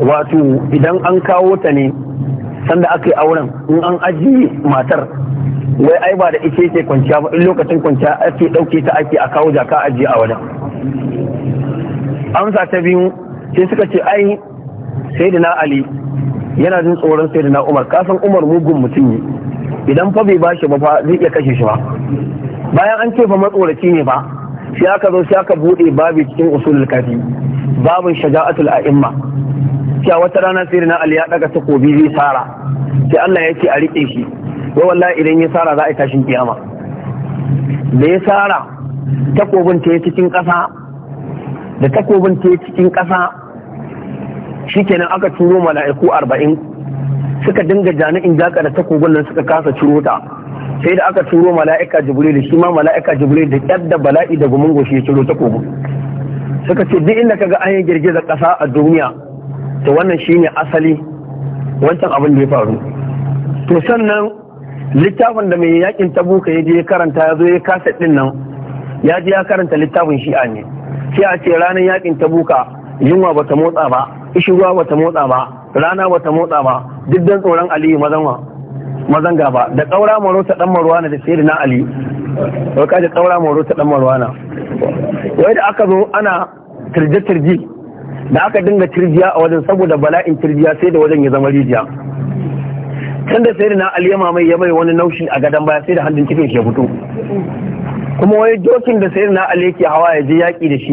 wato idan an kawo ta ne sanda aka yi auren in an ajiye matar wai ai ba da ita yake kwanciya ba in lokacin kwanciya ake ɗauke ta ake a kawo jaka a a wajen amsa ta biyu sai suka ce ai sai da na ali yana jin tsoron sai da na umar kasan umar mugun mutum ne idan fa bai bashi ba fa zai iya kashe shi ba bayan an ce fa matsoraci ne ba sai aka zo sai aka bude babu cikin usulul kafi babin shaja'atul a'imma sai wata rana sai da na ali ya daga takobi zai sara sai Allah ya ce a rike shi wai wallahi idan ya sara za a yi tashin kiyama da ya sara takobin ta cikin ƙasa da takobin ta cikin ƙasa shikenan aka turo mala'iku arba'in suka dinga in jaka da takobin nan suka kasa ciro ta sai da aka turo mala'ika jibril shi ma mala'ika jibril da kyar da bala'i da gumin goshi ya ciro takobin suka ce duk inda kaga an yi girgizar ƙasa a duniya to wannan shine asali wancan abin da ya faru to sannan littafin da mai yakin tabuka ya je ya karanta ya zo ya kasa din nan ya je ya karanta littafin shi'a ne sai a ce ranar yakin tabuka yunwa bata motsa ba ishirwa bata motsa ba rana bata motsa ba duk dan tsoron aliyu mazanwa mazan gaba da kaura maro ta dan marwana da na, ali wai da kaura maro ta dan marwana wai da aka zo ana tirje tirji da aka dinga tirjiya a wajen saboda bala'in tirjiya sai da wajen ya zama rijiya da sai da na aliyama mai ya mai wani naushi a gadon baya sai da hannun cikin ke fito kuma wani jokin da sai na ali ke hawa ya je yaƙi da shi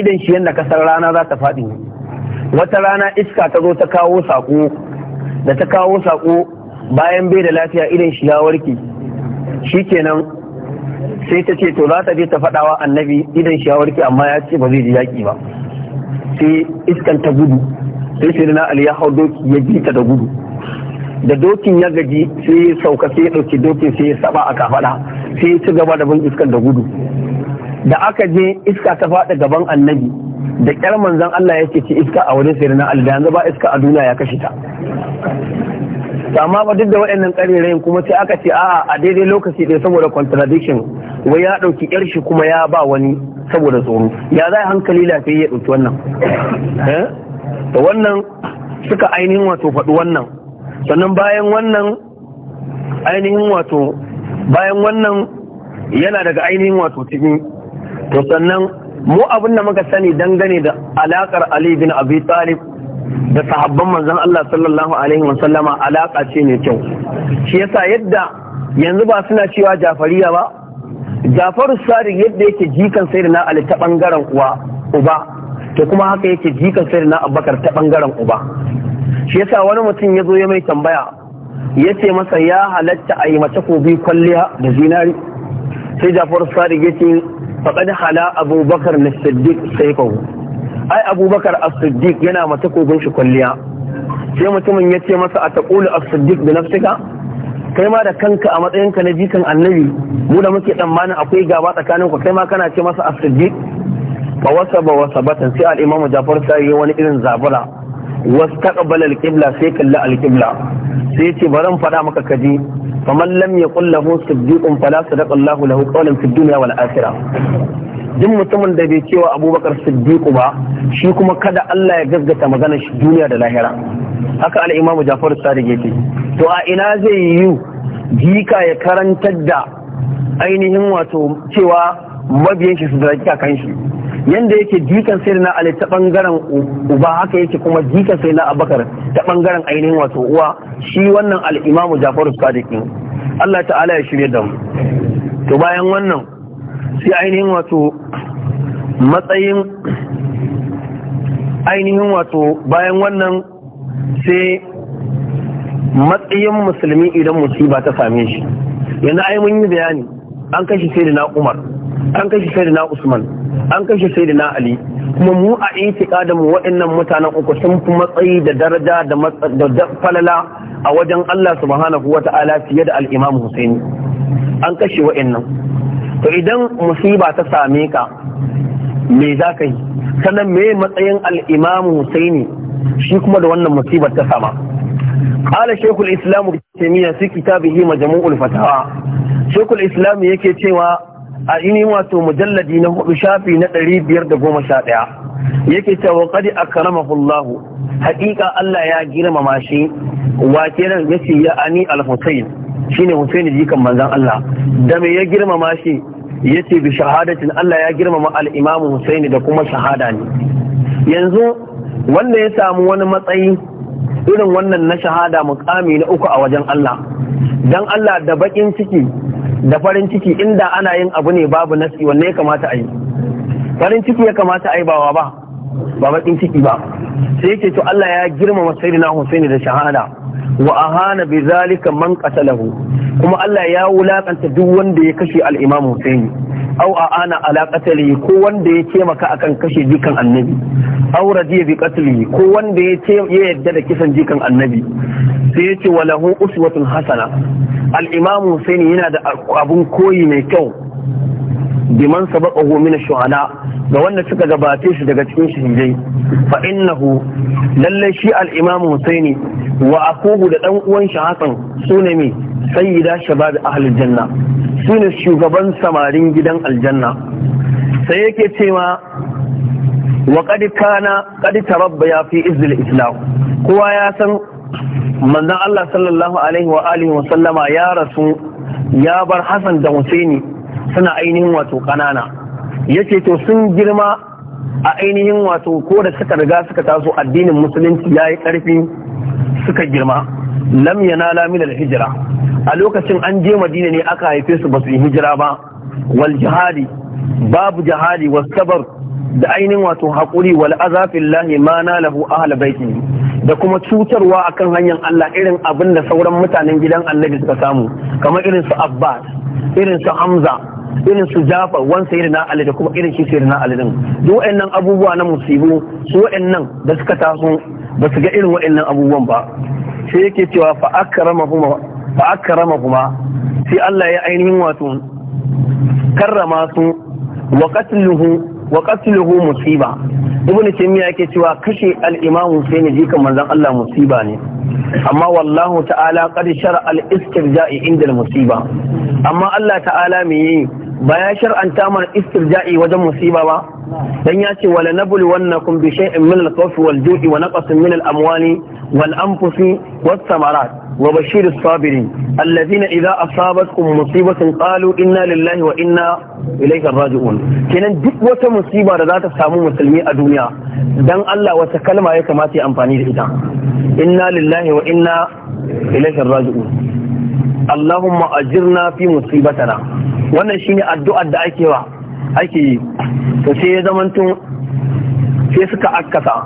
idan shi yadda kasar rana za ta faɗi wata rana iska ta zo ta kawo saƙo da ta kawo saƙo bayan bai da lafiya idan shi ya warke shi kenan sai ta ce to za ta je ta faɗawa annabi idan shi ya warke amma ya ce ba zai je yaƙi ba sai iskan ta gudu sai sai na ali ya hau doki ya bi ta da gudu da dokin ya gaji sai ya sauka sai ya ɗauki dokin sai ya saba a kafada sai ya ci gaba da bin iskar da gudu da aka je iska ta faɗi gaban annabi da ƙyar manzan Allah yake ci iska a wurin sai na alda yanzu ba iska a duniya ya kashe ta amma ba duk da waɗannan ƙarerayin kuma sai aka ce a'a a daidai lokaci ɗaya saboda contradiction wai ya ɗauki ƴar shi kuma ya ba wani saboda tsoro ya za hankali lafiya ya ɗauki wannan da eh? wannan suka ainihin wato faɗi wannan sannan bayan wannan ainihin wato bayan wannan yana daga ainihin wato cikin to sannan mu abin da muka sani dangane da alakar Ali bin Abi Talib da sahabban manzon Allah sallallahu alaihi wa sallama alaka ce mai kyau shi yasa yadda yanzu ba suna cewa Jafariya ba Jafaru Sadiq yadda yake jikan sai na Ali ta bangaren uwa uba to kuma haka yake jikan sai na abubakar ta bangaren uba shi yasa wani mutum ya zo ya mai tambaya ya ce masa ya halatta a yi mace ko kwalliya da zinari sai jafar sadiq ya ce faɗaɗi hala abubakar na siddiq sai kawo ai abubakar a siddiq yana mace ko shi kwalliya sai mutumin ya ce masa a taƙulu a siddiq da nafsika kai ma da kanka a matsayinka na jikan annabi mu da muke tsammanin akwai gaba tsakaninku kai ma kana ce masa a siddiq Ba wasa ba wasa batan sai al-imam Jafar yi wani irin zabura wastaqbala al-qibla sai kalla al-qibla sai ce zan fada maka kaji faman lam yaqul lahu siddiqun fala sadaqa Allahu lahu qawlan fid dunya wal akhirah duk mutumin da bai cewa abubakar siddiqu ba shi kuma kada Allah ya gaskata maganar shi duniya da lahira haka al-imamu Jafar Sadiq yake to a ina zai yiwu jika ya karantar da ainihin wato cewa mabiyan shi su zaki kan shi yanda yake jikan sai na ali ta bangaren uba haka yake kuma jikan sai na abakar ta bangaren ainihin wato uwa shi wannan al'imamu jafaru sadiki Allah ta'ala ya shirya da mu to bayan wannan sai ainihin wato matsayin ainihin wato bayan wannan sai matsayin musulmi idan musiba ta same shi yanzu ai mun yi bayani an kashe sai na umar an kashe sai na usman an kashe sai na ali kuma mu a itika da mu waɗannan mutanen uku sun fi matsayi da daraja da falala a wajen Allah subhanahu wa ta'ala fiye da al-imam Husaini an kashe waɗannan to idan musiba ta same ka me za ka yi sannan me matsayin al-imam Husaini shi kuma da wannan musibar ta sama قال شيخ الإسلام ابن تيمية في كتابه مجموع الفتاوى شيخ الإسلام yake cewa a ini wato mujalladi na hudu shafi na ɗari biyar da goma sha ɗaya yake cewa kadi akramahu Allah haƙiƙa Allah ya girmama shi wa kenan yace ya ani al-Husayn shine Husayn jikan manzon Allah da me ya girmama shi yace bi shahadatin Allah ya girmama al-Imam Husayn da kuma shahada ne yanzu wanda ya samu wani matsayi irin wannan na shahada mukami na uku a wajen Allah dan Allah da bakin ciki da farin ciki inda ana yin abu ne babu nasi wanne ya kamata a yi farin ciki ya kamata a yi bawa ba ba bakin ciki ba sai yake to Allah ya girmama sayyidina Hussein da shahada wa ahana bi zalika man qatalahu kuma Allah ya wulakanta duk wanda ya kashe al-Imam Husaini aw ahana ala qatlihi ko wanda ya taimaka akan kashe jikan annabi aw radiya bi qatlihi ko wanda ya ya yadda da kisan jikan annabi sai yace Walahu uswatun hasana al-Imam Husaini yana da abun koyi mai kyau biman sabaqahu min ash-shuhada ga wanda suka gabace shi daga cikin shahidai fa innahu lalle shi al-imam Husaini wa akuhu da dan uwan shi Hassan sune me sayyida shabab ahli janna sune shugaban samarin gidan aljanna sai yake cewa wa qad kana qad tarabbaya fi izzil islam kowa ya san manzon Allah sallallahu alaihi wa alihi wa sallama ya rasu ya bar Hassan da Husaini suna ainihin wato ƙanana yace to sun girma a ainihin wato ko da suka riga suka taso addinin musulunci yayi ƙarfi suka girma lam lami da hijira. a lokacin an je madina ne aka haife su ba su yi hijira ba wal jihadi babu jihadi was sabar da ainihin wato haƙuri wal azafillahi ma nalahu ahal baiti da kuma cutarwa akan hanyar Allah irin abin da sauran mutanen gidan Annabi suka samu kamar irin su Abbas irin su Hamza irin su Jafar wansa irin na da kuma irin shi sayyidina na din duk wayannan abubuwa na musibu su wayannan da suka taso ba su ga irin wayannan abubuwan ba sai yake cewa fa akramahuma fa sai Allah ya ainihin wato karrama su wa qatluhu wa qatluhu musiba ibnu taymiya yake cewa kashe al-imam ne jikan manzon Allah musiba ne amma wallahu ta'ala qad shar'a al-istirja'i inda al-musiba amma Allah ta'ala me yi ba ya shar'anta mana istirja'i wajen musiba ba dan ya ce wala nablu wannakum bi shay'in min al-khawfi wal ju'i wa naqsin min al-amwali wal anfusi was samarat wa bashir as-sabirin alladhina idza asabatkum musibatun qalu inna lillahi wa inna ilayhi raji'un kenan duk wata musiba da zata samu musulmi a duniya dan Allah wata kalma ya kamata ya amfani da ita inna lillahi wa inna ilayhi raji'un Allahumma ajirna fi musibatana wannan shine addu'ar da ake wa ake yi to sai ya tun sai suka akkasa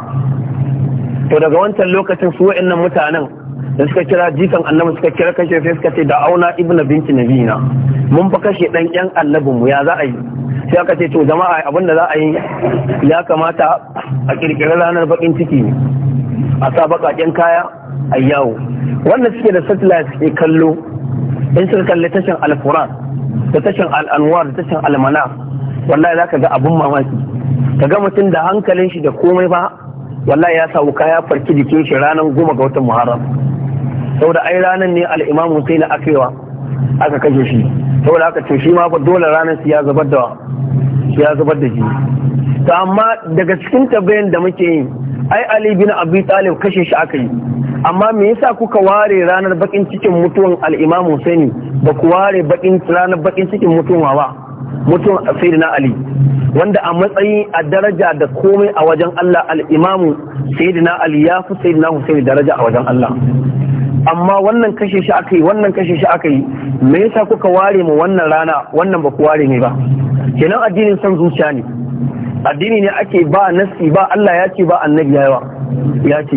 to daga wancan lokacin su wa'annan mutanen da suka kira jikan annabi suka kira kashe sai suka ce da auna ibnu binti nabina mun fa kashe dan yan annabin mu ya za a yi sai aka ce to jama'a abin da za a yi ya kamata a kirkiri ranar bakin ciki ne a sa bakaken kaya a yawo wannan suke da satellite suke kallo in suka kalli tashin alquran da tashin al'anwar da tashin almana wallahi zaka ga abun mamaki kaga mutum da hankalin shi da komai ba wallahi ya sa wuka ya farki jikin shi ranar goma ga watan muharram saboda ai ranar ne al-imam Hussein akewa aka kashe shi saboda aka ce shi ma dole ranar ya zubar da ya zubar da jini to amma daga cikin tabbayin da muke yi ai Ali bin Abi Talib kashe shi aka yi amma me yasa kuka ware ranar bakin cikin mutuwan al-imam Hussein ba ku ware bakin ranar bakin cikin mutuwa ba mutum sayyidina ali wanda a matsayi a daraja da komai a wajen Allah Al'imamu imamu sayyidina ali ya fi sayyidina husaini daraja a wajen Allah amma wannan kashe shi aka yi wannan kashe shi aka yi me yasa kuka ware mu wannan rana wannan ba ku ware ne ba kenan addinin san zuciya ne addini ne ake ba nasi ba Allah ya ce ba annabi yawa ya ce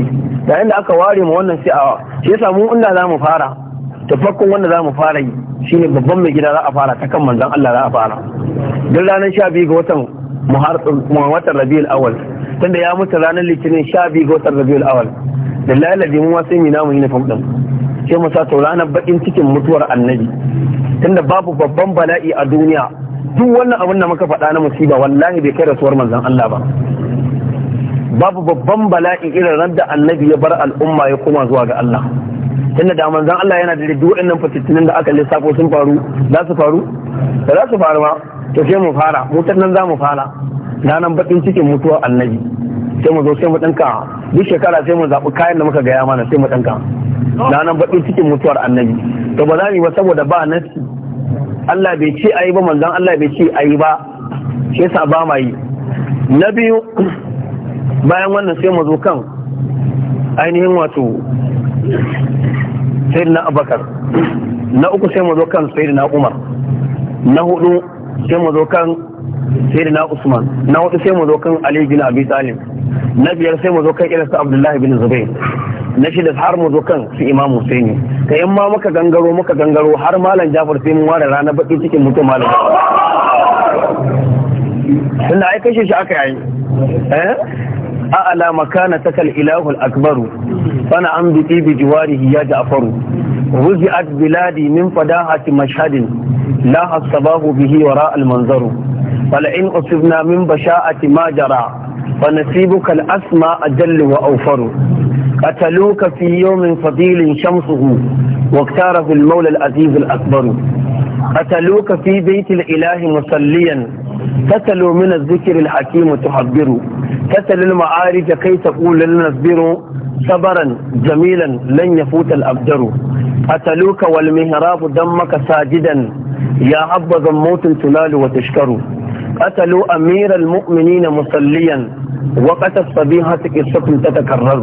yayin da aka ware mu wannan sai a shi yasa mu inda za mu fara da farkon wanda za mu fara yi ne babban mai gida za a fara ta kan manzan Allah za a fara don ranar sha biyu ga watan watan rabiul awal tunda ya mutu ranar litinin sha biyu ga watan rabiul awal da da mu wasu yi namu ne fam sai mu sa to ranar baƙin cikin mutuwar annabi tunda babu babban bala'i a duniya duk wannan abin da muka faɗa na musiba wallahi bai kai rasuwar manzan Allah ba babu babban bala'i irin ran da annabi ya bar al'umma ya koma zuwa ga Allah tunda da manzon Allah yana da duk waɗannan fitinin da aka lissafo sun faru za su faru da za su faru ma to sai mu fara mu nan za mu fara nan bakin cikin mutuwar annabi sai mu zo sai mu ɗanka. duk shekara sai mu zaɓi kayan da muka gaya mana sai mu Na nan bakin cikin mutuwar annabi to ba za mu yi ba saboda ba nasi Allah bai ce ayi ba manzon Allah bai ce ayi ba sai sa ba ma yi na biyu bayan wannan sai mu zo kan ainihin wato sai na abakar na uku sai mu zo kan sai na umar na hudu sai mu zo kan sai na usman na hudu sai mu zo kan ali bin abi talib na biyar sai mu zo kan irin su abdullahi bin zubair na shida har mu zo kan su imam husaini kai in ma muka gangaro muka gangaro har malam jafar sai mun ware rana baki cikin mutum malam tunda ai kashe shi aka yi eh a'ala makanataka al-ilahu al-akbar fana an bi bi jiwarihi ya ja'faru ruzi'at biladi min fadahati mashhadin la hasabahu bihi wara al-manzaru فلئن أصبنا من بشاءة ما جرى فنسيبك الأسمى أجل وأوفر قتلوك في يوم فضيل شمسه واختاره المولى العزيز الأكبر قتلوك في بيت الإله مصليا تتلو من الذكر الحكيم تحبر تتل المعارج كي تقول لنصبر صبرا جميلا لن يفوت الأبدر أتلوك والمهراب دمك ساجدا يا حب ضموت تلال وتشكر قتلوا أمير المؤمنين مصليا وقت الصبيحة قصة تتكرر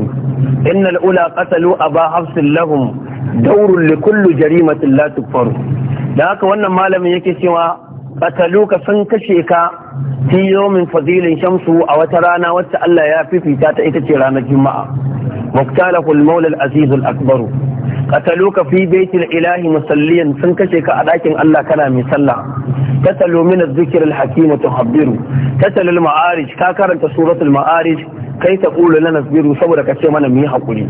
إن الأولى قتلوا أبا حفص لهم دور لكل جريمة لا تكفر لذلك وأن ما لم يكسوا qataluka sun kashe ka fi yawmin fadilin shamsu a wata rana wacce Allah ya fifita ta ita ce ranar juma'a muktalahu al-maula azizu aziz al fi baiti ilahi musalliyan sun kashe ka a dakin Allah kana mai sallah tatalu min adh al-hakim tuhabbiru tatalu al-ma'arij ka karanta suratul ma'arij kai ta na lana saboda ka ce mana mu yi hakuri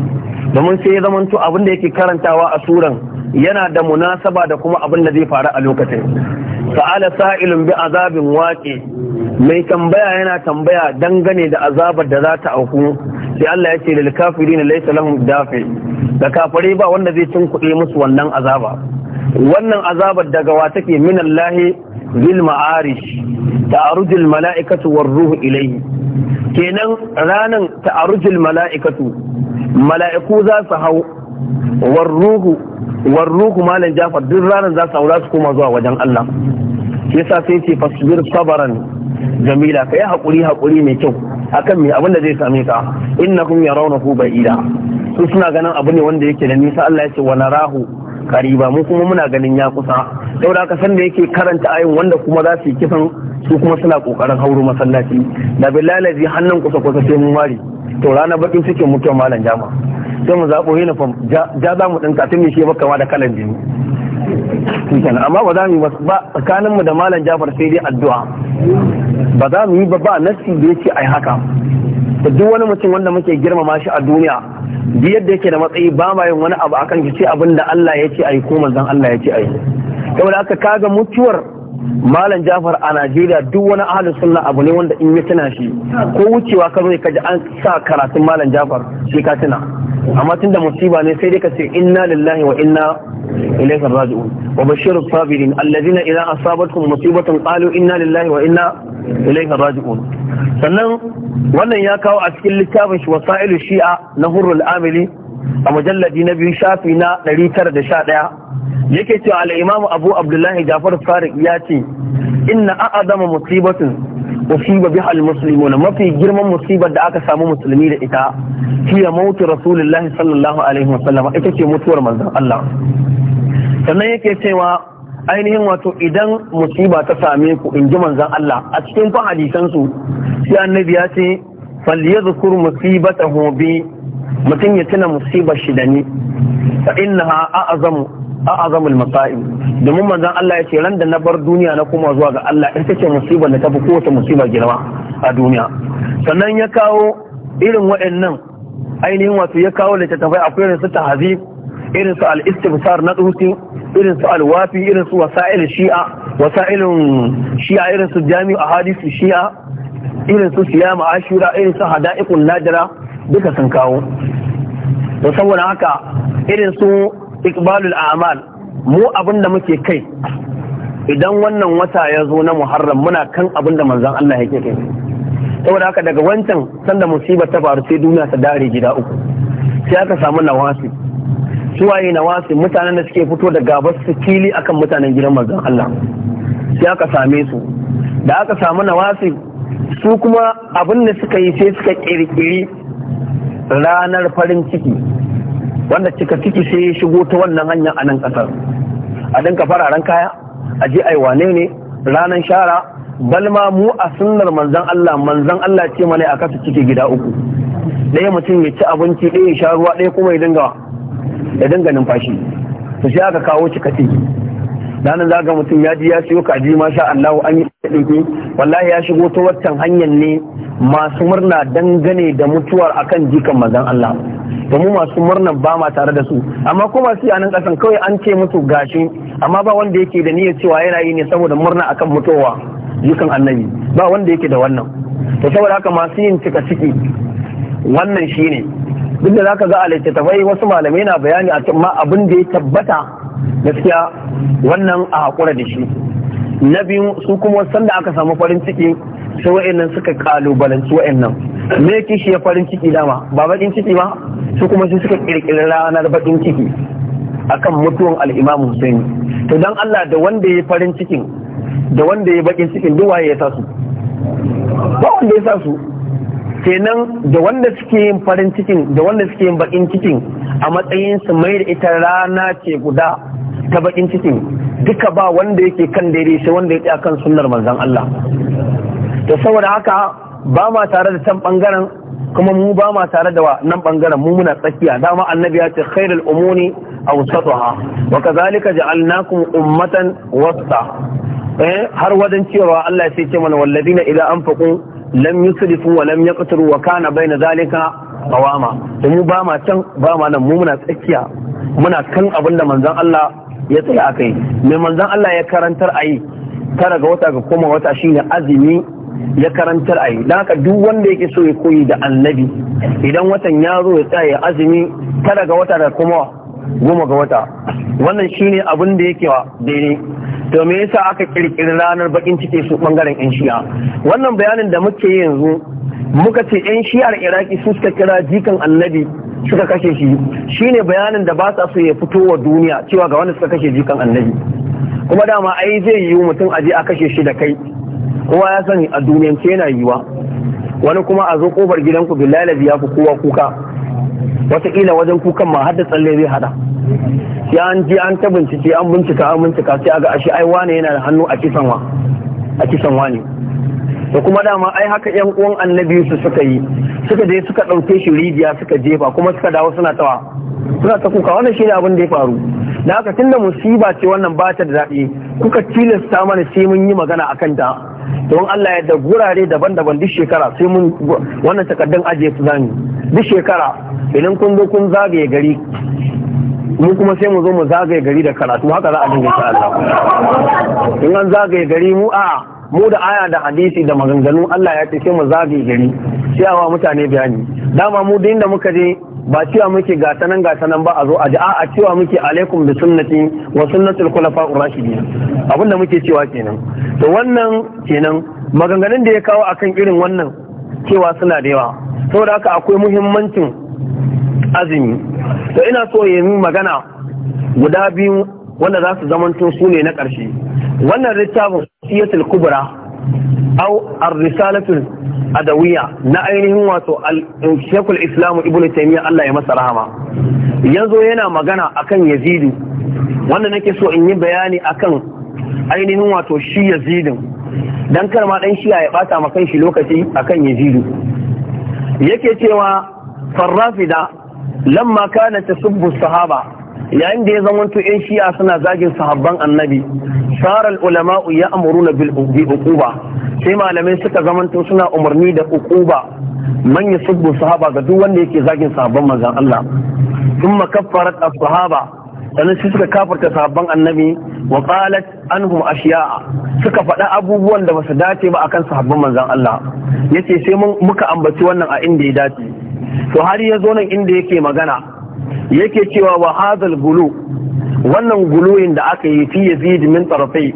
domin sai ya zamanto abin da yake karantawa a suran yana da munasaba da kuma abin da zai faru a lokacin fa'ala sa'ilun bi azabin waƙe mai tambaya yana tambaya dangane da azabar da za ta auku sai Allah ya ce lil kafirin laysa lahum dafi da kafare ba wanda zai cin kuɗi musu wannan azaba wannan azabar daga wa take min Allah bil ma'arish ta'arujul mala'ikatu war ruhu ilayhi kenan ranan ta'arujul mala'ikatu mala'iku za su hau warruhu warruhu malam jafar duk ranar za su samu su koma zuwa wajen Allah yasa sai ce fasbir sabaran jamila kai hakuri hakuri mai kyau akan mai abin da zai same ka innakum yarawnahu ba'ida su suna ganin abu ne wanda yake da nisa Allah ya ce wa narahu qariba mu kuma muna ganin ya kusa saboda aka san da yake karanta ayin wanda kuma za su yi kisan su kuma suna kokarin hauro masallaci da billahi lazi hannun kusa kusa sai mun ware to rana bakin cikin muke malam jama sai mu zaɓo uniform ja za mu ɗinka tun shi ba kama da kalan jini amma ba za mu yi ba tsakanin mu da malam jafar sai dai addu'a ba za mu yi ba ba nassi da yake ai haka da duk wani mutum wanda muke girmama shi a duniya Biye yadda yake da matsayi ba ma yin wani abu akan shi sai abin da Allah ya ce ayi ko manzon Allah ya ce ayi saboda aka kaga mutuwar malam jafar a najeriya duk wani ahalin sunna abu ne wanda in ya tuna shi ko wucewa ka zo ka ji an sa karatun malam jafar shi ka tuna amma tunda musiba ne sai dai ka ce inna lillahi wa inna ilaihi raji'un wa bashirus sabirin alladhina idza asabatkum musibatun qalu inna lillahi wa inna ilaihi raji'un sannan wannan ya kawo a cikin littafin shi wasailu shi'a na hurrul amili a mujalladi na biyu shafi na 911 yake cewa al-imamu abu abdullahi jafar farik ya ce inna adama musibatin musiba biha al-muslimuna mafi girman musibar da aka samu musulmi da ita ya mautu rasulullahi sallallahu alaihi wasallam ita ce mutuwar manzon Allah sannan yake cewa ainihin wato idan musiba ta same ku in ji manzon Allah a cikin fa hadisan su sai annabi ya ce falyadhkur musibatahu bi mutum ya tuna musibar shi da ni fa innaha a'zamu a'zamul masa'ib domin manzon Allah ya ce ran da na bar duniya na kuma zuwa ga Allah ita ce musibar da tafi kowace musiba girma a duniya sannan ya kawo irin waɗannan ainihin wato ya kawo littattafai akwai irin su tahzib irin su al-istibsar na tsuti irin su Al-Wafi, irin su wasa'il shi'a wasa'ilun shi'a irin su jami'u ahadithu shi'a irin su siyama ashura irin su hada'iqun najra duka sun kawo to saboda haka irin su iqbalul a'mal mu abin da muke kai idan wannan wata ya zo na muharram muna kan abin da manzon Allah yake kai saboda haka daga wancan sanda musibar ta faru sai duniya ta dare gida uku sai aka samu nawasi suwaye nawasi mutanen da suke fito da gabas su fili akan mutanen gidan manzon Allah sai aka same su da aka samu nawasi su kuma abin da suka yi sai suka kirkiri ranar farin ciki wanda cika ciki sai ya shigo ta wannan hanyar a nan kasar a dinka fararen kaya a ji ai wane ne ranar shara balma mu a sunnar manzan Allah manzan Allah ce mana a kasa ciki gida uku ɗaya mutum ya ci abinci ɗaya ya sha ruwa ɗaya kuma ya dinga numfashi to sai aka kawo cika ciki dan za ga mutum ya ji ya siyo kaji masha Allah an yi dinki wallahi ya shigo ta wancan hanyar ne masu murna dangane da mutuwar akan jikan mazan Allah da masu murna ba ma tare da su amma ko masu nan kasan kawai an ce musu gashi amma ba wanda yake da niyyar cewa yana yi ne saboda murna akan mutuwa jikan annabi ba wanda yake da wannan to saboda haka masu yin cika ciki wannan shine duk da zaka ga a littattafai wasu malamai na bayani a ma abin da ya tabbata gaskiya wannan a haƙura da shi na biyu su kuma sanda aka samu farin ciki sai wa'annan suka kalubalanci wa'annan me yake shi ya farin ciki dama ba bakin ciki ba su kuma sai suka kirkiri ranar bakin ciki akan mutuwan al-Imam Hussein to dan Allah da wanda ya farin cikin da wanda ya bakin cikin duk waye ya sa su ba wanda ya sa su kenan da wanda suke yin farin cikin da wanda suke yin bakin cikin a matsayin su mai da ita rana ce guda ta bakin cikin duka ba wanda yake kan daidai sai wanda ya kan sunnar manzan Allah to saboda haka ba ma tare da can bangaren kuma mu ba ma tare da nan bangaren mu muna tsakiya dama annabi ya ce khairul umuni awsatuha wa kadhalika ja'alnakum ummatan wasta eh har wajen cewa Allah ya ce mana walladina idza anfaqu lam yusrifu wa lam kuturu, wa kana na zalika qawama to mu ba ma can ba ma nan mu muna tsakiya muna kan abinda manzon Allah ya tsaya a kai mai manzan Allah ya karantar a yi tara ga wata ga koma wata shine azumi ya karantar a yi don haka duk wanda yake so ya koyi da annabi idan watan ya zo ya tsaya azumi tara ga wata ga koma goma ga wata wannan shine abin da yake wa daidai to me yasa aka kirkiri ranar bakin ciki su bangaren yan shi'a wannan bayanin da muke yanzu muka ce yan shi'ar iraki su suka kira jikan annabi suka kashe shi shine bayanin da ba sa so ya fito wa duniya cewa ga wanda suka kashe jikan annabi kuma dama ai zai yiwu mutum aje a kashe shi da kai kowa ya sani a duniyance yana yiwa wani kuma a zo kofar gidanku billahi ya fi kowa kuka wataƙila wajen kukan ma har tsalle zai hada ya an ji an ta bincike an bincika an bincika sai aga ashe ai wane yana da hannu a kisan wa a kisan wane da kuma dama ai haka yan uwan annabi su suka yi suka je suka ɗauke shi rijiya suka jefa kuma suka dawo suna tawa suna ta kuka wannan shine abin da ya faru da haka tunda musiba ce wannan ba ta da daɗi kuka tilasta mana sai mun yi magana akan ta don Allah ya da gurare daban-daban duk shekara sai mun wannan takardun ajiye su zani duk shekara idan kun zo kun zagaye gari mu kuma sai mu zo mu zagaye gari da karatu haka za a dinga sa Allah in an zagaye gari mu a mu da aya da hadisi da maganganu Allah ya ce sai mu zagaye gari sai a mutane bayani dama mu da inda muka je ba cewa muke gata nan gata nan ba a zo a ji a cewa muke alaikum bi sunnati wa sunnatul ar rashidin abinda muke cewa kenan to wannan kenan maganganun da ya kawo akan irin wannan cewa suna da yawa saboda haka akwai muhimmancin azumi to ina so ya yi magana guda biyu wanda za su zamanto su na ƙarshe wannan littafin siyatul kubra au ar-risalatu adawiyya na ainihin wato shekul islam ibnu taymiya Allah ya masa rahama yanzu yana magana akan yazidu wanda nake so in yi bayani akan ainihin wato shi yazidu, dan kar ɗan dan ya bata ma shi lokaci akan yazidu yake cewa farrafida lamma kana tasubbu sahaba yayin da ya zamanto yan shi'a suna zagin sahabban annabi sarar ulama'u ya amuruna bil uquba sai malamai suka zamanto suna umarni da uquba manya yasubbu sahaba ga duk wanda yake zagin sahabban manzon Allah thumma kaffarat as-sahaba sannan sai suka kafarta sahabban annabi wa qalat anhum ashiya'a suka faɗa abubuwan da basu dace ba akan sahabban manzon Allah yace sai muka ambaci wannan a inda ya dace to har ya zo nan inda yake magana yake cewa wa hadal gulu wannan guluyin da aka yi fi yazid min tarafai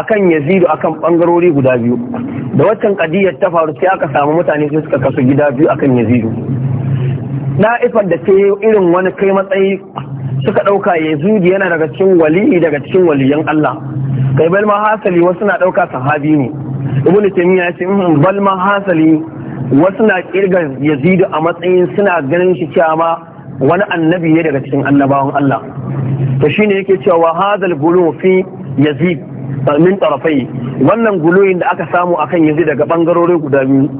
akan yazidu akan bangarori guda biyu da waccan kadiyar ta faru sai aka samu mutane sai suka kasu gida biyu akan yazidu da'ifar da ta irin wani kai matsayi suka ɗauka yazidu yana daga cikin wali daga cikin waliyan Allah kai bal ma hasali wasu na ɗauka sahabi ne ibnu taymiya ya ce hmm, bal ma hasali wasu na kirga yazidu a matsayin suna ganin shi kyama wani annabi ne daga cikin annabawan Allah to shine yake cewa hadal gulu fi yazid min tarafai wannan guluyin da aka samu akan yazid daga bangarorin guda biyu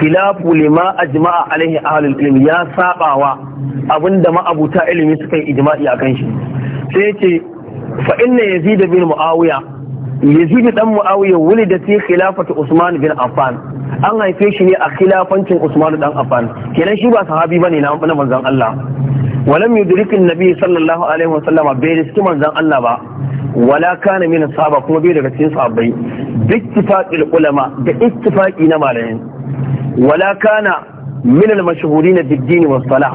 khilafu lima ajma'a alaihi ahlul ilm ya sabawa abinda ma'abuta ilimi suka yi ijma'i akan shi sai yace fa inna yazid bin muawiya yazid dan muawiya wulida fi khilafati usman bin affan an haife shi ne a kilafancin usman dan affan kenan shi ba sahabi ne na manzon Allah walam yudrik annabi sallallahu alaihi wasallama bai riski manzon Allah ba Walakana kana min sahaba kuma bai daga cikin sahabbai bi ittifaqil ulama da ittifaqi na malamin Walakana. min al na bid-din salah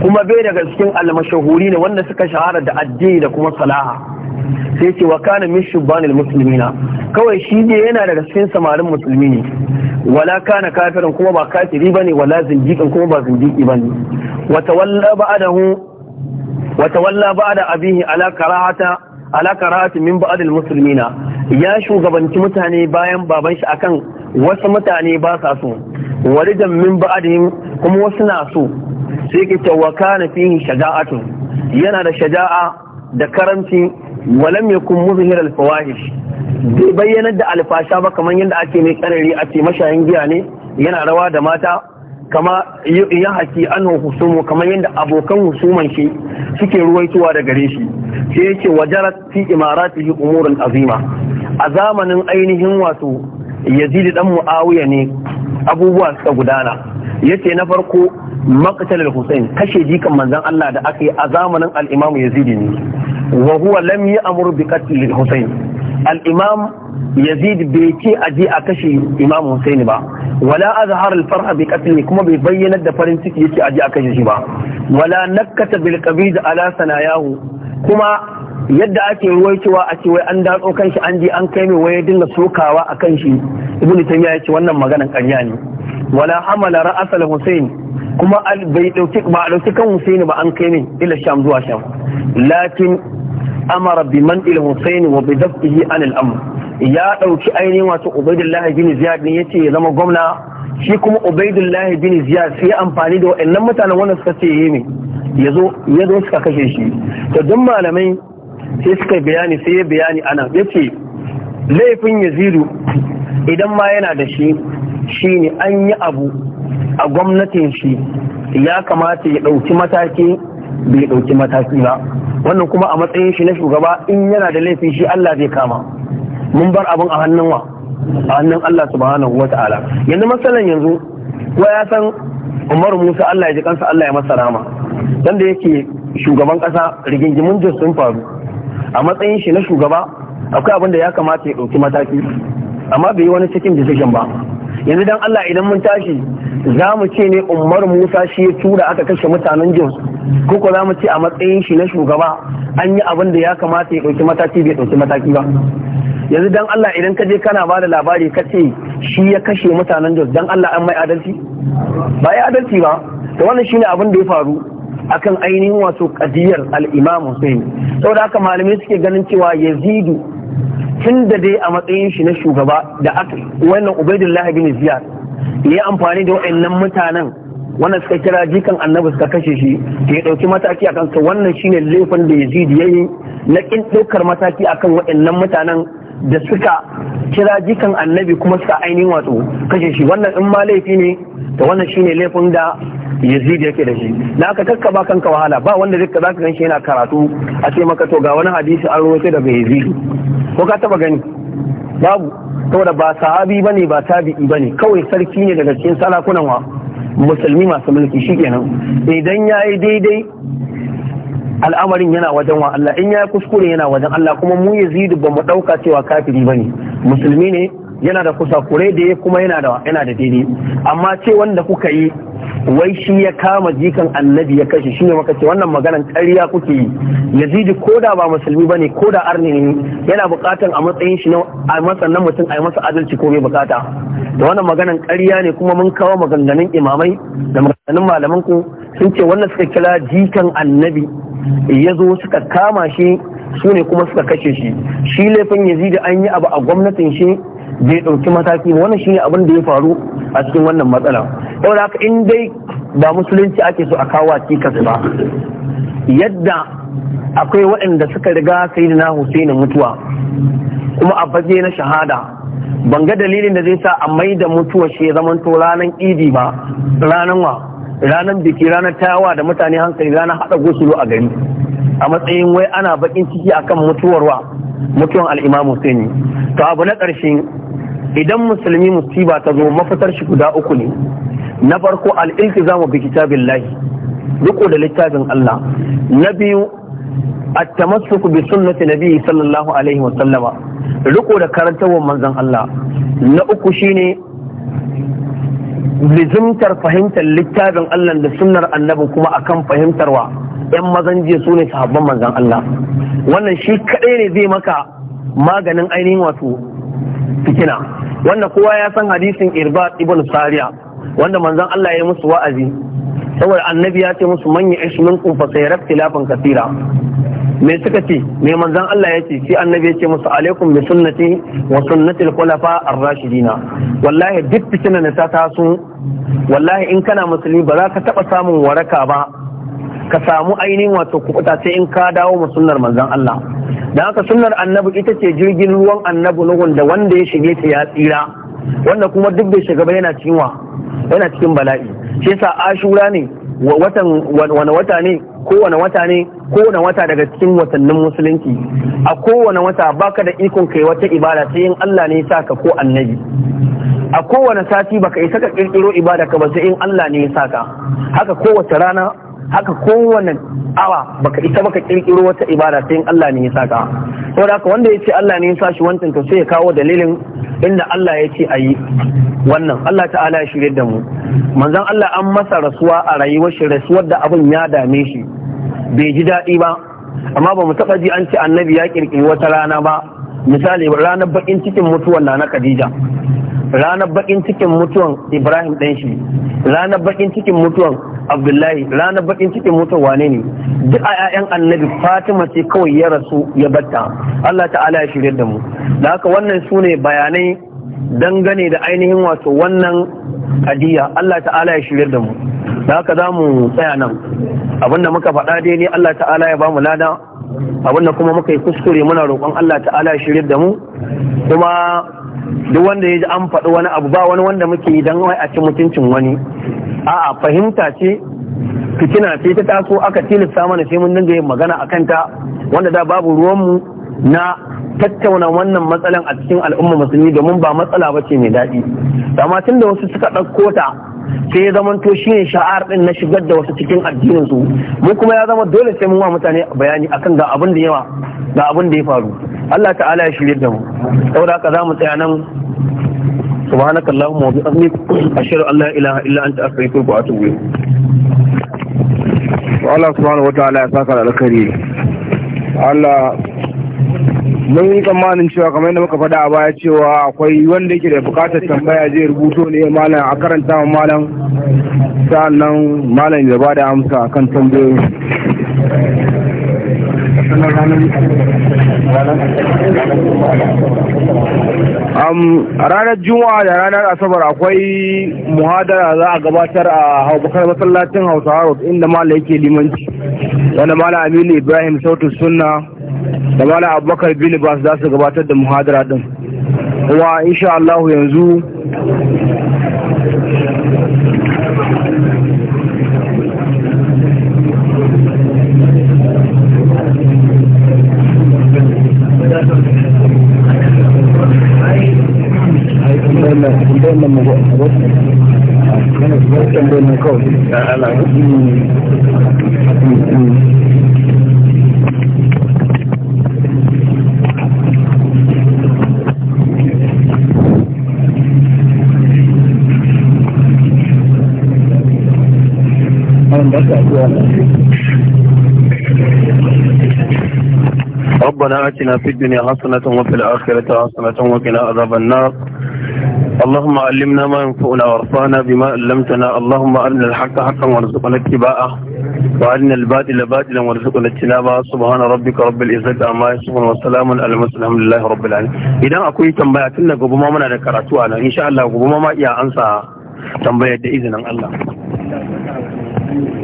kuma bai daga cikin al-mashhurina wanda suka shahara da addini da kuma salaha sai ce wa kana min musulmi muslimina kawai shi ne yana daga cikin samarin musulmi ne wala kana kafirin kuma ba kafiri bane wala zindiqin kuma ba zindiqi bane wa tawalla ba'dahu wa tawalla ba'da abihi ala karahata ala qara'ati min ba'd muslimina ya shugabanci mutane bayan baban shi akan wasu mutane ba sa so walidan min ba'dihim kuma wasu na so sai ke ta wa kana fihi shaja'atun yana da shaja'a da karanci walam yakun muzhir al fawahish bai bayyana da alfasha ba kamar yadda ake mai karari a ce mashayin giya ne yana rawa da mata kama ya haki an husumu kamar yadda abokan husuman shi suke ruwaitowa da gare shi sai yake wajarat fi imaratihi umurin azima a zamanin ainihin wato yazidi ɗan muawiya ne abubuwa suka gudana yace na farko maqtal al-husayn kashe jikan manzon Allah da aka yi a zamanin al-imam yazid ne wa huwa lam ya'mur bi qatl al-husayn al-imam yazid bai ce a je a kashe imam husayn ba wala azhar al-farha bi kuma bai bayyana da farin ciki yace a je a kashe shi ba wala nakkata bil qabid ala sanayahu kuma yadda ake ruwaitowa a ce wai an datso kan shi an je an kai mai waye dinga sokawa a kan shi ibn taymiya ce wannan maganan ƙarya ne wala hamala ra'asal husayn kuma bai dauki ba dauki kan husayn ba an kai ne ila sham zuwa sham lakin amara bi man ila husayn wa bi dafihi an al-amr ya dauki ainihin wato ubaidullah bin ziyad ne yace ya zama gwamna shi kuma ubaidullah bin ziyad sai amfani da wa'annan mutanen wanda suka ce yi ne ya zo suka kashe shi to duk malamai sai suka bayani sai ya bayani ana ya ce laifin yazidu idan ma yana da shi shi ne an yi abu a gwamnatin shi ya kamata ya ɗauki mataki bai ɗauki mataki ba wannan kuma a matsayin shi na shugaba in yana da laifin shi Allah zai kama mun bar abin a hannun wa a hannun Allah subhanahu wa ta'ala yanzu matsalan yanzu wa ya san Umar Musa Allah ya ji kansa Allah ya masa rama dan da yake shugaban kasa rigingimun jin sun faru a matsayin shi na shugaba akwai abin da ya kamata ya ɗauki mataki amma bai yi wani cikin decision ba yanzu dan Allah idan mun tashi za mu ce ne Umar Musa shi ya tura aka kashe mutanen Jos ko za mu ce a matsayin shi na shugaba an yi abin da ya kamata ya ɗauki mataki bai ɗauki mataki ba yanzu dan Allah idan ka je kana ba da labari ka ce shi ya kashe mutanen Jos dan Allah an mai adalci ba ya adalci ba to wannan shine abin da ya faru akan ainihin wato kadiyar al-Imam Hussein saboda haka malamai suke ganin cewa Yazidu tun da dai a matsayin shi na shugaba da aka wannan Ubaidullah bin Ziyad ya amfani da waɗannan mutanen wannan suka kira jikan annabi suka kashe shi ya ɗauki mataki akan sa wannan shine laifin da yazidu yayi na kin ɗaukar mataki akan waɗannan mutanen da suka kira jikan annabi kuma suka ainihin wato kashe shi wannan in ma laifi ne da wannan shine laifin da yazid yake da shi na aka kakka ba kanka wahala ba wanda zai zaka ganshi yana karatu a ce maka to ga wani hadisi an rawaito daga yazid ko ka taba gani babu saboda ba sahabi bane ba tabi'i bane kawai sarki ne daga cikin salakunan wa musulmi masu mulki shi kenan. idan yayi daidai al'amarin yana wajen wa Allah in ya kuskure yana wajen Allah kuma mu yazidu ba mu ɗauka cewa kafiri ba ne musulmi ne yana da kure da ya kuma yana da yana da daidai amma ce wanda kuka yi wai shi ya kama jikan annabi ya kashe shine maka ce wannan maganan ƙarya kuke yi yazidi koda ba musulmi bane koda arni ne yana buƙatan a matsayin shi a matsayin mutum a yi masa adalci ko bai buƙata da wannan maganan ƙarya ne kuma mun kawo maganganun imamai da maganganun malaman ku sun ce wannan suka kira jikan annabi ya zo suka kama shi su ne kuma suka kashe shi shi laifin yazidi an yi abu a gwamnatin shi bai ɗauki mataki ba wannan ne abin da ya faru a cikin wannan matsala saboda haka in dai ba musulunci ake so a kawo cikas ba yadda akwai waɗanda suka riga sai na Husaini mutuwa kuma a baje na shahada ban ga dalilin da zai sa a mai da mutuwa shi zaman to ranar idi ba ranar wa ranar biki ranar tayawa da mutane hankali ranar haɗa gosulo a gari a matsayin wai ana bakin ciki akan mutuwarwa mutuwan al'imamu Husaini to abu na ƙarshe idan musulmi musiba ta zo mafitar shi guda uku ne na farko mu bi kitabillahi riko da littafin Allah na biyu a bi sunnati nabi Sallallahu alaihi wa sallama. riko da karantarwar manzan Allah na uku shine lizimtar fahimtar littafin Allah da sunnar annabi kuma akan fahimtarwa yan mazan jiya su ne sahabban manzan Allah wannan shi kaɗai ne zai maka maganin ainihin wato fitina wanda kowa ya san hadisin irbat ibn sariya wanda manzan Allah ya musu wa'azi saboda annabi ya ce musu manya ishimin kun fa sayar lafin kasira Mai suka ce mai manzan Allah ya ce sai annabi ya ce musu alaikum bi sunnati wa sunnatil khulafa ar-rashidina wallahi duk fitina da ta taso wallahi in kana musulmi ba za ka taba samun waraka ba ka samu ainihin wato kubuta sai in ka dawo mu sunnar manzon Allah Da haka sunnar annabi ita ce jirgin ruwan annabi nuhun da wanda ya shige ta ya tsira wanda kuma duk bai shiga ba yana cikin bala'i shi yasa ashura ne watan wani wata ne kowane wata ne kowane wata daga cikin watannin musulunci a kowane wata baka da ikon kai wata ibada sai in Allah ne ya ka ko annabi a kowane sati baka isa ka kirkiro ibada ka ba sai in Allah ne ya ka, haka kowace rana haka kowane awa baka ita baka kirkiro wata ibada sai Allah ne ya saka saboda haka wanda ya ce Allah ne ya sa shi wancan to sai ya kawo dalilin inda Allah ya ce ayi wannan Allah ta'ala ya shirye da mu manzon Allah an masa rasuwa a rayuwar shi rasuwar da abun ya dame shi bai ji daɗi ba amma ba mu taɓa ji an ce annabi ya kirkiri wata rana ba misali ranar bakin cikin mutuwan na na Khadija ranar bakin cikin mutuwan Ibrahim ɗan shi ranar bakin cikin mutuwan Abdullahi ranar bakin cikin mutuwan wane ne duk a 'ya'yan annabi Fatima ce kawai ya rasu ya batta Allah ta'ala ya shirya da mu da haka wannan su ne bayanai dangane da ainihin wato wannan hadiya Allah ta'ala ya shirya da mu da haka za mu tsaya nan abinda muka faɗa dai ne Allah ta'ala ya ba mu lada abinda kuma muka yi kuskure muna roƙon Allah ta'ala ya shirya da mu kuma duk wanda ya ji an faɗi wani abu ba wani wanda muke yi don wai a ci mutuncin wani a'a fahimta ce fitina ce ta taso aka tilasta mana sai mun dinga yin magana a kanta wanda da babu ruwanmu na tattauna wannan matsalan a cikin al'umma musulmi domin ba matsala ba ce mai daɗi amma tun da wasu suka ɗauko ta sai ya zama to shi ne sha'ar din na shigar da wasu cikin addinin su mu kuma ya zama dole sai mun wa mutane bayani akan ga abin da yawa ga abin da ya faru Allah ta'ala ya shirye da mu saboda haka zamu tsaya nan سبحانك اللهم وبحمدك أشهد أن لا إله إلا أنت أستغفرك وأتوب إليك Allah subhanahu wa ta'ala ya saka da Allah mun yi tsammanin cewa kamar yadda muka faɗa a baya cewa akwai wanda yake da bukatar tambaya zai rubuto ne malam a karanta wa malam sa'annan malam ya ba da amsa kan tambayoyi a ranar juma'a da ranar asabar akwai muhadara za a gabatar a haubakar masallacin hausawa inda mala yake limanci wanda mala aminu ibrahim sautin sunna da mala abubakar bilibas za su gabatar da muhadara din kuma insha Allah yanzu Thank ربنا آتنا في الدنيا حسنة وفي الآخرة حسنة وقنا عذاب النار اللهم علمنا ما ينفعنا وارفعنا بما علمتنا اللهم أرنا الحق حقا وارزقنا اتباعه وأرنا الباطل باطلا وارزقنا اجتنابه سبحان ربك رب العزة عما يصفون وسلام على المرسلين الحمد لله رب العالمين إذا أكوي تنبيه تنا gobe ma muna da karatu a nan insha Allah gobe ma ma iya ansa tambayar da izinin Allah